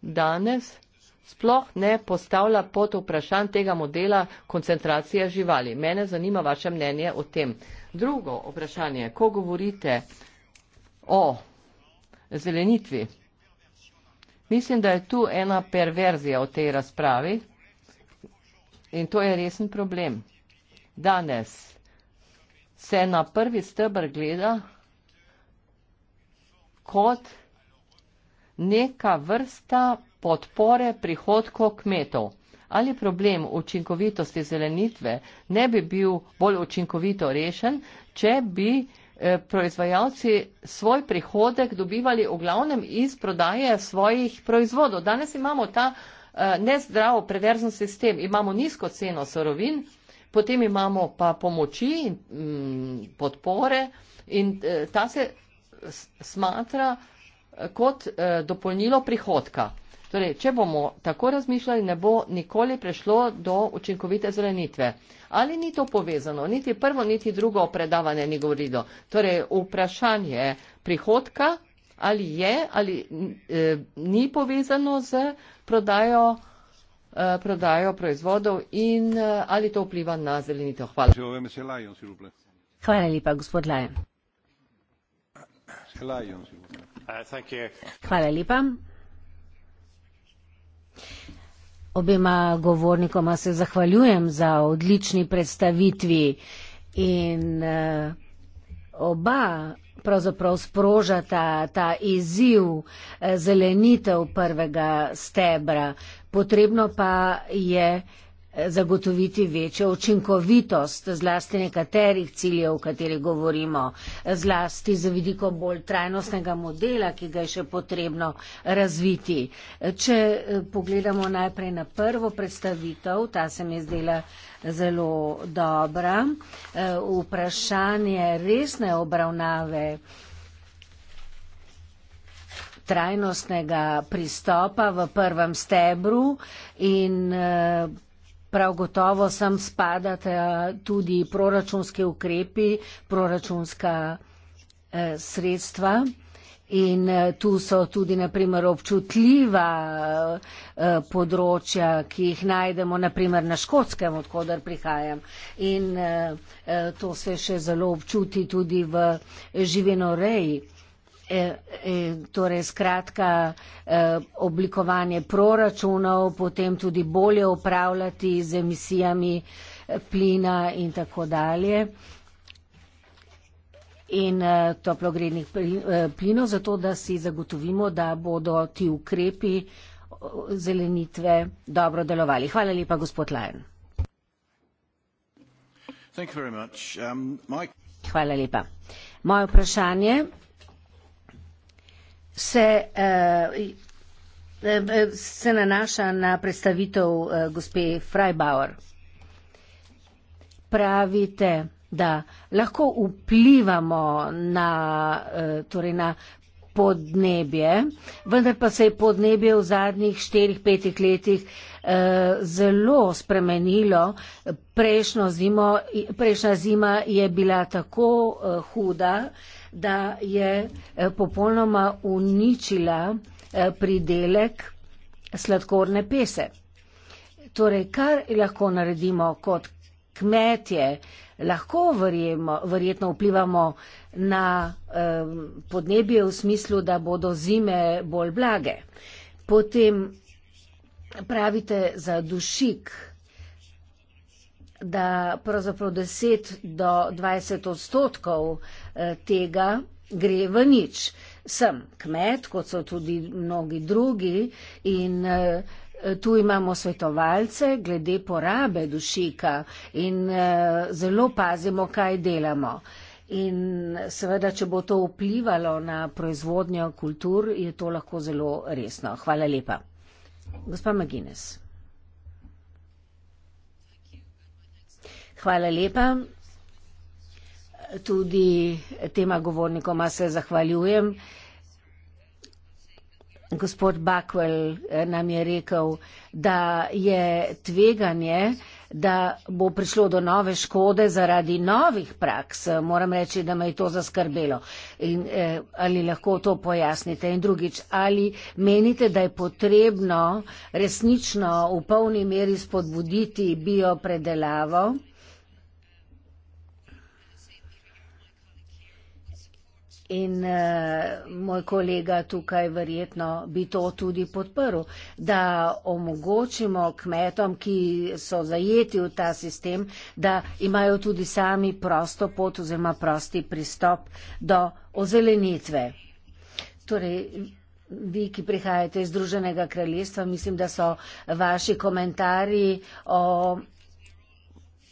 danes sploh ne postavlja pod vprašanj tega modela koncentracije živali. Mene zanima vaše mnenje o tem. Drugo vprašanje, ko govorite o zelenitvi, Mislim, da je tu ena perverzija v tej razpravi in to je resen problem. Danes se na prvi stebr gleda kot neka vrsta podpore prihodkov kmetov. Ali problem učinkovitosti zelenitve ne bi bil bolj učinkovito rešen, če bi Eh, proizvajalci svoj prihodek dobivali v glavnem iz prodaje svojih proizvodov. Danes imamo ta eh, nezdrav preverzen sistem, imamo nizko ceno sorovin, potem imamo pa pomoči in mm, podpore in eh, ta se smatra kot dopolnilo prihodka. Torej, če bomo tako razmišljali, ne bo nikoli prišlo do učinkovite zelenitve. Ali ni to povezano? Niti prvo, niti drugo predavanje ni govorilo. Torej, vprašanje prihodka, ali je, ali eh, ni povezano z prodajo eh, prodajo proizvodov in eh, ali to vpliva na zelenitev. Hvala. Hvala lepa, gospod Lajen. Uh, Hvala lepa. Obima govornikoma se zahvaljujem za odlični predstavitvi in eh, oba pravzaprav sprožata ta izziv eh, zelenitev prvega stebra. Potrebno pa je zagotoviti večjo učinkovitost zlasti nekaterih ciljev, o kateri govorimo, zlasti za vidiko bolj trajnostnega modela, ki ga je še potrebno razviti. Če eh, pogledamo najprej na prvo predstavitev, ta se mi je zdela zelo dobra, eh, vprašanje resne obravnave trajnostnega pristopa v prvem stebru in eh, Prav gotovo sem spadate tudi proračunske ukrepi, proračunska eh, sredstva. In eh, tu so tudi naprimer občutljiva eh, področja, ki jih najdemo naprimer na škotskem, odkudar prihajam. In to se še zelo občuti tudi v živinoreji. E, e, torej, skratka, e, oblikovanje proračunov, potem tudi bolje upravljati z emisijami plina in tako dalje in toplogrednih plinov, zato da si zagotovimo, da bodo ti ukrepi zelenitve dobro delovali. Hvala lepa, gospod Lajen. Um, Hvala lepa. Moje vprašanje se, uh, se nanaša na predstavitev uh, gospe Freibauer. Pravite, da lahko vplivamo na, uh, torej na podnebje, vendar pa se je podnebje v zadnjih 4-5 letih uh, zelo spremenilo. Zimo, prejšnja zima je bila tako uh, huda, uh, da je eh, popolnoma uničila eh, pridelek sladkorne pese. Torej, kar lahko naredimo kot kmetje, lahko verjemo, verjetno vplivamo na um, podnebje v smislu, da bodo zime bolj blage. Potem pravite za dušik da pravzaprav 10 do 20 odstotkov eh, tega gre v nič. Sem kmet, kot so tudi mnogi drugi in eh, tu imamo svetovalce glede porabe dušika in eh, zelo pazimo, kaj delamo. In seveda, če bo to vplivalo na proizvodnjo kultur, je to lahko zelo resno. Hvala lepa. Gospa Magines. Hvala lepa. Tudi tema govornikoma se zahvaljujem. Gospod Bakwell nam je rekel, da je tveganje, da bo prišlo do nove škode zaradi novih praks. Moram reči, da me je to zaskrbelo. In, eh, ali lahko to pojasnite? In drugič, ali menite, da je potrebno resnično v polni meri spodbuditi biopredelavo? in uh, moj kolega tukaj verjetno bi to tudi podprl, da omogočimo kmetom, ki so zajeti v ta sistem, da imajo tudi sami prosto pot oziroma prosti pristop do ozelenitve. Torej, Vi, ki prihajate iz Združenega kraljestva, mislim, da so vaši komentarji o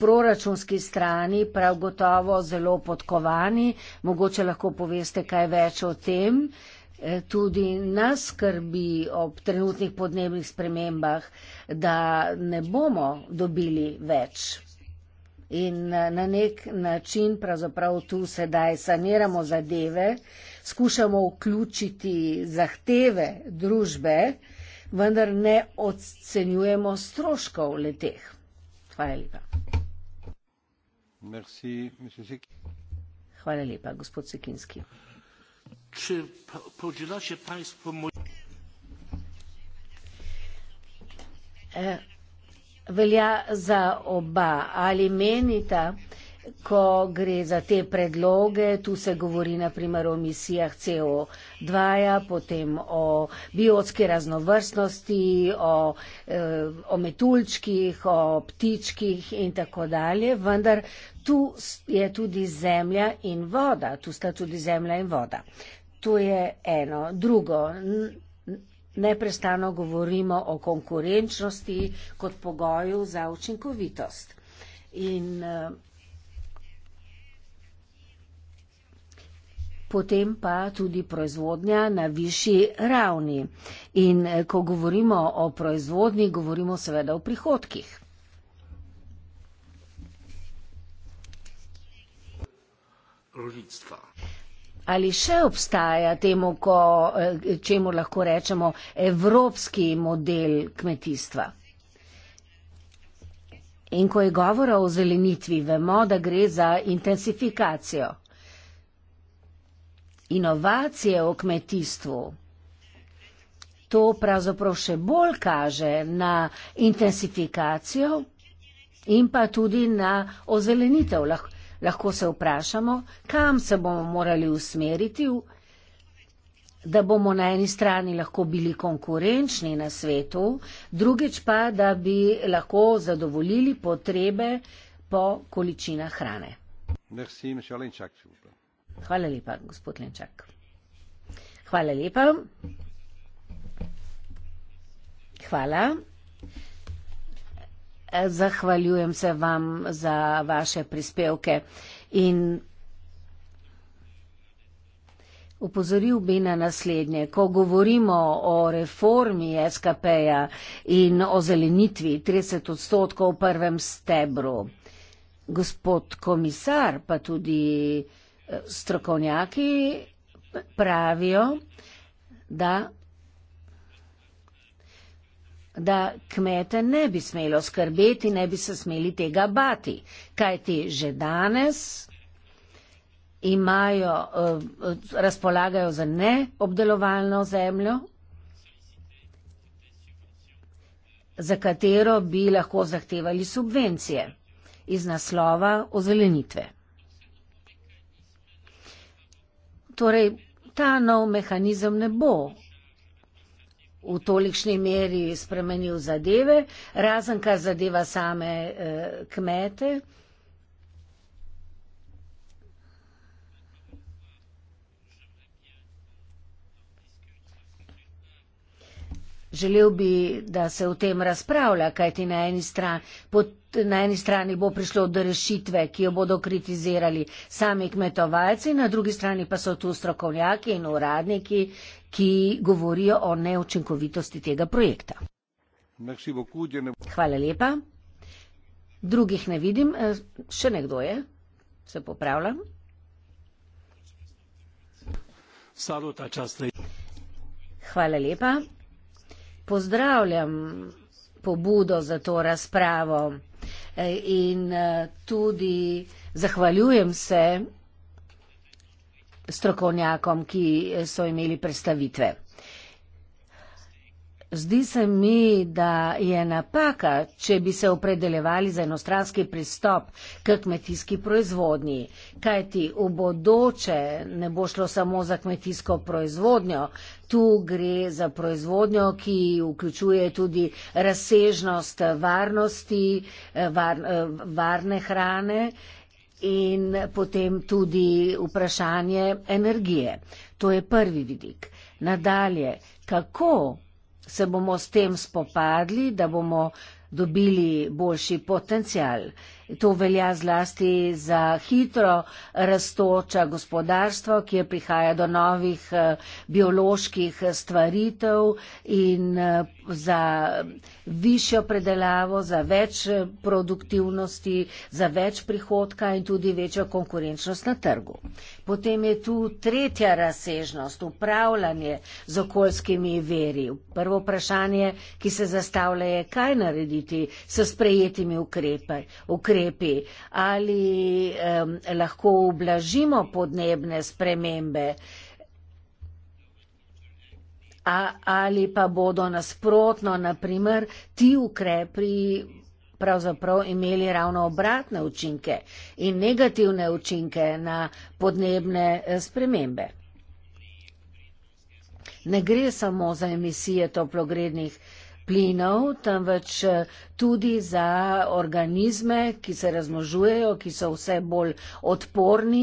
proračunski strani prav gotovo zelo podkovani. Mogoče lahko poveste kaj več o tem. E, tudi nas skrbi ob trenutnih podnebnih spremembah, da ne bomo dobili več. In e, na nek način pravzaprav tu sedaj saniramo zadeve, skušamo vključiti zahteve družbe, vendar ne ocenjujemo stroškov leteh. Hvala lepa. Hvala lepa, gospod Sekinski. Če podela še państwo moj... E, velja za oba. Ali menita, ko gre za te predloge, tu se govori naprimer o misijah CO2, ja, potem o biotski raznovrstnosti, o, eh, o metuljčkih, o ptičkih in tako dalje, vendar tu je tudi zemlja in voda, tu sta tudi zemlja in voda. To je eno. Drugo, neprestano govorimo o konkurenčnosti kot pogoju za učinkovitost. In, eh, potem pa tudi proizvodnja na višji ravni. In eh, ko govorimo o proizvodnji, govorimo seveda o prihodkih. Rolitstva. Ali še obstaja temu, ko, eh, čemu lahko rečemo evropski model kmetijstva? In ko je govora o zelenitvi, vemo, da gre za intensifikacijo inovacije v kmetijstvu. To pravzaprav še bolj kaže na intensifikacijo in pa tudi na ozelenitev. Lahko se vprašamo, kam se bomo morali usmeriti, da bomo na eni strani lahko bili konkurenčni na svetu, drugič pa, da bi lahko zadovoljili potrebe po količinah hrane. Merci, Hvala lepa, gospod Lenčak. Hvala lepa. Hvala. Zahvaljujem se vam za vaše prispevke in upozoril bi na naslednje. Ko govorimo o reformi SKP-ja in o zelenitvi 30 odstotkov v prvem stebru, gospod komisar pa tudi strokovnjaki pravijo, da, da kmete ne bi smelo skrbeti, ne bi se smeli tega bati, kajti že danes imajo, eh, razpolagajo za neobdelovalno zemljo, za katero bi lahko zahtevali subvencije iz naslova ozelenitve. torej ta nov mehanizem ne bo v tolikšni meri spremenil zadeve, razen kar zadeva same eh, kmete. Želel bi, da se o tem razpravlja, kajti na eni strani na eni strani bo prišlo do rešitve, ki jo bodo kritizirali sami kmetovalci, na drugi strani pa so tu strokovnjaki in uradniki, ki govorijo o neučinkovitosti tega projekta. Hvala lepa. Drugih ne vidim. E, še nekdo je? Se popravljam. Hvala lepa. Pozdravljam pobudo za to razpravo in eh, tudi zahvaljujem se strokovnjakom, ki so imeli predstavitve. Zdi se mi, da je napaka, če bi se opredeljevali za enostranski pristop k kmetijski proizvodnji, kajti v bodoče ne bo šlo samo za kmetijsko proizvodnjo, tu gre za proizvodnjo, ki vključuje tudi razsežnost varnosti, var, eh, varne hrane in potem tudi vprašanje energije. To je prvi vidik. Nadalje, kako se bomo s tem spopadli, da bomo dobili boljši potencial. To velja zlasti za hitro raztoča gospodarstvo, kjer prihaja do novih eh, bioloških eh, stvaritev in eh, za višjo predelavo, za več produktivnosti, za več prihodka in tudi večjo konkurenčnost na trgu. Potem je tu tretja razsežnost, upravljanje z okoljskimi veri. Prvo vprašanje, ki se zastavlja, je, kaj narediti s sprejetimi ukrepi. ukrepi ukrepi, ali um, lahko ublažimo podnebne spremembe, A, ali pa bodo nasprotno, naprimer, ti ukrepi pravzaprav imeli ravno obratne učinke in negativne učinke na podnebne eh, spremembe. Ne gre samo za emisije toplogrednih uh, plinov, temveč eh, tudi za organizme, ki se razmožujejo, ki so vse bolj odporni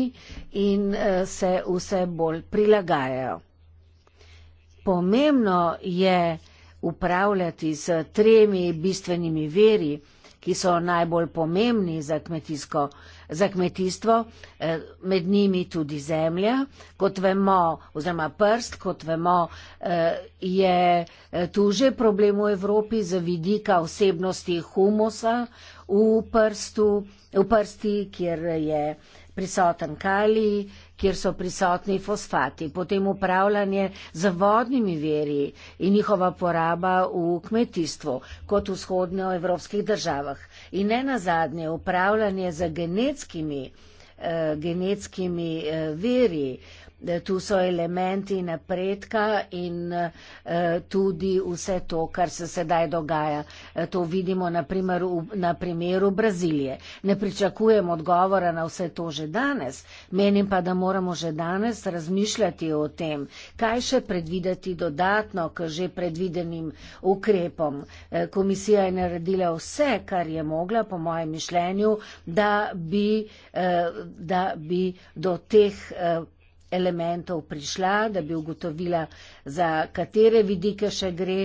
in eh, se vse bolj prilagajajo. Pomembno je upravljati s tremi bistvenimi veri, ki so najbolj pomembni za kmetijsko kmetijstvo za kmetijstvo, eh, med njimi tudi zemlja, kot vemo, oziroma prst, kot vemo, eh, je eh, tu že problem v Evropi za vidika osebnosti humusa v, prstu, v prsti, kjer je prisoten kalij, kjer so prisotni fosfati, potem upravljanje z vodnimi veri in njihova poraba v kmetijstvu, kot v vzhodnoevropskih državah. In ne nazadnje upravljanje z genetskimi, eh, genetskimi eh, veri tu so elementi napredka in eh, tudi vse to, kar se sedaj dogaja. Eh, to vidimo na, primer, na primeru Brazilije. Ne pričakujem odgovora na vse to že danes. Menim pa, da moramo že danes razmišljati o tem, kaj še predvideti dodatno k že predvidenim ukrepom. Eh, komisija je naredila vse, kar je mogla, po mojem mišljenju, da bi, da bi do teh elementov prišla, da bi ugotovila, za katere vidike še gre.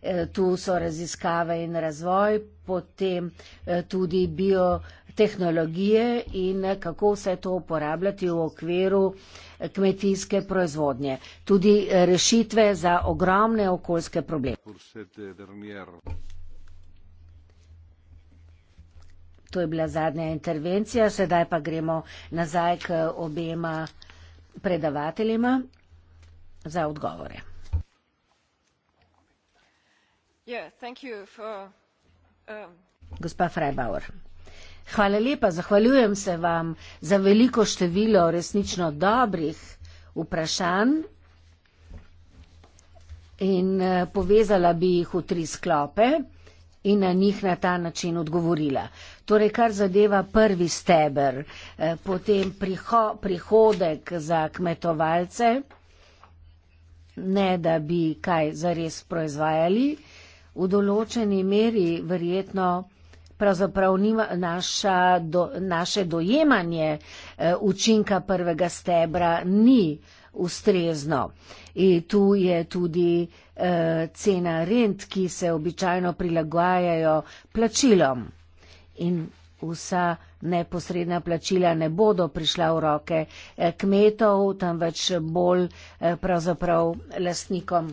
E, tu so raziskave in razvoj, potem e, tudi biotehnologije in kako vse to uporabljati v okviru kmetijske proizvodnje. Tudi rešitve za ogromne okoljske probleme. To je bila zadnja intervencija, sedaj pa gremo nazaj k obema predavateljima za odgovore. Um, Gospa Freibauer. Hvala lepa, zahvaljujem se vam za veliko število resnično dobrih vprašanj in eh, povezala bi jih v tri sklope in na njih na ta način odgovorila. Torej, kar zadeva prvi steber, eh, potem priho, prihodek za kmetovalce, ne da bi kaj zares proizvajali, v določeni meri verjetno pravzaprav nima naša, do, naše dojemanje eh, učinka prvega stebra ni ustrezno. In tu je tudi uh, cena rent, ki se običajno prilagajajo plačilom. In vsa neposredna plačila ne bodo prišla v roke eh, kmetov, temveč bolj eh, pravzaprav lastnikom.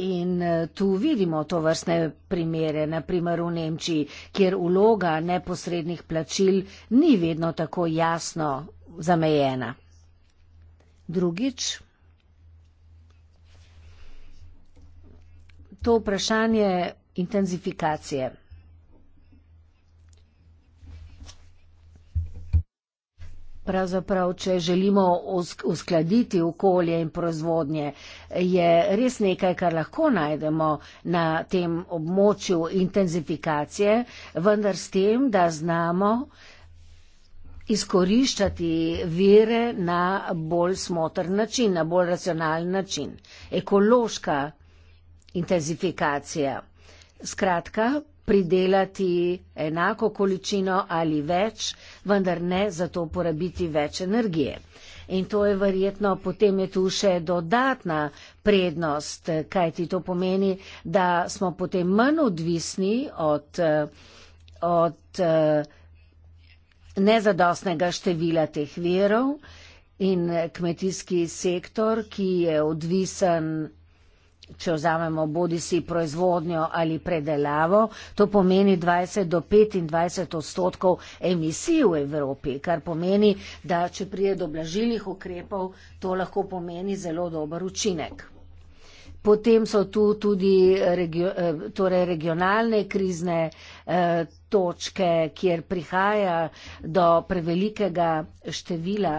In eh, tu vidimo to vrstne primere, naprimer v Nemčiji, kjer uloga neposrednih plačil ni vedno tako jasno zamejena. Drugič, to vprašanje intenzifikacije. Pravzaprav, če želimo uskladiti okolje in proizvodnje, je res nekaj, kar lahko najdemo na tem območju intenzifikacije, vendar s tem, da znamo uh, izkoriščati vire na bolj smotr način, na bolj racionalen način. Ekološka intenzifikacija. Skratka, pridelati enako količino ali več, vendar ne za to porabiti več energije. In to je verjetno, potem je tu še dodatna prednost, kaj ti to pomeni, da smo potem manj odvisni od, od eh, nezadostnega števila teh verov in eh, kmetijski sektor, ki je odvisen, če vzamemo bodi si proizvodnjo ali predelavo, to pomeni 20 do 25 odstotkov emisij v Evropi, kar pomeni, da če prije do blažilnih ukrepov, to lahko pomeni zelo dober učinek. Potem so tu tudi regio, eh, torej regionalne krizne eh, točke, kjer prihaja do prevelikega števila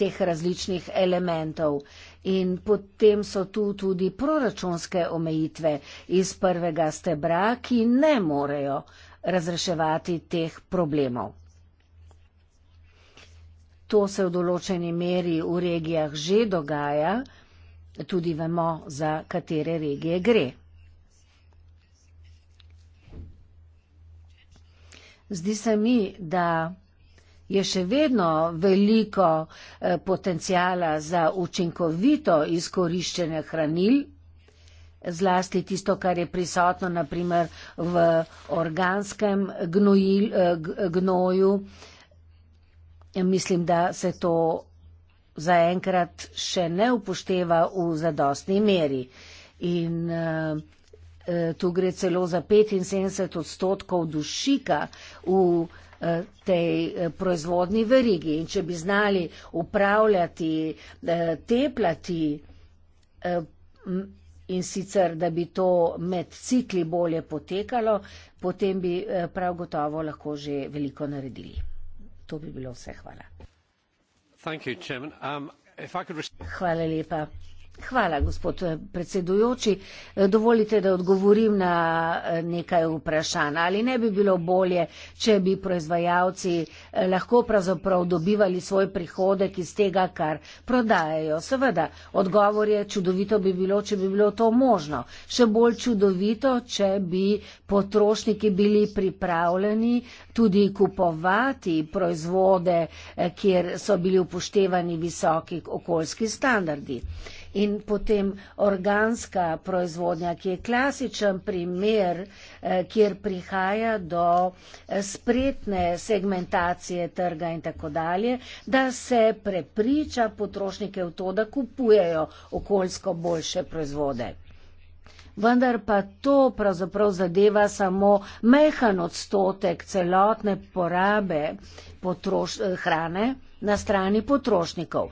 teh različnih elementov. In potem so tu tudi proračunske omejitve iz prvega stebra, ki ne morejo razreševati teh problemov. To se v določeni meri v regijah že dogaja, tudi vemo, za katere regije gre. Zdi se mi, da je še vedno veliko eh, potencijala za učinkovito izkoriščenje hranil, zlasti tisto, kar je prisotno naprimer v organskem eh, gnoju. Mislim, da se to zaenkrat še ne upošteva v zadostni meri. In uh, tu gre celo za 75 odstotkov dušika v eh, tej proizvodni verigi in če bi znali upravljati te plati in sicer, da bi to med cikli bolje potekalo, potem bi prav gotovo lahko že veliko naredili. To bi bilo vse. Hvala. Um, hvala lepa. Hvala, gospod eh, predsedujoči. Eh, dovolite, da odgovorim na eh, nekaj vprašanj. Ali ne bi bilo bolje, če bi proizvajalci lahko pravzaprav dobivali svoj prihodek iz tega, kar prodajajo? Seveda, odgovor je čudovito bi bilo, če bi bilo to možno. Še bolj čudovito, če bi potrošniki bili pripravljeni tudi kupovati proizvode, kjer so bili upoštevani visoki okoljski standardi in potem organska proizvodnja, ki je klasičen primer, eh, kjer prihaja do eh, spretne segmentacije trga in tako dalje, da se prepriča potrošnike v to, da kupujejo okoljsko boljše proizvode. Vendar pa to pravzaprav zadeva samo mehan odstotek celotne porabe potroš, eh, hrane na strani potrošnikov.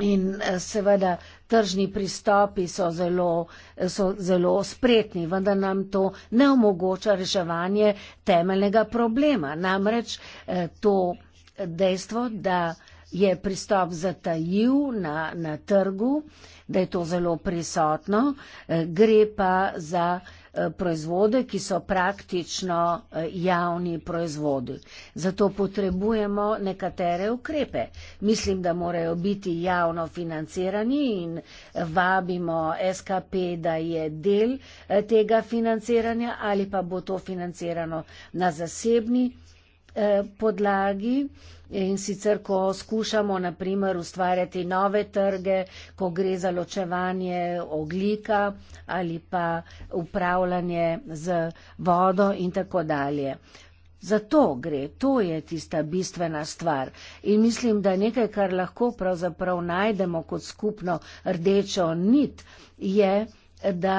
In eh, seveda tržni pristopi so zelo, eh, so zelo spretni, vendar nam to ne omogoča reševanje temeljnega problema. Namreč eh, to dejstvo, da je pristop zatajil na, na trgu, da je to zelo prisotno, gre pa za Eh, proizvode, ki so praktično eh, javni proizvodi. Zato potrebujemo nekatere ukrepe. Mislim, da morajo biti javno financirani in vabimo SKP, da je del eh, tega financiranja ali pa bo to financirano na zasebni podlagi. In sicer, ko skušamo naprimer ustvarjati nove trge, ko gre za ločevanje oglika ali pa upravljanje z vodo in tako dalje. Za to gre, to je tista bistvena stvar. In mislim, da nekaj, kar lahko pravzaprav najdemo kot skupno rdečo nit, je, da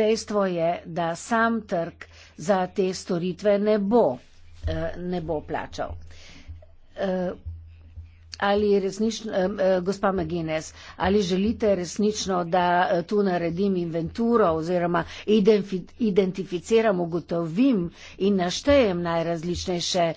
dejstvo je, da sam trg za te storitve ne bo. Eh, ne bo plačal. Eh, ali resnično, eh, gospa Magines, ali želite resnično, da tu naredim inventuro oziroma identificiram, ugotovim in naštejem najrazličnejše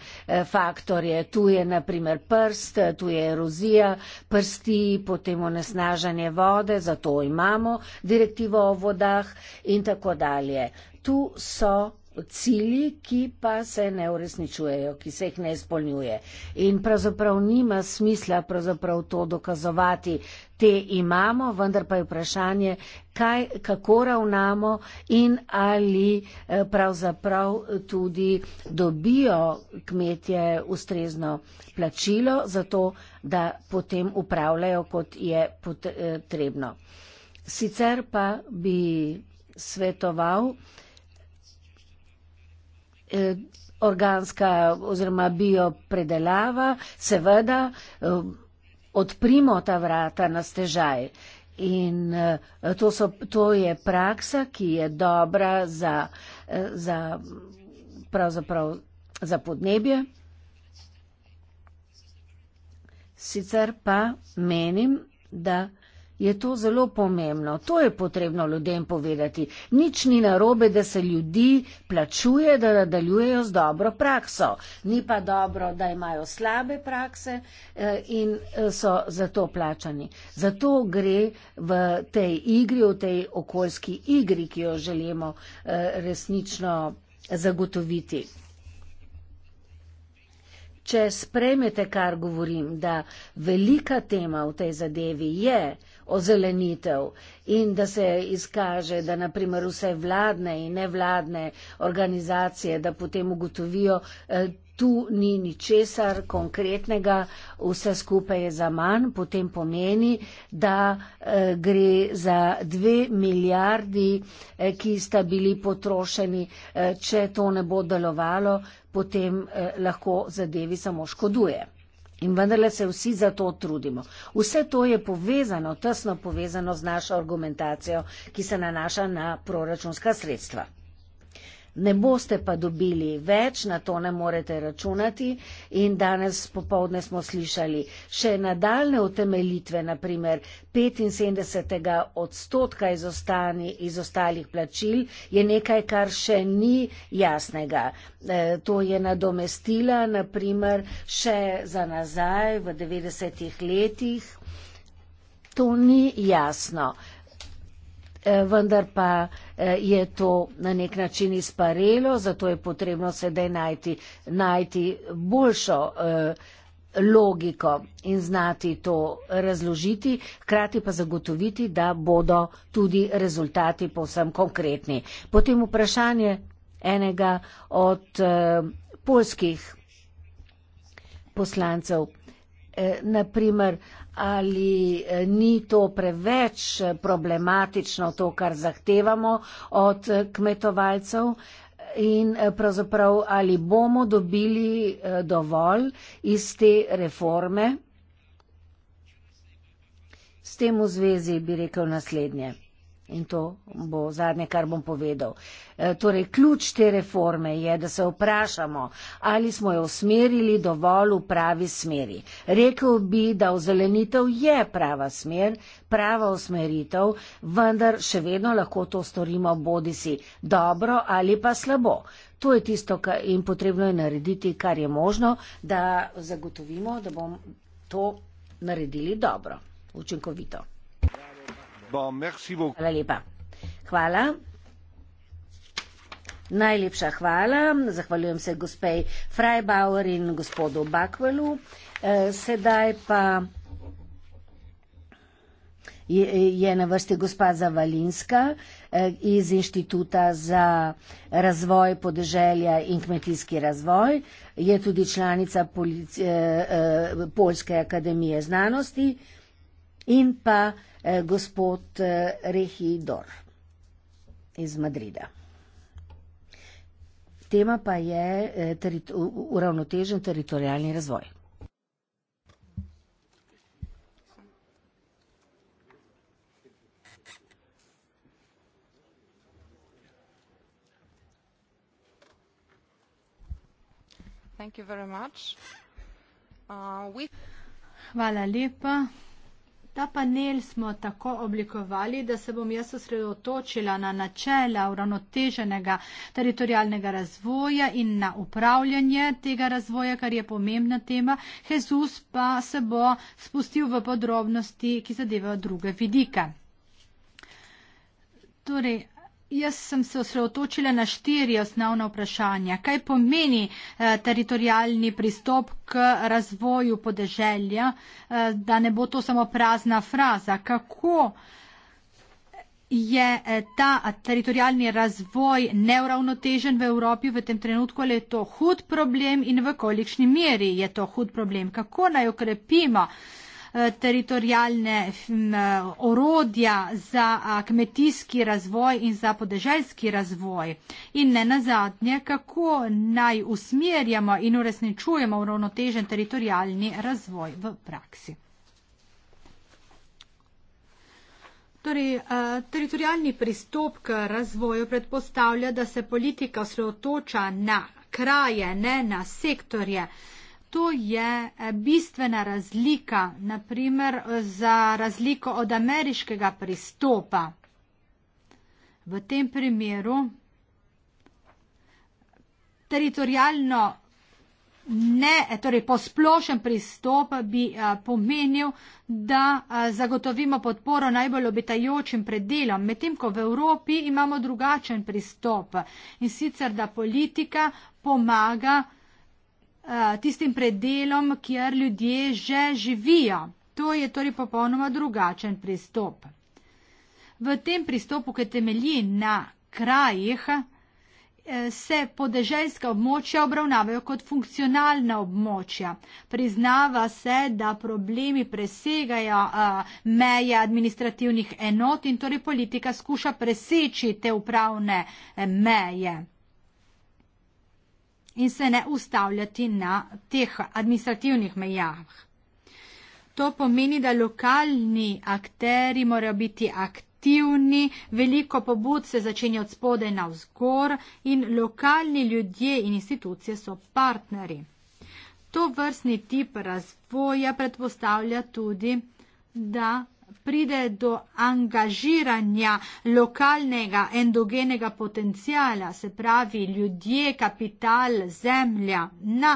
faktorje? Tu je naprimer prst, tu je erozija prsti, potem onesnažanje vode, zato imamo direktivo o vodah in tako dalje. Tu so cilji, ki pa se ne uresničujejo, ki se jih ne izpolnjuje. In pravzaprav nima smisla pravzaprav to dokazovati. Te imamo, vendar pa je vprašanje, kaj, kako ravnamo in ali eh, pravzaprav tudi dobijo kmetje ustrezno plačilo za to, da potem upravljajo, kot je eh, potrebno. Sicer pa bi svetoval, eh, organska oziroma biopredelava, seveda eh, odprimo ta vrata na stežaj. In eh, to, so, to je praksa, ki je dobra za, eh, za, pravzaprav za podnebje. Sicer pa menim, da je to zelo pomembno. To je potrebno ljudem povedati. Nič ni narobe, da se ljudi plačuje, da nadaljujejo z dobro prakso. Ni pa dobro, da imajo slabe prakse eh, in eh, so zato plačani. Zato gre v tej igri, v tej okoljski igri, ki jo želimo eh, resnično zagotoviti. Če spremete, kar govorim, da velika tema v tej zadevi je, ozelenitev in da se izkaže, da naprimer vse vladne in nevladne organizacije, da potem ugotovijo, eh, tu ni ničesar konkretnega, vse skupaj je za manj, potem pomeni, da eh, gre za dve milijardi, eh, ki sta bili potrošeni, če to ne bo delovalo, potem lahko zadevi samo škoduje. In vendarle se vsi za to trudimo. Vse to je povezano, tesno povezano z našo argumentacijo, ki se nanaša na proračunska sredstva ne boste pa dobili več, na to ne morete računati. In danes popovdne smo slišali še nadaljne utemeljitve, naprimer 75 odstotka izostalih plačil je nekaj, kar še ni jasnega. E, to je nadomestila, naprimer, še za nazaj v 90-ih letih. To ni jasno. Eh, vendar pa eh, je to na nek način izparelo, zato je potrebno sedaj najti, najti boljšo eh, logiko in znati to razložiti, hkrati pa zagotoviti, da bodo tudi rezultati povsem konkretni. Potem vprašanje enega od poljskih poslancev. Naprimer, ali eh, ni to preveč problematično, to, kar zahtevamo od eh, kmetovalcev in eh, pravzaprav ali bomo dobili dovolj iz te reforme. S tem v zvezi bi rekel naslednje. In to bo zadnje, kar bom povedal. E, torej, ključ te reforme je, da se vprašamo, ali smo jo usmerili dovolj v pravi smeri. Rekl bi, da ozelenitev je prava smer, prava usmeritev, vendar še vedno lahko to storimo bodi si dobro ali pa slabo. To je tisto, kar jim potrebno je narediti, kar je možno, da zagotovimo, da bomo to naredili dobro, učinkovito. Hvala. Najlepša hvala. Zahvaljujem se gospej Freibauer in gospodu Bakvelu. Eh, sedaj pa je na vrsti gospa Zavalinska eh, iz Inštituta za razvoj podeželja in kmetijski razvoj. Je tudi članica Polske eh, akademije znanosti in pa eh, gospod eh, Rehidor iz Madrida. Tema pa je eh, terit uravnotežen teritorijalni razvoj. Uh, Hvala lepa. Ta panel smo tako oblikovali, da se bom jaz osredotočila na načela uravnoteženega teritorijalnega razvoja in na upravljanje tega razvoja, kar je pomembna tema. Jezus pa se bo spustil v podrobnosti, ki zadevajo druge vidike. Torej, Jaz sem se osredotočila na štiri osnovna vprašanja. Kaj pomeni eh, teritorijalni pristop k razvoju podeželja, eh, da ne bo to samo prazna fraza? Kako je eh, ta teritorijalni razvoj neuravnotežen v Evropi v tem trenutku, ali je to hud problem in v kolikšni meri je to hud problem? Kako naj okrepimo? Eh, teritorijalne orodja za kmetijski razvoj in za podeželjski razvoj. In ne nazadnje, kako naj usmerjamo in uresničujemo uravnotežen teritorijalni razvoj v praksi. Torej, teritorijalni pristop k razvoju predpostavlja, da se politika osredotoča na kraje, ne na sektorje to je eh, bistvena razlika, naprimer za razliko od ameriškega pristopa. V tem primeru teritorijalno ne, eh, torej posplošen pristop bi a, eh, pomenil, da a, zagotovimo podporo najbolj obitajočim predelom, medtem ko v Evropi imamo drugačen pristop in sicer, da politika pomaga a, Eh, tistim predelom, kjer ljudje že živijo. To je torej popolnoma drugačen pristop. V tem pristopu, ki temelji na krajih, eh, se podeželjska območja obravnavajo kot funkcionalna območja. Priznava se, da problemi presegajo eh, meje administrativnih enot in torej politika skuša preseči te upravne meje in se ne ustavljati na teh administrativnih mejah. To pomeni, da lokalni akteri morajo biti aktivni, veliko pobud se začenja od spode na vzgor in lokalni ljudje in institucije so partneri. To vrstni tip razvoja predpostavlja tudi, da pride do angažiranja lokalnega endogenega potencijala, se pravi ljudje, kapital, zemlja na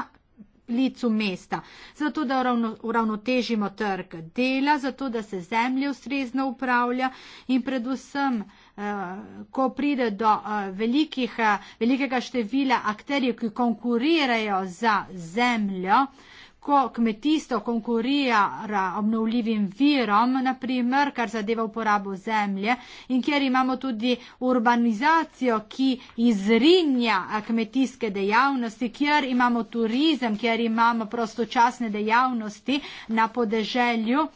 licu mesta, zato da uravnotežimo trg dela, zato da se zemlje ustrezno upravlja in predvsem, eh, ko pride do eh, velikih, eh, velikega števila akterjev, ki konkurirajo za zemljo, ko kmetijstvo konkurira obnovljivim virom, naprimer, kar zadeva uporabo zemlje in kjer imamo tudi urbanizacijo, ki izrinja eh, kmetijske dejavnosti, kjer imamo turizem, kjer imamo prostočasne dejavnosti na podeželju.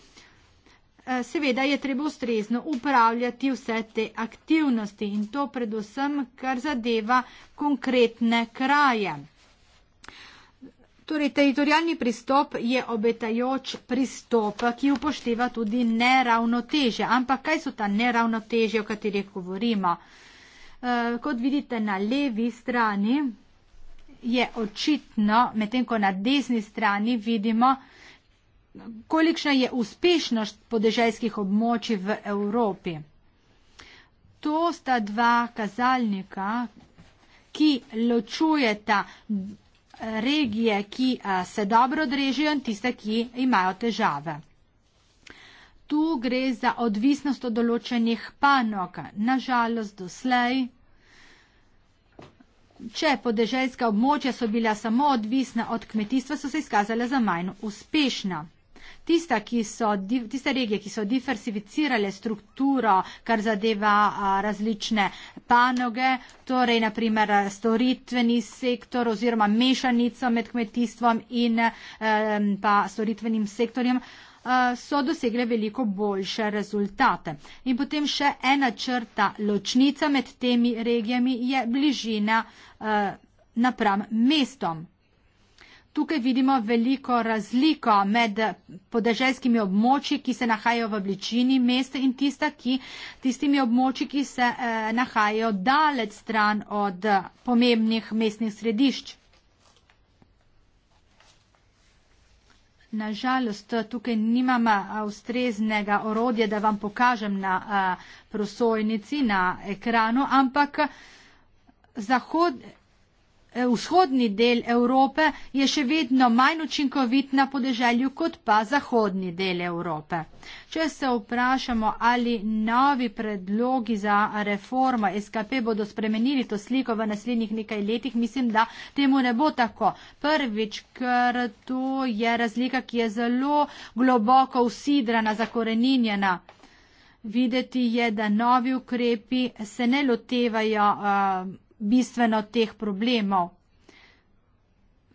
Eh, seveda je treba ustrezno upravljati vse te aktivnosti in to predvsem, kar zadeva konkretne kraje. Torej, teritorijalni pristop je obetajoč pristop, ki upošteva tudi neravnoteže. Ampak kaj so ta neravnoteže, o katerih govorimo? E, kot vidite na levi strani je očitno, medtem ko na desni strani vidimo, kolikšna je uspešnost podeželskih območij v Evropi. To sta dva kazalnika, ki ločujeta regije, ki se dobro odrežejo in tiste, ki imajo težave. Tu gre za odvisnost od določenih panog. Nažalost, doslej, če podeželjska območja so bila samo odvisna od kmetijstva, so se izkazala za manj uspešna tista, ki so, tiste regije, ki so diversificirale strukturo, kar zadeva različne panoge, torej naprimer storitveni sektor oziroma mešanico med kmetijstvom in pa storitvenim sektorjem so dosegle veliko boljše rezultate. In potem še ena črta ločnica med temi regijami je bližina napram mestom. Tukaj vidimo veliko razliko med podeželskimi območji, ki se nahajajo v bližini mesta in tista, ki, tistimi območji, ki se eh, nahajajo daleč stran od pomembnih mestnih središč. Nažalost, tukaj nimam eh, ustreznega orodja, da vam pokažem na eh, prosojnici, na ekranu, ampak eh, zahod. Eh, vzhodni del Evrope je še vedno manj učinkovit na podeželju kot pa zahodni del Evrope. Če se vprašamo, ali novi predlogi za reformo SKP bodo spremenili to sliko v naslednjih nekaj letih, mislim, da temu ne bo tako. Prvič, ker to je razlika, ki je zelo globoko usidrana, zakoreninjena. Videti je, da novi ukrepi se ne lotevajo uh, bistveno teh problemov.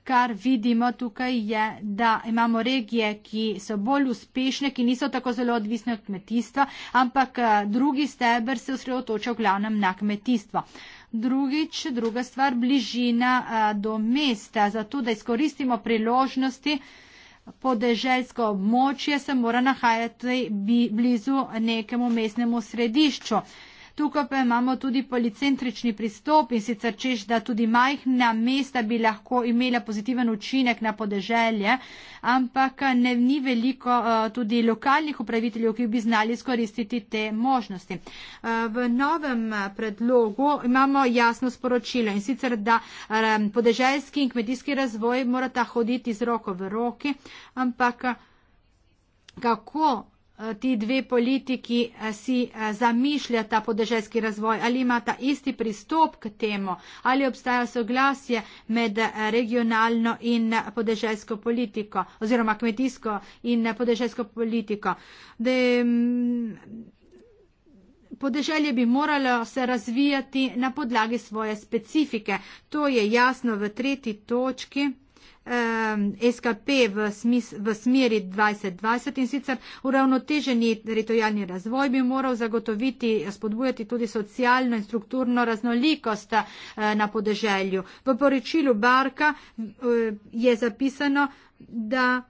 Kar vidimo tukaj je, da imamo regije, ki so bolj uspešne, ki niso tako zelo odvisne od kmetijstva, ampak eh, drugi steber se osredotoča v glavnem na kmetijstvo. Drugič, druga stvar, bližina eh, do mesta. Zato, da izkoristimo priložnosti, podeželjsko območje se mora nahajati blizu nekemu mestnemu središču. Tukaj pa imamo tudi policentrični pristop in sicer češ, da tudi majhna mesta bi lahko imela pozitiven učinek na podeželje, ampak ne, ni veliko uh, tudi lokalnih upraviteljev, ki bi znali skoristiti te možnosti. Uh, v novem eh, predlogu imamo jasno sporočilo in sicer, da um, podeželjski in kmetijski razvoj morata hoditi z roko v roki, ampak kako Eh, ti dve politiki eh, si eh, zamišljata podeželjski razvoj, ali imata isti pristop k temu, ali obstaja soglasje med regionalno in podeželjsko politiko oziroma kmetijsko in podeželjsko politiko. De, mm, Podeželje bi moralo se razvijati na podlagi svoje specifike. To je jasno v tretji točki. Um, SKP v, smis, v smeri 2020 in sicer uravnoteženi teritorijalni razvoj bi moral zagotoviti, spodbujati tudi socialno in strukturno raznolikost uh, na podeželju. V poročilu Barka uh, je zapisano, da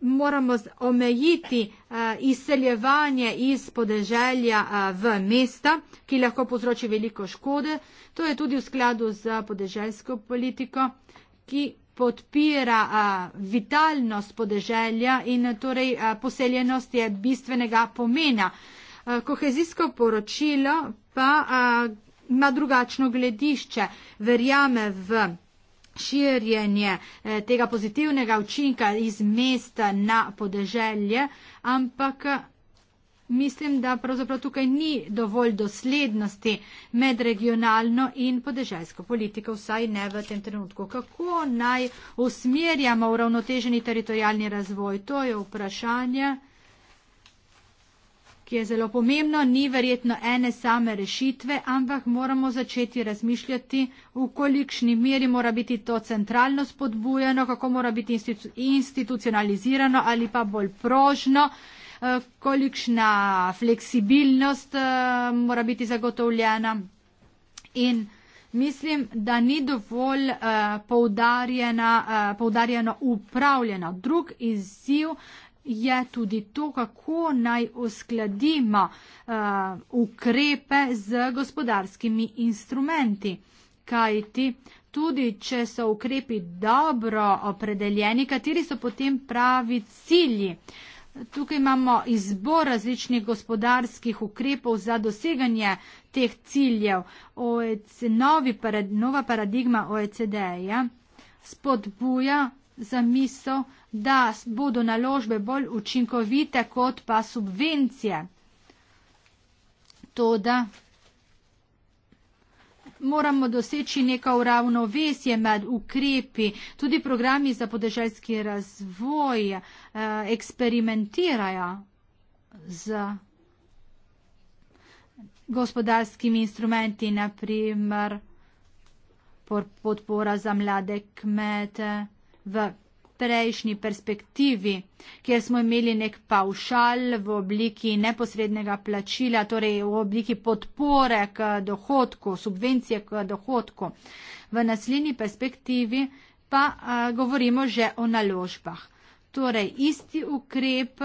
moramo omejiti uh, izseljevanje iz podeželja v mesta, ki lahko povzroči veliko škode. To je tudi v skladu z podeželjsko politiko ki podpira a, vitalnost podeželja in torej a, poseljenost je bistvenega pomena. A, kohezijsko poročilo pa a, ima drugačno gledišče, verjame v širjenje a, e, tega pozitivnega učinka iz mesta na podeželje, ampak a, mislim, da pravzaprav tukaj ni dovolj doslednosti med regionalno in podeželsko politiko, vsaj ne v tem trenutku. Kako naj usmerjamo uravnoteženi teritorijalni razvoj? To je vprašanje, ki je zelo pomembno. Ni verjetno ene same rešitve, ampak moramo začeti razmišljati, v kolikšni meri mora biti to centralno spodbujeno, kako mora biti institucionalizirano ali pa bolj prožno. Eh, kolikšna fleksibilnost eh, mora biti zagotovljena. In mislim, da ni dovolj eh, poudarjeno upravljeno. Drug izziv je tudi to, kako naj uskladimo ukrepe z gospodarskimi instrumenti. Kajti tudi, če so ukrepi dobro opredeljeni, kateri so potem pravi cilji. Uh, Tukaj imamo izbor različnih gospodarskih ukrepov za doseganje teh ciljev. OEC, novi, nova paradigma OECD-ja spodbuja za misel, da bodo naložbe bolj učinkovite kot pa subvencije. Toda moramo doseči neka uravnovesje med ukrepi, tudi programi za podeželski razvoj eh, eksperimentirajo z gospodarskimi instrumenti, naprimer podpora za mlade kmete v prejšnji perspektivi, kjer smo imeli nek paušal v obliki neposrednega plačila, torej v obliki podpore k dohodku, subvencije k dohodku. V naslednji perspektivi pa a, eh, govorimo že o naložbah. Torej, isti ukrep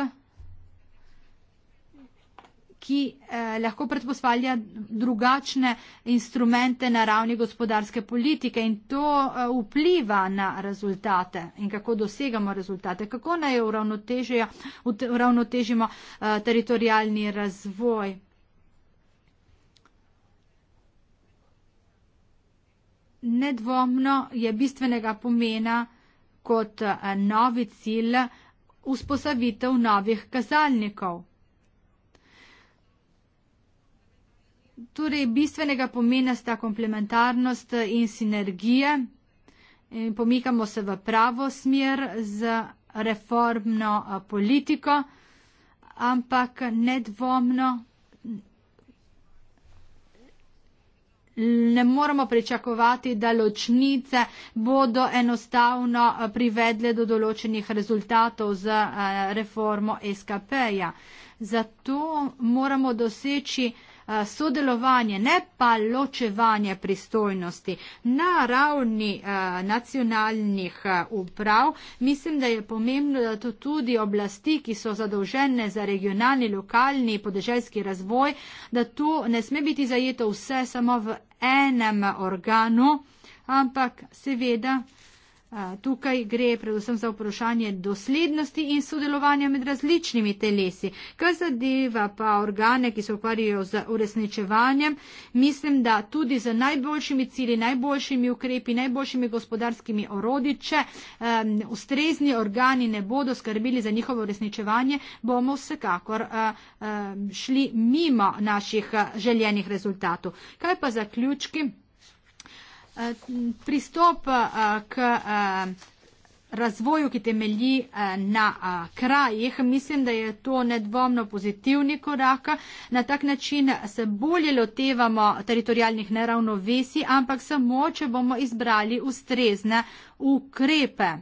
ki eh, lahko predpostavlja drugačne instrumente na ravni gospodarske politike in to eh, vpliva na rezultate in kako dosegamo rezultate, kako naj uravnotežimo eh, teritorijalni razvoj. Nedvomno je bistvenega pomena kot eh, novi cilj vzposavitev novih kazalnikov. torej bistvenega pomena sta komplementarnost in sinergije. In pomikamo se v pravo smer z reformno politiko, ampak nedvomno ne moramo pričakovati, da ločnice bodo enostavno privedle do določenih rezultatov z reformo SKP-ja. Zato moramo doseči, sodelovanje, ne pa ločevanje pristojnosti na ravni nacionalnih uprav. Mislim, da je pomembno, da to tudi oblasti, ki so zadolžene za regionalni, lokalni, podeželski razvoj, da to ne sme biti zajeto vse samo v enem organu, ampak seveda Tukaj gre predvsem za vprašanje doslednosti in sodelovanja med različnimi telesi. Kar zadeva pa organe, ki se ukvarjajo z uresničevanjem, mislim, da tudi z najboljšimi cili, najboljšimi ukrepi, najboljšimi gospodarskimi orodji, če um, ustrezni organi ne bodo skrbili za njihovo uresničevanje, bomo vsekakor um, šli mimo naših željenih rezultatov. Kaj pa zaključki? Eh, pristop eh, k eh, razvoju, ki temelji na krajih, mislim, da je to nedvomno pozitivni korak. Na tak način se bolje lotevamo teritorijalnih neravnovesij, ampak samo, če bomo izbrali ustrezne ukrepe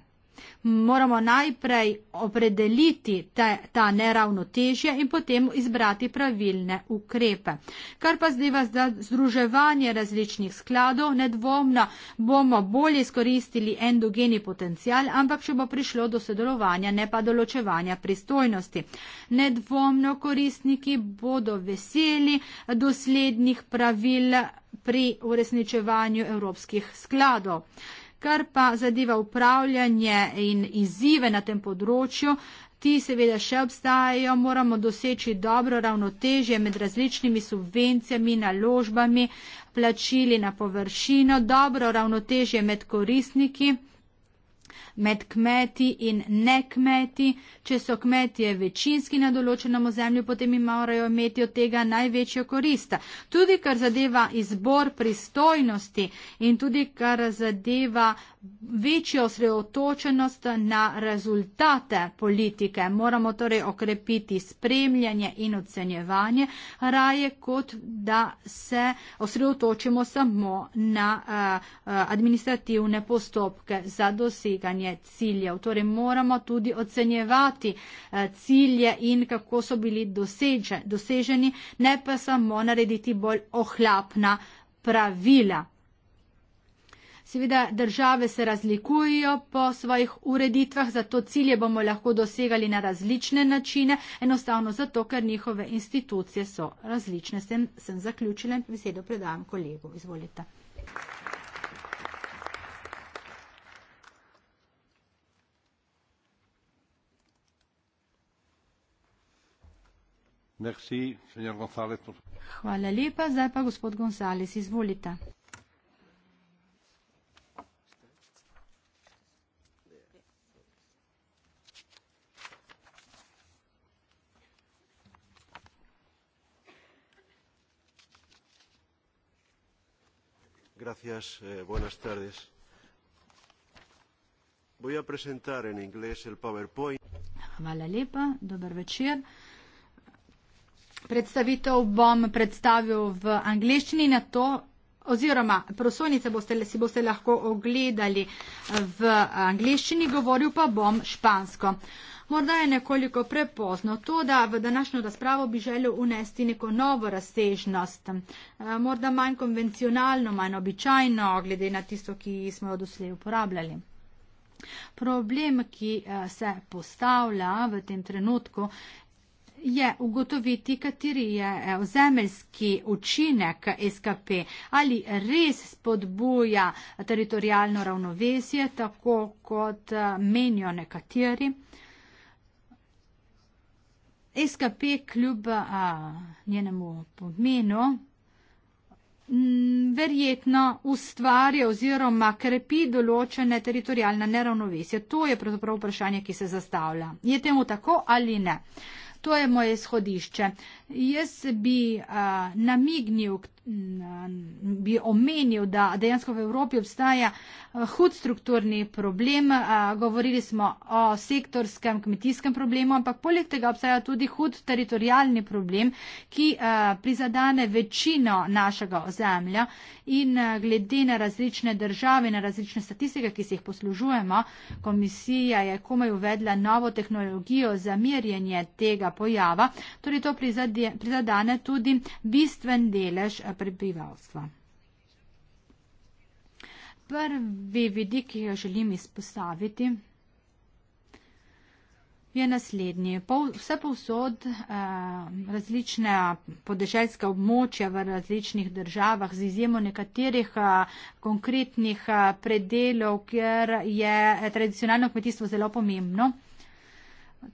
moramo najprej opredeliti te, ta neravnotežje in potem izbrati pravilne ukrepe. Kar pa zdaj vas da združevanje različnih skladov, nedvomno bomo bolje izkoristili endogeni potencial, ampak če bo prišlo do sodelovanja, ne pa določevanja pristojnosti. Nedvomno koristniki bodo veseli doslednih pravil pri uresničevanju evropskih skladov. Kar pa zadeva upravljanje in izzive na tem področju, ti seveda še obstajajo, moramo doseči dobro ravnotežje med različnimi subvencijami, naložbami, plačili na površino, dobro ravnotežje med korisniki med kmeti in ne kmeti. Če so kmetje večinski na določenem ozemlju, potem jim morajo imeti od tega največjo korist. Tudi kar zadeva izbor pristojnosti in tudi kar zadeva večjo osredotočenost na rezultate politike. Moramo torej okrepiti spremljanje in ocenjevanje, raje kot da se osredotočimo samo na uh, administrativne postopke za doseganje ciljev. Torej moramo tudi ocenjevati uh, cilje in kako so bili doseže, doseženi, ne pa samo narediti bolj ohlapna pravila. Seveda države se razlikujejo po svojih ureditvah, zato cilje bomo lahko dosegali na različne načine, enostavno zato, ker njihove institucije so različne. Sem, sem zaključila in besedo predajam kolegu. Izvolite. Hvala lepa. Zdaj pa gospod Gonzales, izvolite. gracias. Eh, buenas tardes. Voy a presentar en inglés el PowerPoint. Hvala lepa, dober večer. Predstavitev bom predstavil v angleščini na to, oziroma prosojnice boste, si boste lahko ogledali v angleščini, govoril pa bom špansko. Uh, Morda je nekoliko prepozno, to da v današnjo razpravo bi želel unesti neko novo razsežnost, eh, morda manj konvencionalno, manj običajno, glede na tisto, ki smo jo doslej uporabljali. Problem, ki eh, se postavlja v tem trenutku, je ugotoviti, kateri je eh, ozemeljski učinek SKP ali res spodbuja teritorijalno ravnovesje, tako kot menijo nekateri. SKP kljub a, njenemu pomenu verjetno ustvarja oziroma krepi določene teritorijalne neravnovesje. To je pravzaprav vprašanje, ki se zastavlja. Je temu tako ali ne? To je moje izhodišče. Jaz bi uh, namignil, bi omenil, da dejansko v Evropi obstaja hud strukturni problem. Uh, govorili smo o sektorskem kmetijskem problemu, ampak poleg tega obstaja tudi hud teritorijalni problem, ki uh, prizadane večino našega ozemlja in uh, glede na različne države, na različne statistike, ki se jih poslužujemo, komisija je komaj uvedla novo tehnologijo za mirjenje tega pojava. Torej, to prizadene tudi bistven delež eh, prebivalstva. Prvi vidik, ki ga želim izpostaviti, je naslednji. Vse povsod eh, različne podeželjske območja v različnih državah, z izjemo nekaterih eh, konkretnih predelov, kjer je tradicionalno kmetijstvo zelo pomembno.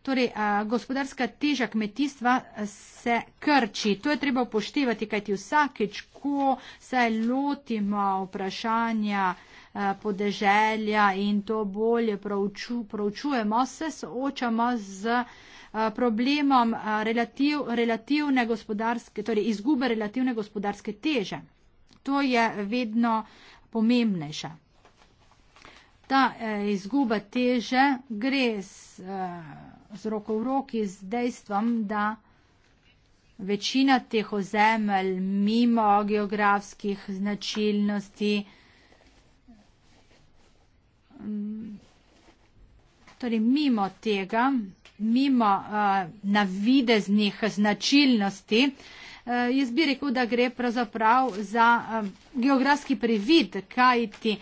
Torej, gospodarska teža kmetijstva se krči. To je treba upoštevati, kajti vsakeč, ko se lotimo vprašanja podeželja in to bolje prouču, proučujemo, se soočamo z problemom relativ, relativne gospodarske, torej izgube relativne gospodarske teže. To je vedno pomembnejše. Ta e, izguba teže gre z z roko v roki z dejstvom, da večina teh ozemelj mimo geografskih značilnosti, mm, torej mimo tega, mimo uh, navideznih značilnosti, uh, Eh, jaz bi rekel, da gre pravzaprav za eh, geografski privid, kaj ti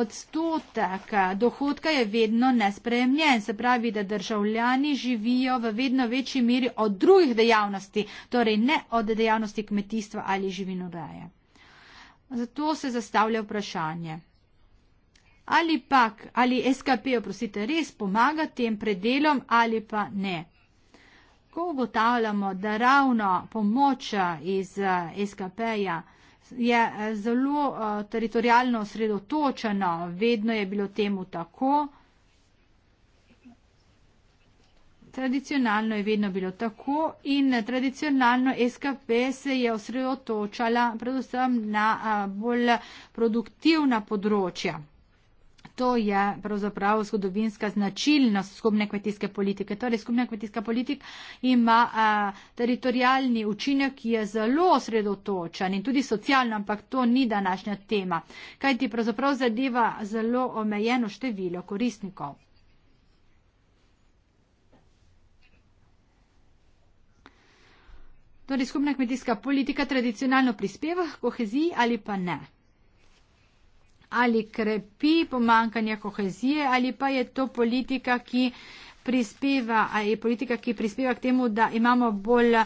odstotek dohodka je vedno nespremljen. Se pravi, da državljani živijo v vedno večji meri od drugih dejavnosti, torej ne od dejavnosti kmetijstva ali živinoreje. Zato se zastavlja vprašanje. Ali pak, ali SKP, oprostite, res pomaga tem predelom ali pa ne lahko ugotavljamo, da ravno pomoč iz eh, SKP-ja je eh, zelo eh, teritorijalno osredotočena, vedno je bilo temu tako. Tradicionalno je vedno bilo tako in tradicionalno SKP se je osredotočala predvsem na bolj produktivna področja to je pravzaprav zgodovinska značilnost skupne kmetijske politike. Torej, skupna kmetijska politika ima a, teritorijalni učinek, ki je zelo osredotočen in tudi socialno, ampak to ni današnja tema, kaj ti pravzaprav zadeva zelo omejeno število koristnikov. Torej, skupna kmetijska politika tradicionalno prispeva k koheziji ali pa ne ali krepi pomankanje kohezije ali pa je to politika, ki prispeva, ali je politika, ki prispeva k temu, da imamo bolj uh,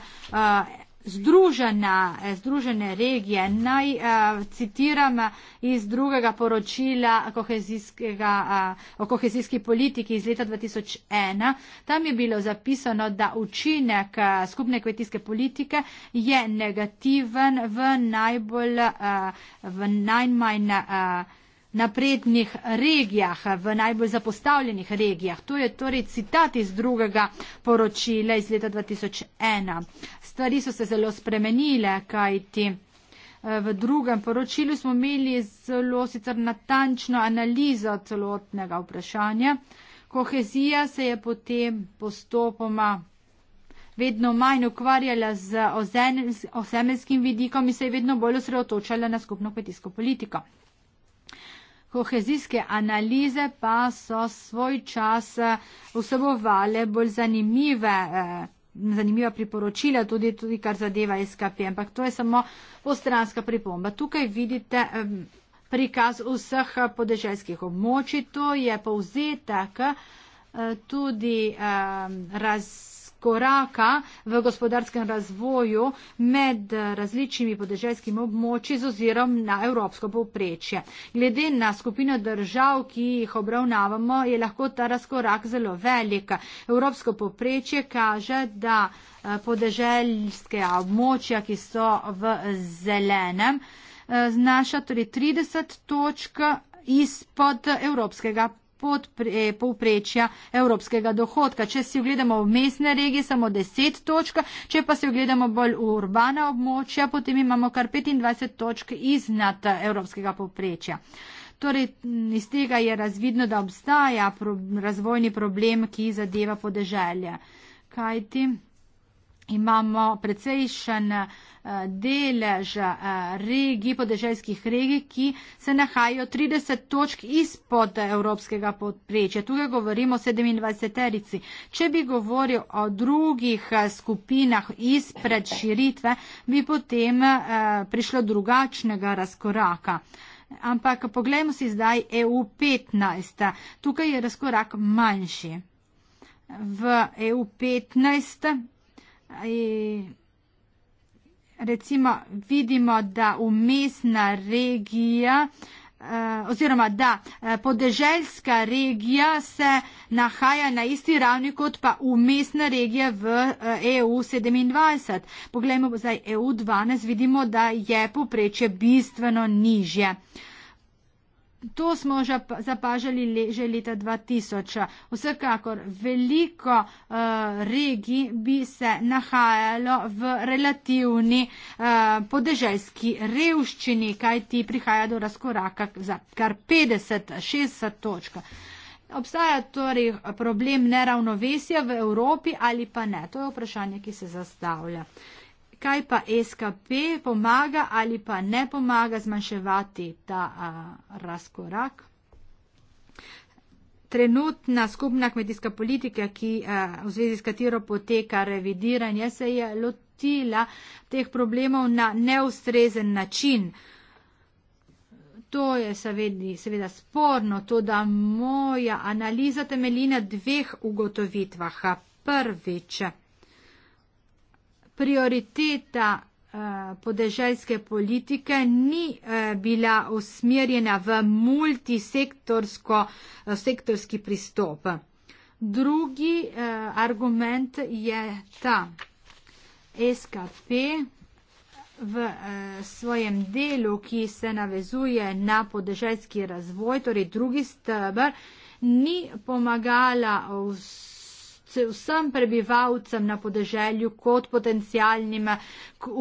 združena, eh, združene regije. Naj uh, citiram eh, iz drugega poročila a, o kohezijski politiki iz leta 2001. Tam je bilo zapisano, da učinek skupne kohezijske politike je negativen v najbolj, a, v najmanj. A, naprednih regijah, v najbolj zapostavljenih regijah. To je torej citat iz drugega poročila iz leta 2001 stvari so se zelo spremenile, kajti eh, v drugem poročilu smo imeli zelo sicer natančno analizo celotnega vprašanja. Kohezija se je potem postopoma vedno manj ukvarjala z osemenskim vidikom in se je vedno bolj osredotočala na skupno petijsko politiko. Kohezijske analize pa so svoj čas eh, vsebovale bolj zanimive eh, zanimiva priporočila, tudi, tudi kar zadeva SKP, ampak to je samo postranska pripomba. Tukaj vidite prikaz vseh podeželskih območij, to je povzetek eh, tudi raz koraka v gospodarskem razvoju med različnimi podeželskimi območji z ozirom na evropsko povprečje. Glede na skupino držav, ki jih obravnavamo, je lahko ta razkorak zelo velik. Evropsko povprečje kaže, da eh, podeželske območja, ki so v zelenem, eh, znaša torej 30 točk izpod evropskega povprečja pod pre, eh, povprečja evropskega dohodka. Če si ogledamo v mestne regije, samo 10 točk, če pa si ogledamo bolj urbana območja, potem imamo kar 25 točk iznad eh, evropskega povprečja. Torej, mm, iz tega je razvidno, da obstaja pro, razvojni problem, ki zadeva podeželje. Kajti imamo precejšen uh, delež eh, regij, podeželjskih regij, ki se nahajajo 30 točk izpod evropskega podprečja. Tukaj govorimo o 27. -erici. Če bi govoril o drugih eh, skupinah izpred širitve, bi potem eh, prišlo drugačnega razkoraka. Ampak pogledajmo si zdaj EU15. Tukaj je razkorak manjši. V EU15 recimo vidimo, da umestna regija eh, oziroma da eh, podeželska regija se nahaja na isti ravni kot pa umestna regija v EU eh, e 27. Poglejmo zdaj EU 12, vidimo, da je poprečje bistveno nižje. To smo zapažali le, že leta 2000. Vsekakor veliko uh, regij bi se nahajalo v relativni uh, podeželski revščini, kaj ti prihaja do razkoraka za kar 50-60 točk. Obstaja torej problem neravnovesja v Evropi ali pa ne? To je vprašanje, ki se zastavlja. Uh, kaj pa SKP pomaga ali pa ne pomaga zmanjševati ta a, razkorak. Trenutna skupna kmetijska politika, ki, a, v zvezi s katero poteka revidiranje, se je lotila teh problemov na neustrezen način. To je seveda, seveda sporno, to da moja analiza temelji na dveh ugotovitvah. Prvič, prioriteta eh, podeželske politike ni eh, bila usmerjena v multisektorsko, eh, sektorski pristop. Drugi argument je ta. SKP v svojem delu, ki se navezuje na podeželski razvoj, torej drugi stebr, ni pomagala vsem vsem prebivalcem na podeželju kot potencijalnim eh,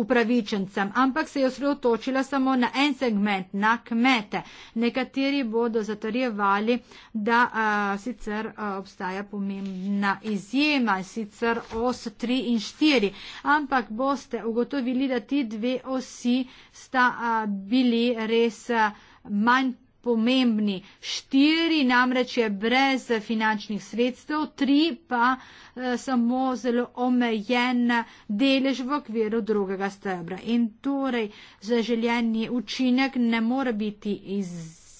upravičencem, ampak se je osredotočila samo na en segment, na kmete. Nekateri bodo zatorjevali, da a, eh, sicer a, eh, obstaja pomembna izjema, sicer os 3 in 4, ampak boste ugotovili, da ti dve osi sta a, bili res a, manj pomembni. Štiri namreč je brez finančnih sredstev, tri pa eh, samo zelo omejen delež v okviru drugega stebra. In torej zaželjeni učinek ne more biti iz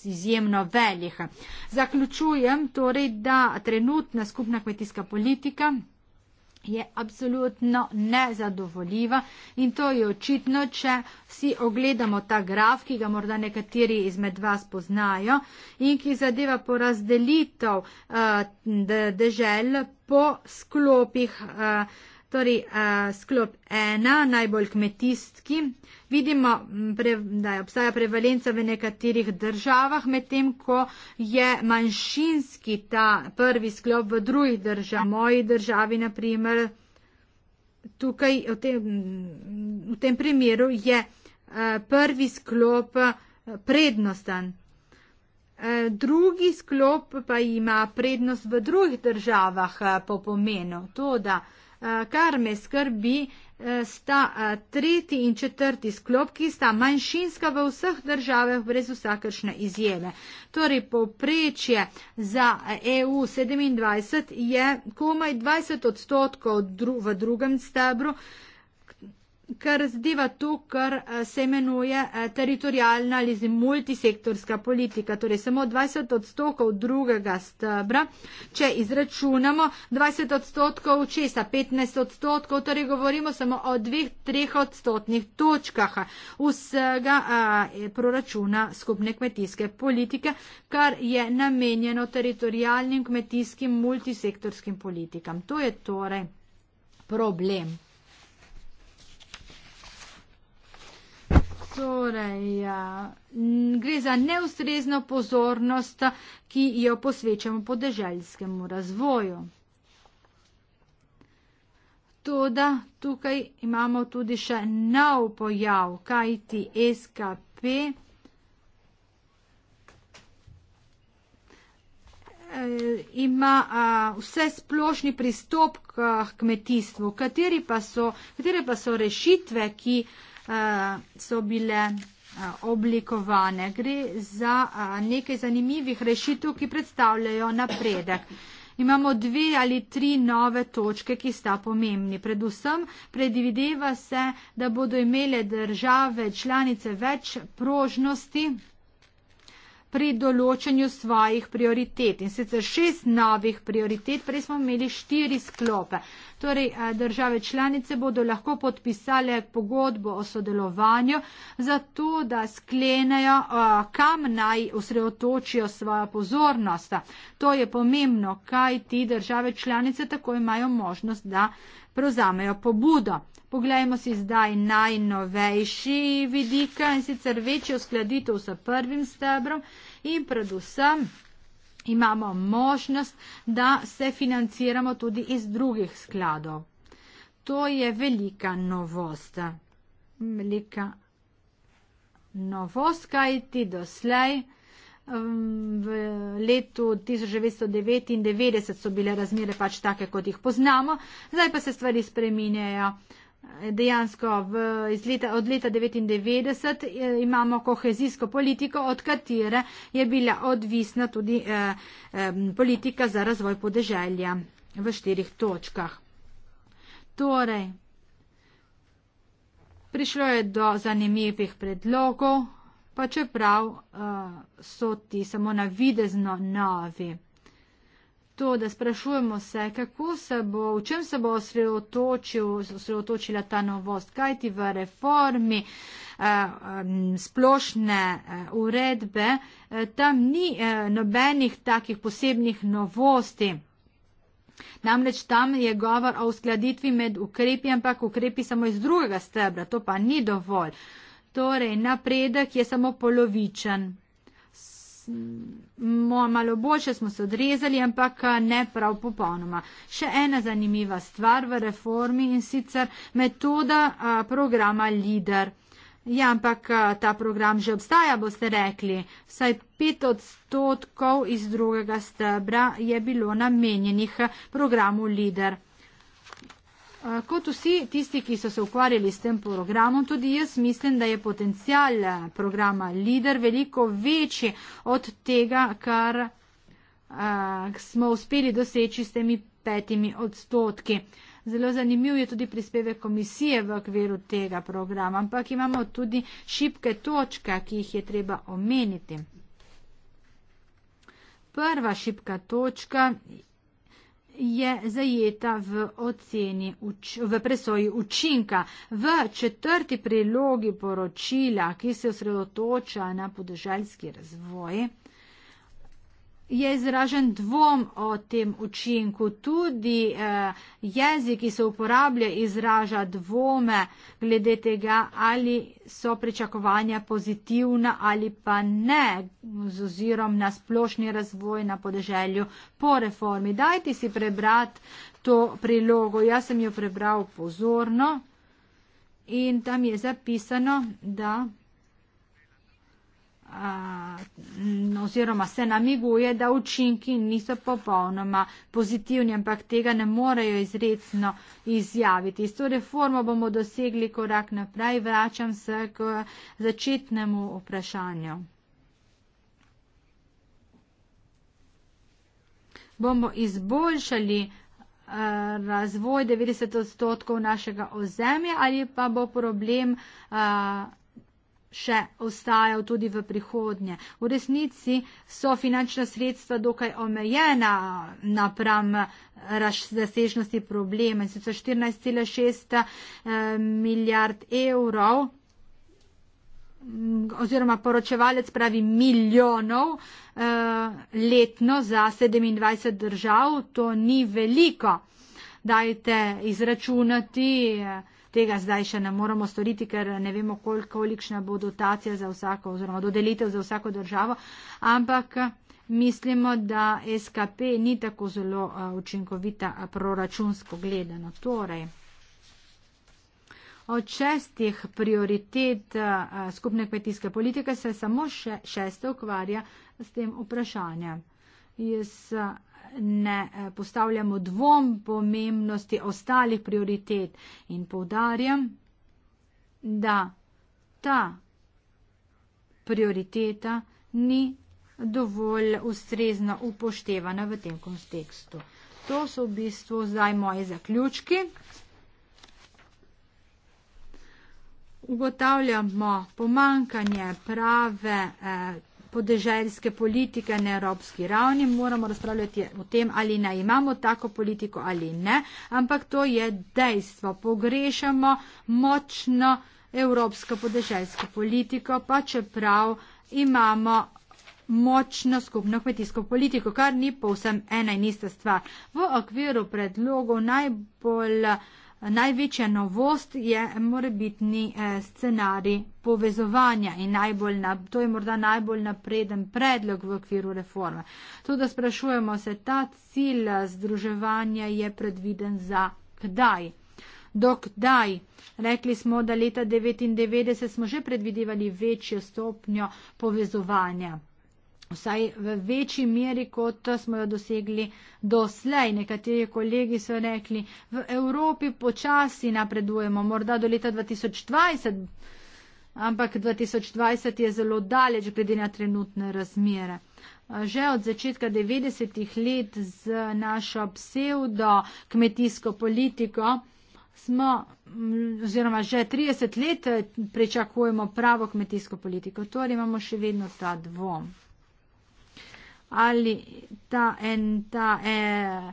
izjemno velika. Zaključujem torej, da trenutna skupna kmetijska politika je absolutno nezadovoljiva in to je očitno, če si ogledamo ta graf, ki ga morda nekateri izmed vas poznajo in ki zadeva porazdelitev uh, dežel po sklopih. Uh, Torej, sklop ena, najbolj kmetijski, vidimo, da obstaja prevalenca v nekaterih državah, medtem ko je manjšinski ta prvi sklop v drugih državah, moji državi naprimer. Tukaj v tem, v tem primeru je prvi sklop prednostan. Drugi sklop pa ima prednost v drugih državah po pomenu. To, da Eh, kar me skrbi, eh, sta eh, tretji in četrti sklop, ki sta manjšinska v vseh državah brez vsakršne izjeme. Torej, povprečje za EU e 27 je komaj 20 odstotkov v drugem stebru, kar zadeva to, kar eh, se imenuje eh, teritorijalna ali multisektorska politika, torej samo 20 odstotkov drugega stebra. Če izračunamo 20 odstotkov česa, 15 odstotkov, torej govorimo samo o dveh, treh odstotnih točkah vsega eh, proračuna skupne kmetijske politike, kar je namenjeno teritorijalnim kmetijskim multisektorskim politikam. To je torej problem. Torej, ja, gre za neustrezno pozornost, ki jo posvečamo podeželjskemu razvoju. Toda tukaj imamo tudi še nov pojav, kaj ti SKP. Eh, ima a, vse splošni pristop k kmetijstvu, pa so, katere pa so rešitve, ki Eh, so bile eh, oblikovane. Gre za eh, nekaj zanimivih rešitev, ki predstavljajo napredek. Imamo dve ali tri nove točke, ki sta pomembni. Predvsem predvideva se, da bodo imele države članice več prožnosti pri določanju svojih prioritet. In sicer šest novih prioritet, prej smo imeli štiri sklope. Torej, države članice bodo lahko podpisale pogodbo o sodelovanju, zato da sklenejo, kam naj osredotočijo svojo pozornost. To je pomembno, kaj ti države članice tako imajo možnost, da prevzamejo pobudo. Poglejmo si zdaj najnovejši vidik in sicer večjo skladitev s prvim stebrom in predvsem imamo možnost, da se financiramo tudi iz drugih skladov. To je velika novost. Velika novost, kaj ti doslej. Um, v letu 1999 so bile razmere pač take, kot jih poznamo, zdaj pa se stvari spreminjajo dejansko v, leta, od leta 1999 eh, imamo kohezijsko politiko, od katere je bila odvisna tudi eh, politika za razvoj podeželja v štirih točkah. Torej, prišlo je do zanimivih predlogov, pa čeprav eh, so ti samo navidezno novi to, da sprašujemo se, kako se bo, v čem se bo osredotočila ta novost, kajti v reformi eh, splošne eh, uredbe eh, tam ni eh, nobenih takih posebnih novosti. Namreč tam je govor o uskladitvi med ukrepi, ampak ukrepi samo iz drugega stebra, to pa ni dovolj. Torej, napredek je samo polovičen smo malo boljše, smo se odrezali, ampak eh, ne prav popolnoma. Še ena zanimiva stvar v reformi in sicer metoda eh, programa LIDER. Ja, ampak eh, ta program že obstaja, boste rekli. Saj pet odstotkov iz drugega stebra je bilo namenjenih programu LIDER. Eh, kot vsi tisti, ki so se ukvarjali s tem programom, tudi jaz mislim, da je potencial eh, programa LIDER veliko večji od tega, kar eh, smo uspeli doseči s temi petimi odstotki. Zelo zanimiv je tudi prispevek komisije v okviru tega programa, ampak imamo tudi šibke točke, ki jih je treba omeniti. Prva šibka točka je zajeta v oceni, v presoji učinka. V četrti prilogi poročila, ki se osredotoča na podeželjski razvoj, je izražen dvom o tem učinku. Tudi eh, jezik, ki se uporablja, izraža dvome glede tega, ali so pričakovanja pozitivna ali pa ne, z ozirom na splošni razvoj na podeželju po reformi. Dajte si prebrati to prilogo. Jaz sem jo prebral pozorno in tam je zapisano, da oziroma se namiguje, da učinki niso popolnoma pozitivni, ampak tega ne morejo izredno izjaviti. S to reformo bomo dosegli korak naprej, vračam se k začetnemu vprašanju. Bomo izboljšali eh, razvoj 90 odstotkov našega ozemlja ali pa bo problem. A, eh, še ostajal tudi v prihodnje. V resnici so finančna sredstva dokaj omejena napram razsežnosti problema. Sicer 14,6 eh, milijard evrov mm, oziroma poročevalec pravi milijonov eh, letno za 27 držav, to ni veliko. Dajte izračunati. Eh, tega zdaj še ne moremo storiti, ker ne vemo, kol, kolikšna bo dotacija za vsako oziroma dodelitev za vsako državo, ampak mislimo, da SKP ni tako zelo učinkovita proračunsko gledano. Torej, Od šestih prioritet skupne kmetijske politike se samo še, šesto ukvarja s tem vprašanjem. Jaz ne eh, postavljamo dvom pomembnosti ostalih prioritet in povdarjam, da ta prioriteta ni dovolj ustrezno upoštevana v tem kontekstu. To so v bistvu zdaj moje zaključki. Ugotavljamo pomankanje prave. Eh, podeželske politike na evropski ravni, moramo razpravljati o tem, ali naj imamo tako politiko ali ne, ampak to je dejstvo. Pogrešamo močno evropsko podeželsko politiko, pa čeprav imamo močno skupno kmetijsko politiko, kar ni povsem ena in ista stvar. V okviru predlogov najbolj Največja novost je morebitni eh, scenarij povezovanja in najbolj, to je morda najbolj napreden predlog v okviru reforme. To, da sprašujemo se, ta cilj eh, združevanja je predviden za kdaj. Dokdaj? Rekli smo, da leta 1999 smo že predvidevali večjo stopnjo povezovanja vsaj v večji meri, kot smo jo dosegli doslej. Nekateri kolegi so rekli, v Evropi počasi napredujemo, morda do leta 2020, ampak 2020 je zelo daleč glede na trenutne razmere. Že od začetka 90-ih let z našo pseudo kmetijsko politiko smo, oziroma že 30 let pričakujemo pravo kmetijsko politiko, torej imamo še vedno ta dvom ali ta, en, ta eh,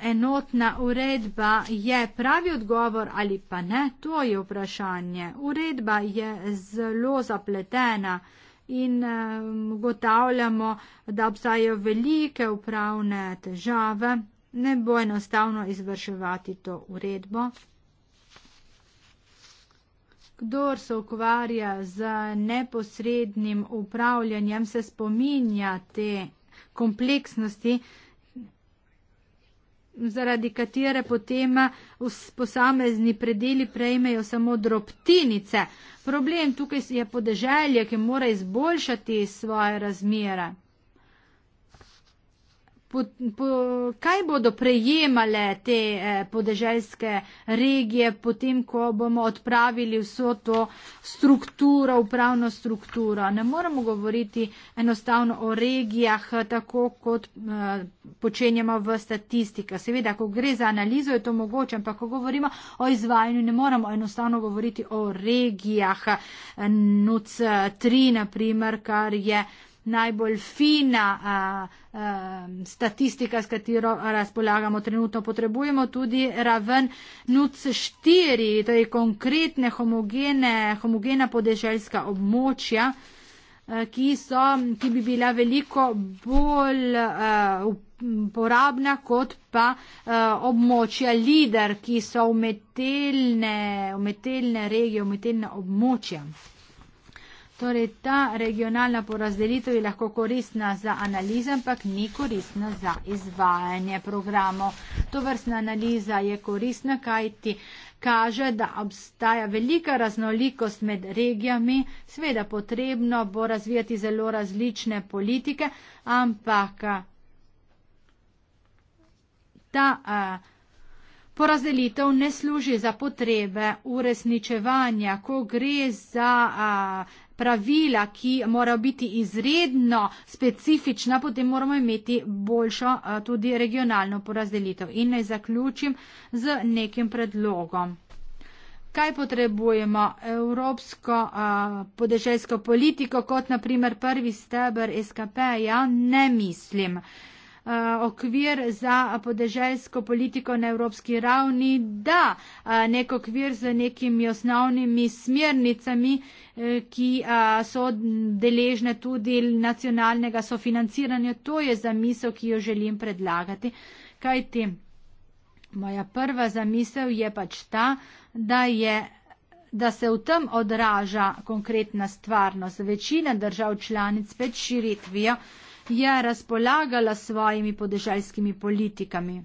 enotna uredba je pravi odgovor ali pa ne, to je vprašanje. Uredba je zelo zapletena in e, ugotavljamo, da obstajajo velike upravne težave, ne bo enostavno izvrševati to uredbo. Kdor se ukvarja z neposrednim upravljanjem, se spominja te kompleksnosti, zaradi katere potem posamezni predeli prejmejo samo drobtinice. Problem tukaj je podeželje, ki mora izboljšati svoje razmere po, po, kaj bodo prejemale te eh, podeželske regije, potem, ko bomo odpravili vso to strukturo, upravno strukturo. Ne moremo govoriti enostavno o regijah, eh, tako kot eh, počenjamo v statistika. Seveda, ko gre za analizo, je to mogoče, ampak ko govorimo o izvajanju, ne moramo enostavno govoriti o regijah. Eh, NUC 3, naprimer, kar je eh, najbolj fina a, a, statistika, s katero razpolagamo trenutno. Potrebujemo tudi raven NUC4, torej konkretne homogene, homogena podeželska območja. Ki, so, ki bi bila veliko bolj uh, uporabna kot pa uh, območja LIDER, ki so umetelne, umetelne regije, umetelna območja. Torej, ta regionalna porazdelitev je lahko koristna za analizo, ampak ni koristna za izvajanje programov. To vrstna analiza je koristna, kajti kaže, da obstaja velika raznolikost med regijami. Sveda potrebno bo razvijati zelo različne politike, ampak ta. Uh, Porazdelitev ne služi za potrebe uresničevanja, ko gre za a, pravila, ki morajo biti izredno specifična, potem moramo imeti boljšo tudi regionalno porazdelitev. In naj zaključim z nekim predlogom. Kaj potrebujemo? Evropsko uh, podeželjsko politiko, kot naprimer prvi steber SKP, ja, ne mislim. Uh, Eh, okvir za podeželsko politiko na evropski ravni da eh, nek okvir z nekimi osnovnimi smernicami, eh, ki so deležne tudi nacionalnega sofinanciranja. To je zamisel, ki jo želim predlagati. Kaj ti? Moja prva zamisel je pač ta, da je da se v tem odraža konkretna stvarnost. Večina držav članic pred širitvijo uh, je razpolagala s svojimi podeželskimi politikami.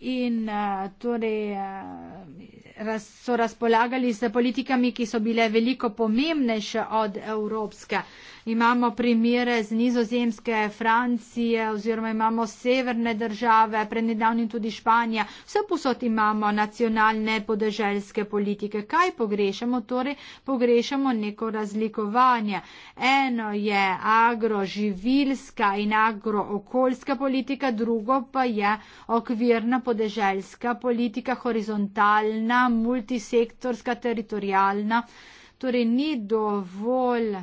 In uh, torej. Uh, raz, so razpolagali z politikami, ki so bile veliko pomembnejše od evropske. Imamo primere z nizozemske, Francije oziroma imamo severne države, prednedavni tudi Španija. Vse posod imamo nacionalne podeželske politike. Kaj pogrešamo? Torej, pogrešamo neko razlikovanje. Eno je agroživilska in agrookoljska politika, drugo pa je okvirna podeželska politika, horizontalna multisektorska, teritorijalna, torej ni dovolj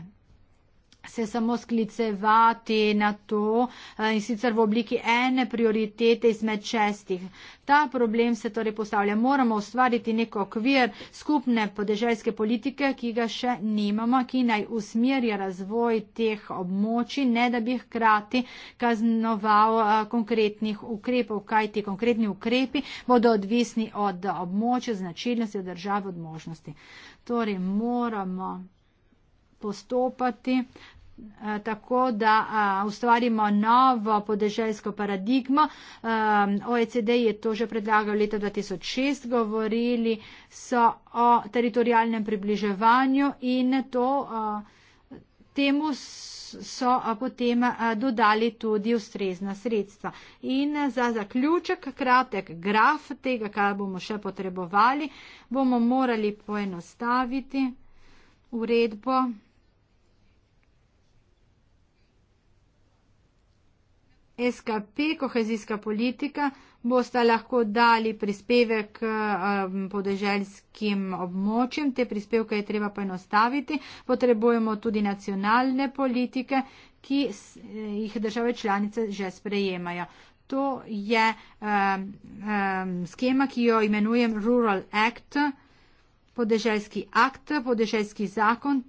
se samo sklicevati na to eh, in sicer v obliki ene prioritete izmed šestih. Ta problem se torej postavlja. Moramo ustvariti nek okvir skupne podeželske politike, ki ga še nimamo, ki naj usmerja razvoj teh območij, ne da bi hkrati kaznoval eh, konkretnih ukrepov, kaj ti konkretni ukrepi bodo odvisni od območja, značilnosti od države, od možnosti. Torej moramo postopati eh, tako da a, eh, ustvarimo novo podeželjsko paradigmo. A, eh, OECD je to že predlagal leta 2006, govorili so o teritorijalnem približevanju in to, a, temu so a potem a, dodali tudi ustrezna sredstva. In za zaključek, kratek graf tega, kar bomo še potrebovali, bomo morali poenostaviti uredbo. SKP, kohezijska politika, boste lahko dali prispevek um, podeželjskim območjem. Te prispevke je treba poenostaviti. Potrebujemo tudi nacionalne politike, ki jih države članice že sprejemajo. To je um, um, skema, ki jo imenujem Rural Act, podeželjski akt, podeželjski zakon.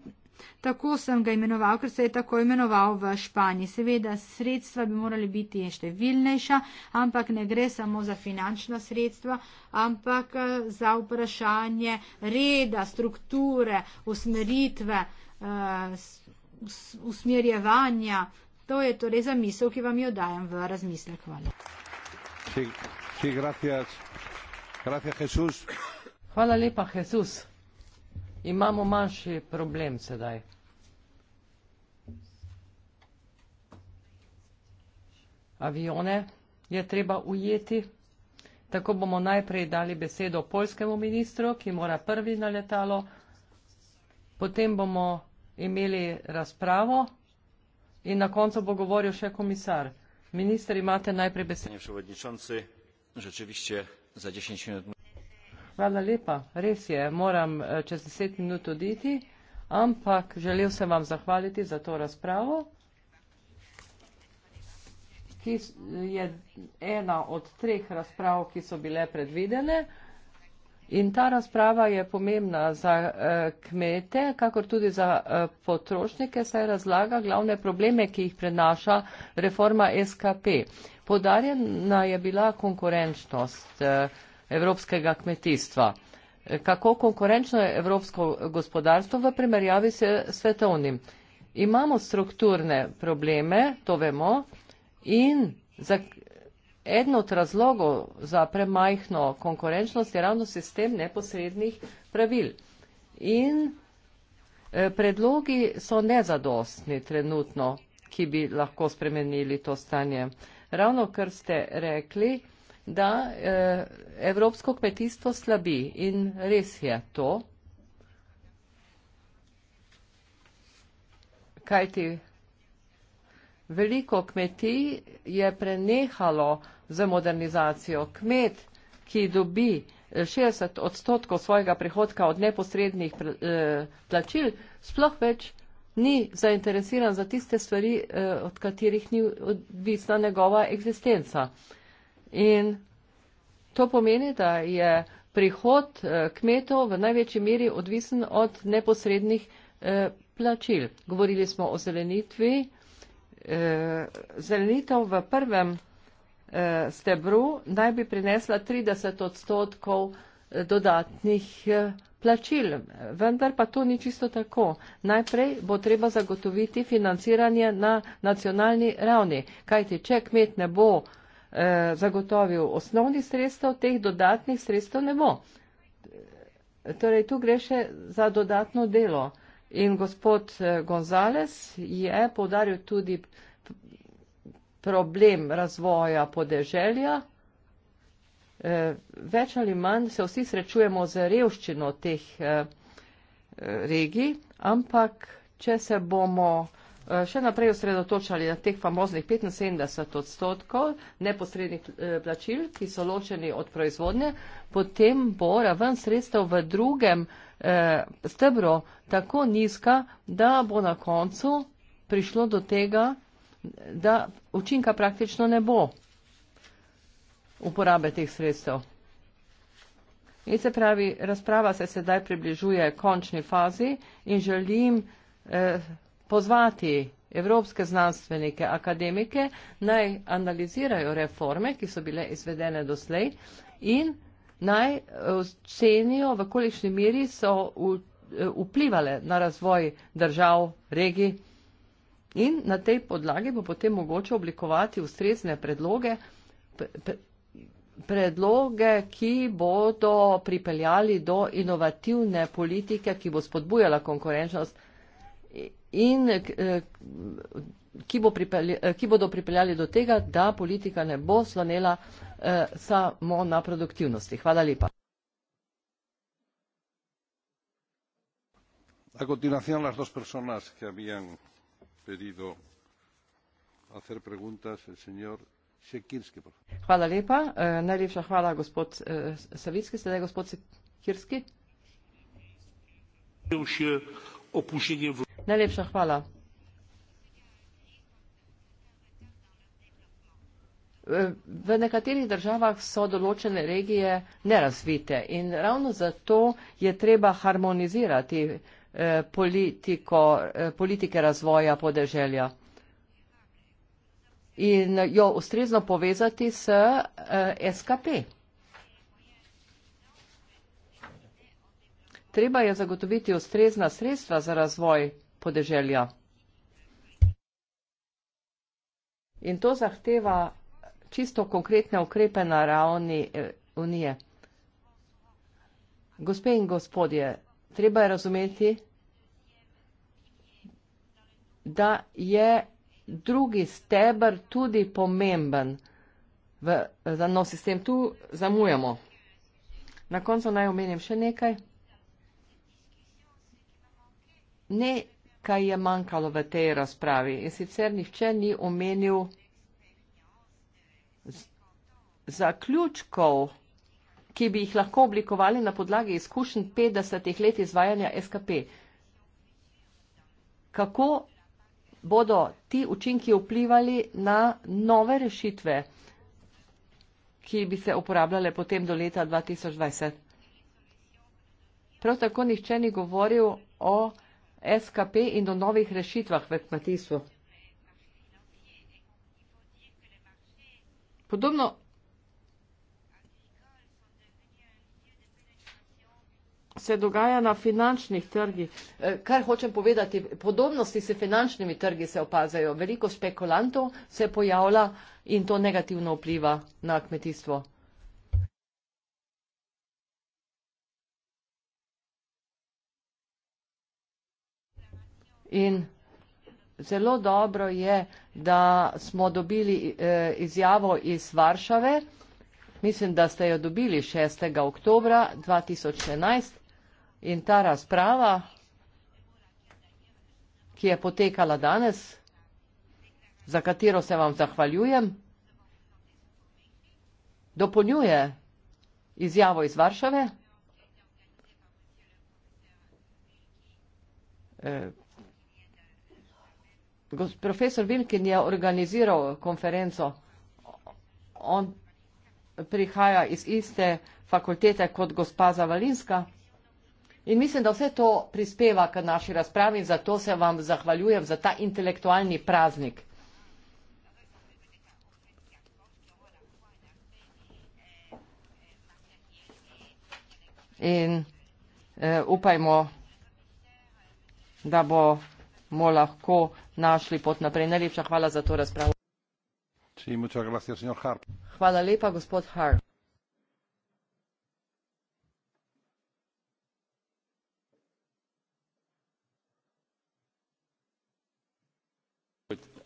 Tako sem ga imenoval, ker se je tako imenoval v Španiji. Seveda, sredstva bi morali biti številnejša, ampak ne gre samo za finančna sredstva, ampak eh, za vprašanje reda, strukture, usmeritve, eh, usmerjevanja. To je torej zamisel, ki vam jo dajem v razmislek. Hvala. Hvala lepa, Jezus imamo manjši problem sedaj. Avione je treba ujeti, tako bomo najprej dali besedo polskemu ministru, ki mora prvi na letalo, potem bomo imeli razpravo in na koncu bo govoril še komisar. Minister, imate najprej besedo. Rzeczywiście za 10 minut. Hvala lepa. Res je, moram eh, čez deset minut oditi, ampak želel sem vam zahvaliti za to razpravo, ki je ena od treh razprav, ki so bile predvidene. In ta razprava je pomembna za eh, kmete, kakor tudi za eh, potrošnike, saj razlaga glavne probleme, ki jih prenaša reforma SKP. Podarjena je bila konkurenčnost evropskega kmetijstva. Kako konkurenčno je evropsko gospodarstvo v primerjavi s svetovnim? Imamo strukturne probleme, to vemo, in za, eden od razlogov za premajhno konkurenčnost je ravno sistem neposrednih pravil. In eh, predlogi so nezadostni trenutno, ki bi lahko spremenili to stanje. Ravno kar ste rekli, da eh, evropsko kmetijstvo slabi in res je to, kajti veliko kmetij je prenehalo z modernizacijo. Kmet, ki dobi 60 eh, odstotkov svojega prihodka od neposrednih eh, plačil, sploh več ni zainteresiran za tiste stvari, od katerih ni odvisna njegova eksistenca. In to pomeni, da je prihod eh, kmetov v največji meri odvisen od neposrednih eh, plačil. Govorili smo o zelenitvi. Eh, zelenitev v prvem stebru naj bi prinesla 30 odstotkov dodatnih plačil, vendar pa to ni čisto tako. Najprej bo treba zagotoviti financiranje na nacionalni ravni, kajti če kmet ne bo uh, Eh, zagotovil osnovnih sredstev, teh dodatnih sredstev ne bo. Torej, tu gre še za dodatno delo. In gospod eh, Gonzales je povdaril tudi problem razvoja podeželja. Eh, več ali manj se vsi srečujemo z revščino teh regij, ampak če se bomo Eh, še naprej osredotočali na teh famoznih 75 odstotkov neposrednih eh, plačil, ki so ločeni od proizvodnje, potem bo raven sredstev v drugem eh, stebro tako nizka, da bo na koncu prišlo do tega, da učinka praktično ne bo uporabe teh sredstev. In se pravi, razprava se sedaj približuje končni fazi in želim eh, pozvati evropske znanstvenike, akademike, naj analizirajo reforme, ki so bile izvedene doslej in naj ocenijo, eh, v kolikšni miri so eh, vplivale na razvoj držav, regij. In na tej podlagi bo potem mogoče oblikovati ustrezne predloge, predloge, ki bodo pripeljali do inovativne politike, ki bo spodbujala konkurenčnost in eh, ki, bo pripelje, eh, ki bodo pripeljali do tega, da politika ne bo slonela eh, samo na produktivnosti. Hvala lepa. A continuación, las dos personas que habían pedido hacer preguntas, el señor Sekirski, por favor. Hvala lepa. Eh, najlepša hvala, gospod eh, Savitski. Sedaj, gospod Sekirski. Opuštenje v... Najlepša hvala. V nekaterih državah so določene regije nerazvite in ravno zato je treba harmonizirati eh, politiko, eh, politike razvoja podeželja in jo ustrezno povezati s eh, SKP. Treba je zagotoviti ustrezna sredstva za razvoj podeželja podeželja. In to zahteva čisto konkretne ukrepe na ravni eh, Unije. Gospe in gospodje, treba je razumeti, da je drugi stebr tudi pomemben v, za nov sistem. Tu zamujamo. Na koncu naj omenim še nekaj. Ne, kaj je manjkalo v tej razpravi. In sicer nihče ni omenil zaključkov, ki bi jih lahko oblikovali na podlagi izkušenj 50 let izvajanja SKP. Kako bodo ti učinki vplivali na nove rešitve, ki bi se uporabljale potem do leta 2020? Prav tako nihče ni govoril o SKP in o novih rešitvah v kmetijstvu. Podobno se dogaja na finančnih trgih. E, kar hočem povedati, podobnosti s finančnimi trgi se opazajo. Veliko špekulantov se pojavlja in to negativno vpliva na kmetijstvo. In zelo dobro je, da smo dobili eh, izjavo iz Varšave, mislim, da ste jo dobili 6. oktobra 2011 in ta razprava, ki je potekala danes, za katero se vam zahvaljujem, dopolnjuje izjavo iz Varšave, eh, Profesor Vilkin je organiziral konferenco. On prihaja iz iste fakultete kot gospa Zavalinska. In mislim, da vse to prispeva k naši razpravi, zato se vam zahvaljujem za ta intelektualni praznik. In uh, upajmo, da bo bomo lahko našli pot naprej. Najlepša hvala za to razpravo. Hvala lepa, gospod Harp.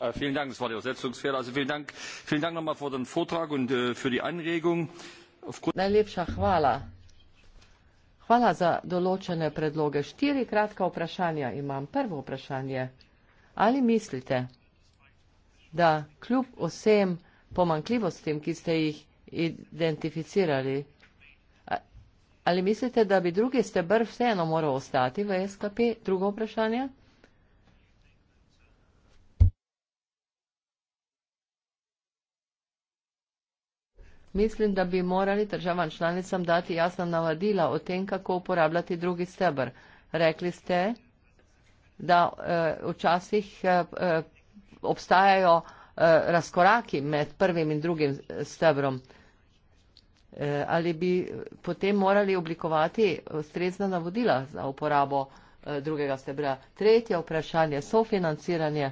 Äh, vielen Dank, es war die Übersetzungsfehler. Also vielen Dank, vielen Dank nochmal für den Vortrag und äh, für die Anregung. Aufgrund Najlepša hvala. Hvala za določene predloge. Štiri kratka vprašanja imam. Prvo vprašanje. Ali mislite, da kljub vsem pomankljivostim, ki ste jih identificirali, ali mislite, da bi drugi stebr vseeno moral ostati v SKP? Drugo vprašanje. Mislim, da bi morali državam članicam dati jasna navadila o tem, kako uporabljati drugi stebr. Rekli ste, da eh, včasih eh, eh obstajajo eh, razkoraki med prvim in drugim eh, stebrom. Eh, ali bi potem morali oblikovati strezna navodila za uporabo eh, drugega stebra? Tretje vprašanje, sofinanciranje.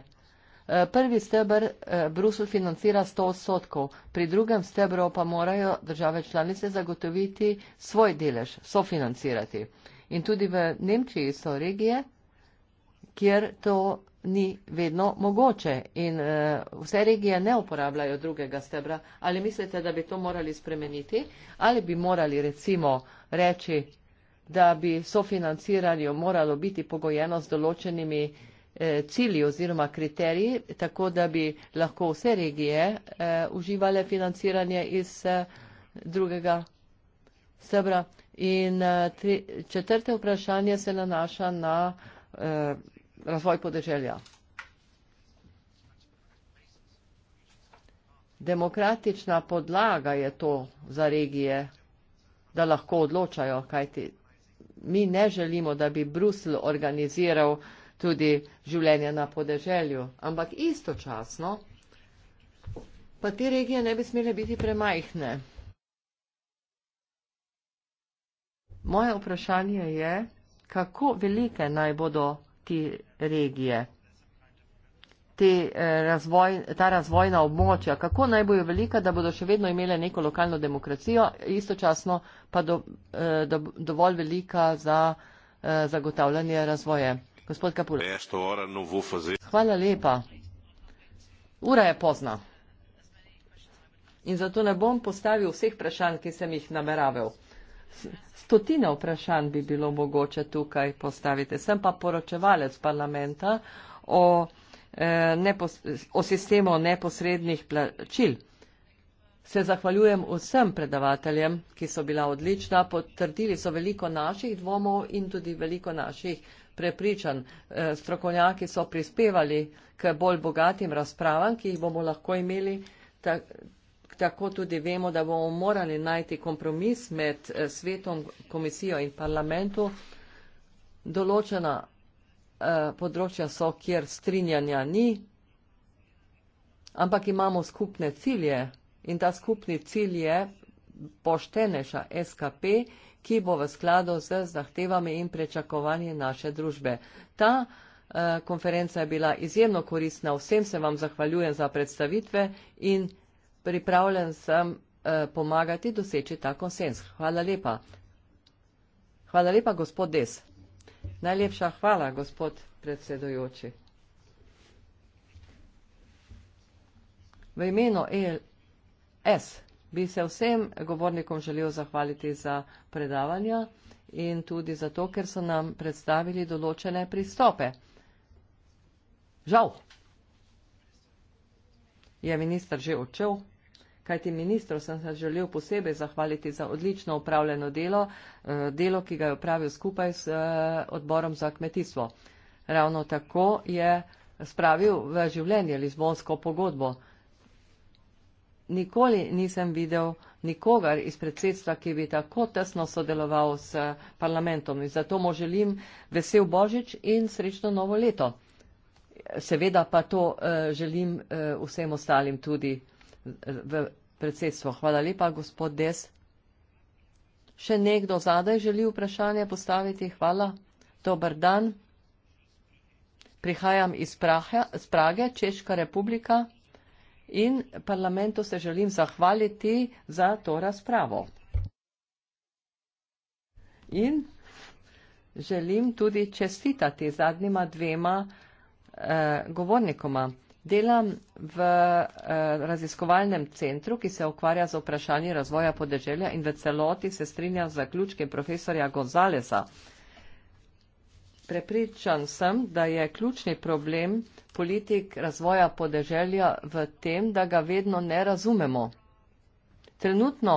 Eh, prvi stebr eh, Brusel financira 100 odstotkov, pri drugem stebru pa morajo države članice zagotoviti svoj delež, sofinancirati. In tudi v Nemčiji so regije, kjer to ni vedno mogoče in eh, vse regije ne uporabljajo drugega stebra. Ali mislite, da bi to morali spremeniti ali bi morali recimo reči, da bi sofinanciranje moralo biti pogojeno z določenimi regijami? Eh, cilji oziroma kriteriji, tako da bi lahko vse regije eh, uživale financiranje iz eh, drugega sebra. In tri, četrte vprašanje se nanaša na razvoj podeželja. Demokratična podlaga je to za regije, da lahko odločajo, kajti mi ne želimo, da bi Brusel organiziral uh, tudi življenja na podeželju. Ampak istočasno pa te regije ne bi smele biti premajhne. Moje vprašanje je, kako velike naj bodo te regije, te, eh, razvoj, ta razvojna območja, kako naj bojo velika, da bodo še vedno imele neko lokalno demokracijo, istočasno pa do, eh, do, dovolj velika za eh, zagotavljanje razvoja gospod kapul ura je pozna in zato ne bom postavil vseh vprašanj ki sem jih nameraval stotine vprašanj bi bilo mogoče tukaj postaviti sem pa poročevalec parlamenta o, eh, nepos, o sistemu neposrednih plačil Se zahvaljujem vsem predavateljem, ki so bila odlična, potrdili so veliko naših dvomov in tudi veliko naših uh, prepričan. Eh, strokovnjaki so prispevali k bolj bogatim razpravam, ki jih bomo lahko imeli. Tako tudi vemo, da bomo morali najti kompromis med eh, svetom, komisijo in parlamentu. Določena eh, področja so, kjer strinjanja ni, ampak imamo skupne cilje in ta skupni cilj je poštenejša SKP ki bo v skladu z zahtevami in prečakovanji naše družbe. Ta eh, konferenca je bila izjemno koristna. Vsem se vam zahvaljujem za predstavitve in pripravljen sem eh, pomagati doseči ta konsens. Hvala lepa. Hvala lepa, gospod Des. Najlepša hvala, gospod predsedujoči. V imenu ELS bi se vsem govornikom želel zahvaliti za predavanja in tudi za to, ker so nam predstavili določene pristope. Žal je minister že odšel, kajti ministru sem se želel posebej zahvaliti za odlično upravljeno delo, eh, delo, ki ga je upravil skupaj s eh, odborom za kmetijstvo. Ravno tako je spravil v življenje Lizbonsko pogodbo nikoli nisem videl nikogar iz predsedstva, ki bi tako tesno sodeloval s parlamentom. In zato mu želim vesel Božič in srečno novo leto. Seveda pa to uh, želim uh, vsem ostalim tudi eh, v predsedstvo. Hvala lepa, gospod Des. Še nekdo zadaj želi vprašanje postaviti? Hvala. Dobar dan. Prihajam iz, Praha, iz Prage, Češka republika in parlamentu se želim zahvaliti za to razpravo. In želim tudi čestitati zadnjima dvema eh, govornikoma. Delam v eh, raziskovalnem centru, ki se ukvarja z vprašanji razvoja podeželja in v celoti se strinja z zaključkem profesorja Gonzalesa. Eh, Prepričan sem, da je ključni problem politik razvoja podeželja v tem, da ga vedno ne razumemo. Trenutno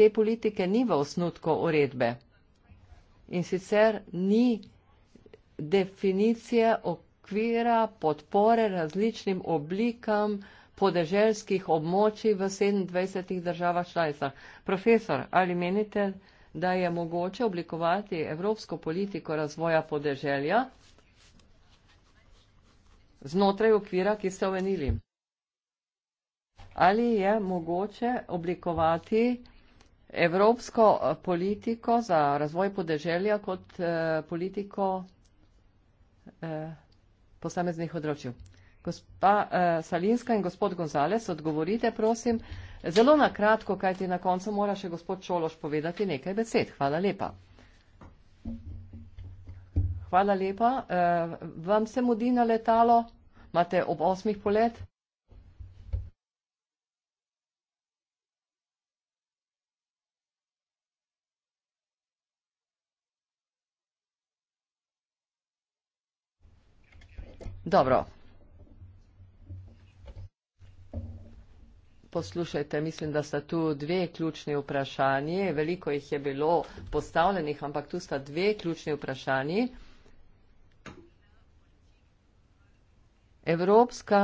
te politike ni v osnutku uredbe in sicer ni definicije okvira podpore različnim oblikam podeželskih območij v 27 državah članicah. Profesor, ali menite, da je mogoče oblikovati evropsko politiko razvoja podeželja znotraj okvira, ki ste omenili. Ali je mogoče oblikovati evropsko eh, politiko za razvoj podeželja kot eh, politiko eh, posameznih področjev? Gospa eh, Salinska in gospod Gonzales, odgovorite, prosim. Eh, Zelo na kratko, kaj ti na koncu mora še gospod Čološ povedati nekaj besed. Hvala lepa. Hvala lepa. Uh, vam se mudi na letalo? Imate ob osmih polet? Dobro, Poslušajte, mislim, da sta tu dve ključni vprašanji. Veliko jih je bilo postavljenih, ampak tu sta dve ključni vprašanji. Evropska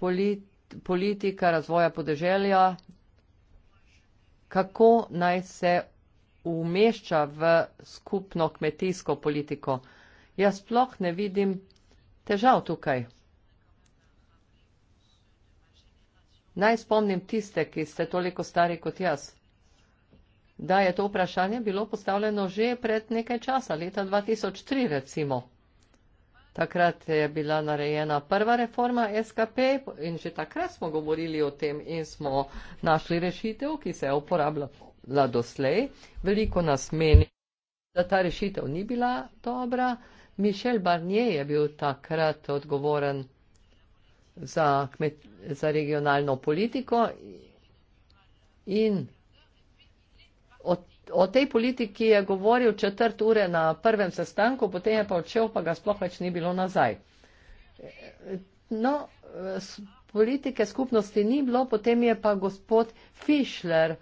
polit, politika razvoja podeželja, kako naj se umešča v skupno kmetijsko politiko. Jaz sploh ne vidim težav tukaj. Naj spomnim tiste, ki ste toliko stari kot jaz, da je to vprašanje bilo postavljeno že pred nekaj časa, leta 2003 recimo. Takrat je bila narejena prva reforma SKP in že takrat smo govorili o tem in smo našli rešitev, ki se je uporabljala doslej. Veliko nas meni, da ta rešitev ni bila dobra. Mišel Barnier je bil takrat odgovoren za, kmet, za regionalno politiko in o, o tej politiki je govoril četrt ure na prvem sestanku, potem je pa odšel, pa ga sploh več ni bilo nazaj. No, politike skupnosti ni bilo, potem je pa gospod Fischler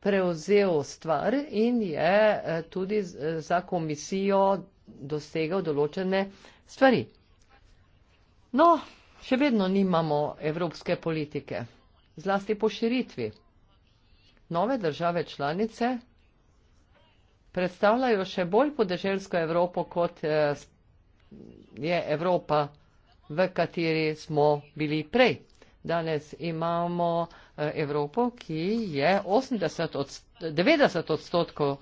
prevzel stvar in je eh, tudi za komisijo dosegal določene stvari. No, Še vedno nimamo evropske politike, zlasti po širitvi. Nove države članice predstavljajo še bolj podeželsko Evropo, kot eh, je Evropa, v kateri smo bili prej. Danes imamo eh, Evropo, ki je 80 od, 90 odstotkov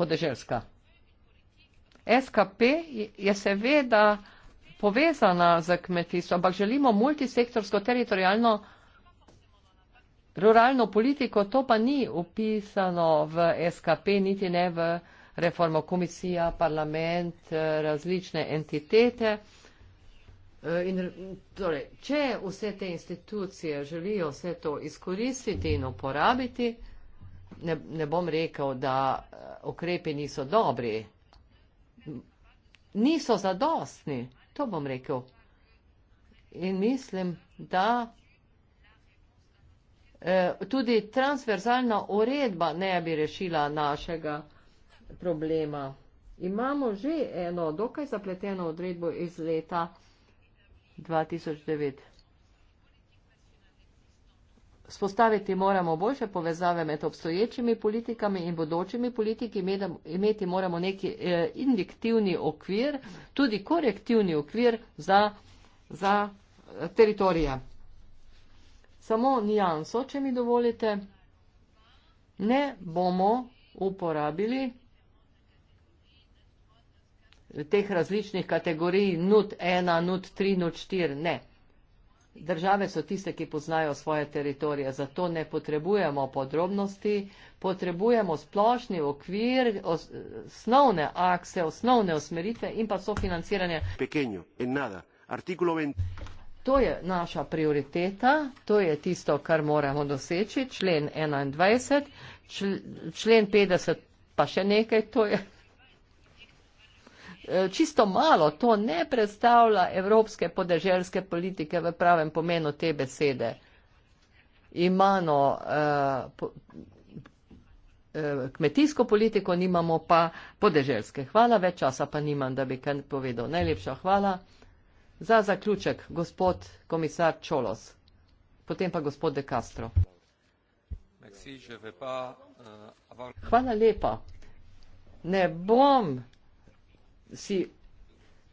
podeželska. SKP je seveda povezana z kmetijstvom, ampak želimo multisektorsko teritorijalno ruralno politiko, to pa ni upisano v SKP, niti ne v reformo komisija, parlament, eh, različne entitete. Eh, in, torej, če vse te institucije želijo vse to izkoristiti in uporabiti, ne, ne bom rekel, da eh, ukrepi niso dobri, niso zadostni to bom rekel. In mislim, da eh, tudi transverzalna uredba ne bi rešila našega problema. Imamo že eno dokaj zapleteno odredbo iz leta 2009. Spostaviti moramo boljše povezave med obstoječimi politikami in bodočimi politiki, imeti moramo neki eh, indiktivni okvir, tudi korektivni okvir za, za eh, teritorije. Samo nijanso, če mi dovolite, ne bomo uporabili teh različnih kategorij NUT 1, NUT 3, NUT 4, ne. Države so tiste, ki poznajo svoje teritorije, zato ne potrebujemo podrobnosti, potrebujemo splošni okvir, osnovne akse, osnovne usmeritve in pa sofinanciranje. Pekenjo, To je naša prioriteta, to je tisto, kar moramo doseči, člen 21, člen 50 pa še nekaj, to je Eh, čisto malo, to ne predstavlja evropske podeželske politike v pravem pomenu te besede. Imamo eh, eh, kmetijsko politiko, nimamo pa podeželske. Hvala, več časa pa nimam, da bi kaj povedal. Najlepša hvala. Za zaključek, gospod komisar Čolos, potem pa gospod De Castro. Hvala lepa. Ne bom si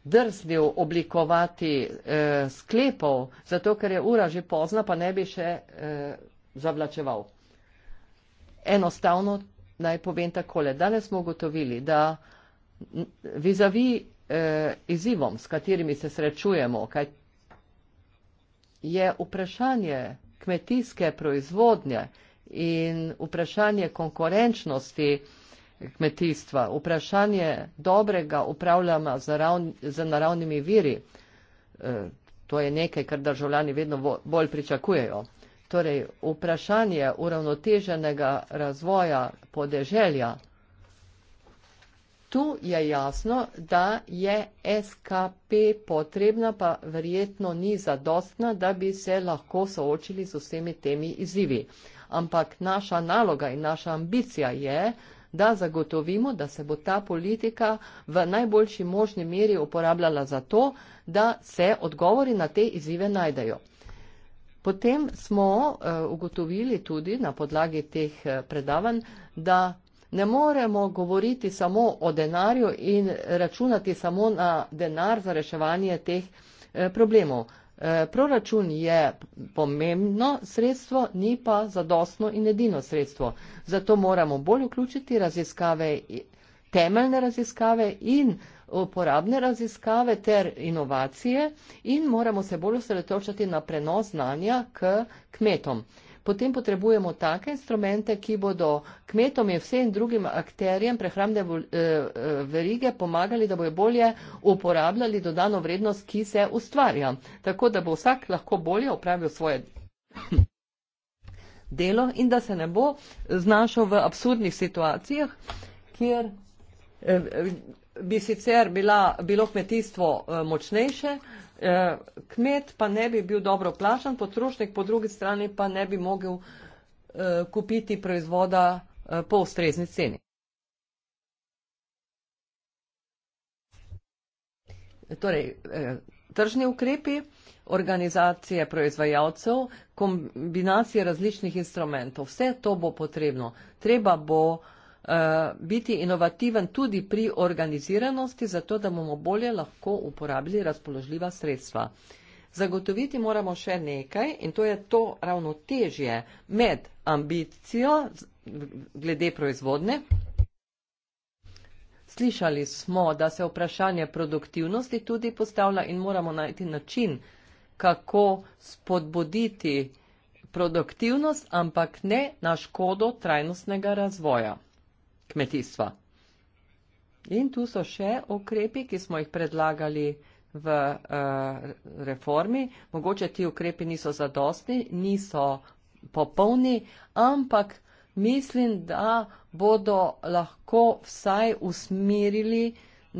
drznil oblikovati eh, sklepov, zato ker je ura že pozna, pa ne bi še eh, zavlačeval. Enostavno naj povem takole. Danes smo ugotovili, da vizavi eh, izzivom, s katerimi se srečujemo, kaj je vprašanje kmetijske proizvodnje in vprašanje konkurenčnosti, eh, kmetijstva, vprašanje dobrega upravljanja z, naravn, z naravnimi viri, e, to je nekaj, kar državljani vedno bolj pričakujejo. Torej, vprašanje uravnoteženega razvoja podeželja. Tu je jasno, da je SKP potrebna, pa verjetno ni zadostna, da bi se lahko soočili z vsemi temi izzivi. Ampak naša naloga in naša ambicija je, da zagotovimo, da se bo ta politika v najboljši možni meri uporabljala za to, da se odgovori na te izzive najdejo. Potem smo eh, ugotovili tudi na podlagi teh eh, predavanj, da ne moremo govoriti samo o denarju in računati samo na denar za reševanje teh eh, problemov. Eh, proračun je pomembno sredstvo, ni pa zadostno in edino sredstvo. Zato moramo bolj vključiti raziskave, temeljne raziskave in uporabne raziskave ter inovacije in moramo se bolj osredotočati na prenos znanja k kmetom potem potrebujemo take instrumente, ki bodo kmetom in vsem drugim akterjem prehrambne eh, eh, verige pomagali, da bojo bolje uporabljali dodano vrednost, ki se ustvarja. Tako da bo vsak lahko bolje upravil svoje delo in da se ne bo znašel v absurdnih situacijah, kjer eh, bi sicer bila, bilo kmetijstvo močnejše, Eh, kmet pa ne bi bil dobro plačan, potrošnik po drugi strani pa ne bi mogel eh, kupiti proizvoda eh, po ustrezni ceni. Torej, tržni ukrepi, organizacije proizvajalcev, kombinacije različnih instrumentov, vse to bo potrebno. Treba bo uh, Eh, biti inovativen tudi pri organiziranosti, zato da bomo bolje lahko uporabili razpoložljiva sredstva. Zagotoviti moramo še nekaj in to je to ravnotežje med ambicijo glede proizvodne. Slišali smo, da se vprašanje produktivnosti tudi postavlja in moramo najti način, kako spodbuditi produktivnost, ampak ne na škodo trajnostnega razvoja kmetijstva. In tu so še ukrepi, ki smo jih predlagali v uh, reformi. Mogoče ti ukrepi niso zadostni, niso popolni, ampak mislim, da bodo lahko vsaj usmerili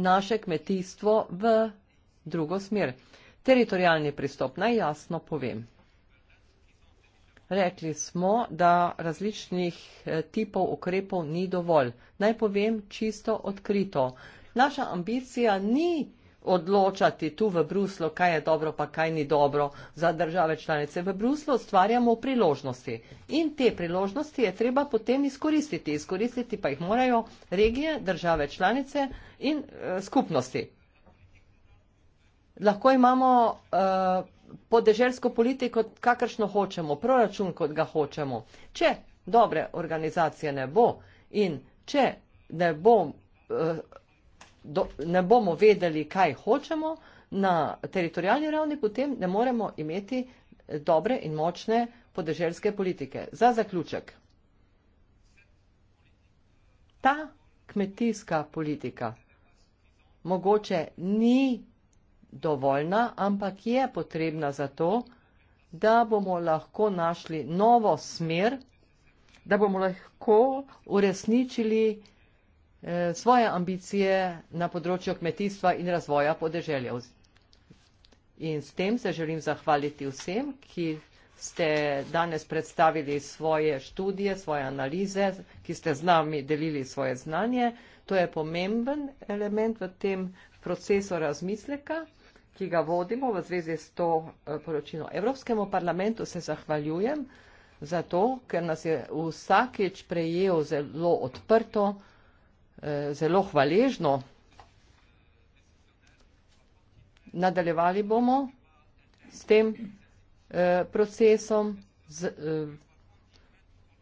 naše kmetijstvo v drugo smer. Teritorijalni pristop, naj jasno povem. Rekli smo, da različnih eh, tipov ukrepov ni dovolj. Naj povem čisto odkrito. Naša ambicija ni odločati tu v Bruslu, kaj je dobro, pa kaj ni dobro za države članice. V Bruslu ustvarjamo priložnosti in te priložnosti je treba potem izkoristiti. Izkoristiti pa jih morajo regije, države članice in e, skupnosti. Lahko imamo e, podeželsko politiko, kakršno hočemo, proračun, kot ga hočemo. Če dobre organizacije ne bo in če ne, bo, eh, do, ne bomo vedeli, kaj hočemo na teritorijalni ravni, potem ne moremo imeti dobre in močne podeželske politike. Za zaključek. Ta kmetijska politika mogoče ni dovoljna, ampak je potrebna zato, da bomo lahko našli novo smer, da bomo lahko uresničili eh, svoje ambicije na področju kmetijstva in razvoja podeželja. In s tem se želim zahvaliti vsem, ki ste danes predstavili svoje študije, svoje analize, ki ste z nami delili svoje znanje. To je pomemben element v tem procesu razmisleka ki ga vodimo v zvezi s to eh, poročino. Evropskemu parlamentu se zahvaljujem za to, ker nas je vsakeč prejel zelo odprto, eh, zelo hvaležno. Nadaljevali bomo s tem eh, procesom. Z,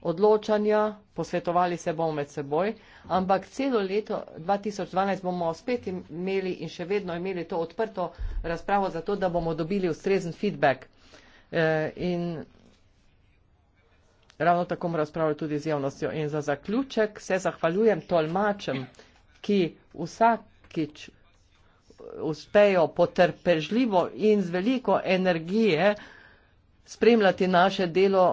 odločanja, posvetovali se bomo med seboj, ampak celo leto 2012 bomo spet imeli in še vedno imeli to odprto razpravo za to, da bomo dobili ustrezen feedback. E, in ravno tako bomo razpravljali tudi z javnostjo. In za zaključek se zahvaljujem tolmačem, ki vsakič uspejo potrpežljivo in z veliko energije spremljati naše delo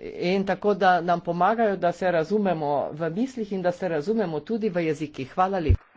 in tako, da nam pomagajo, da se razumemo v mislih in da se razumemo tudi v jeziki. Hvala lepa.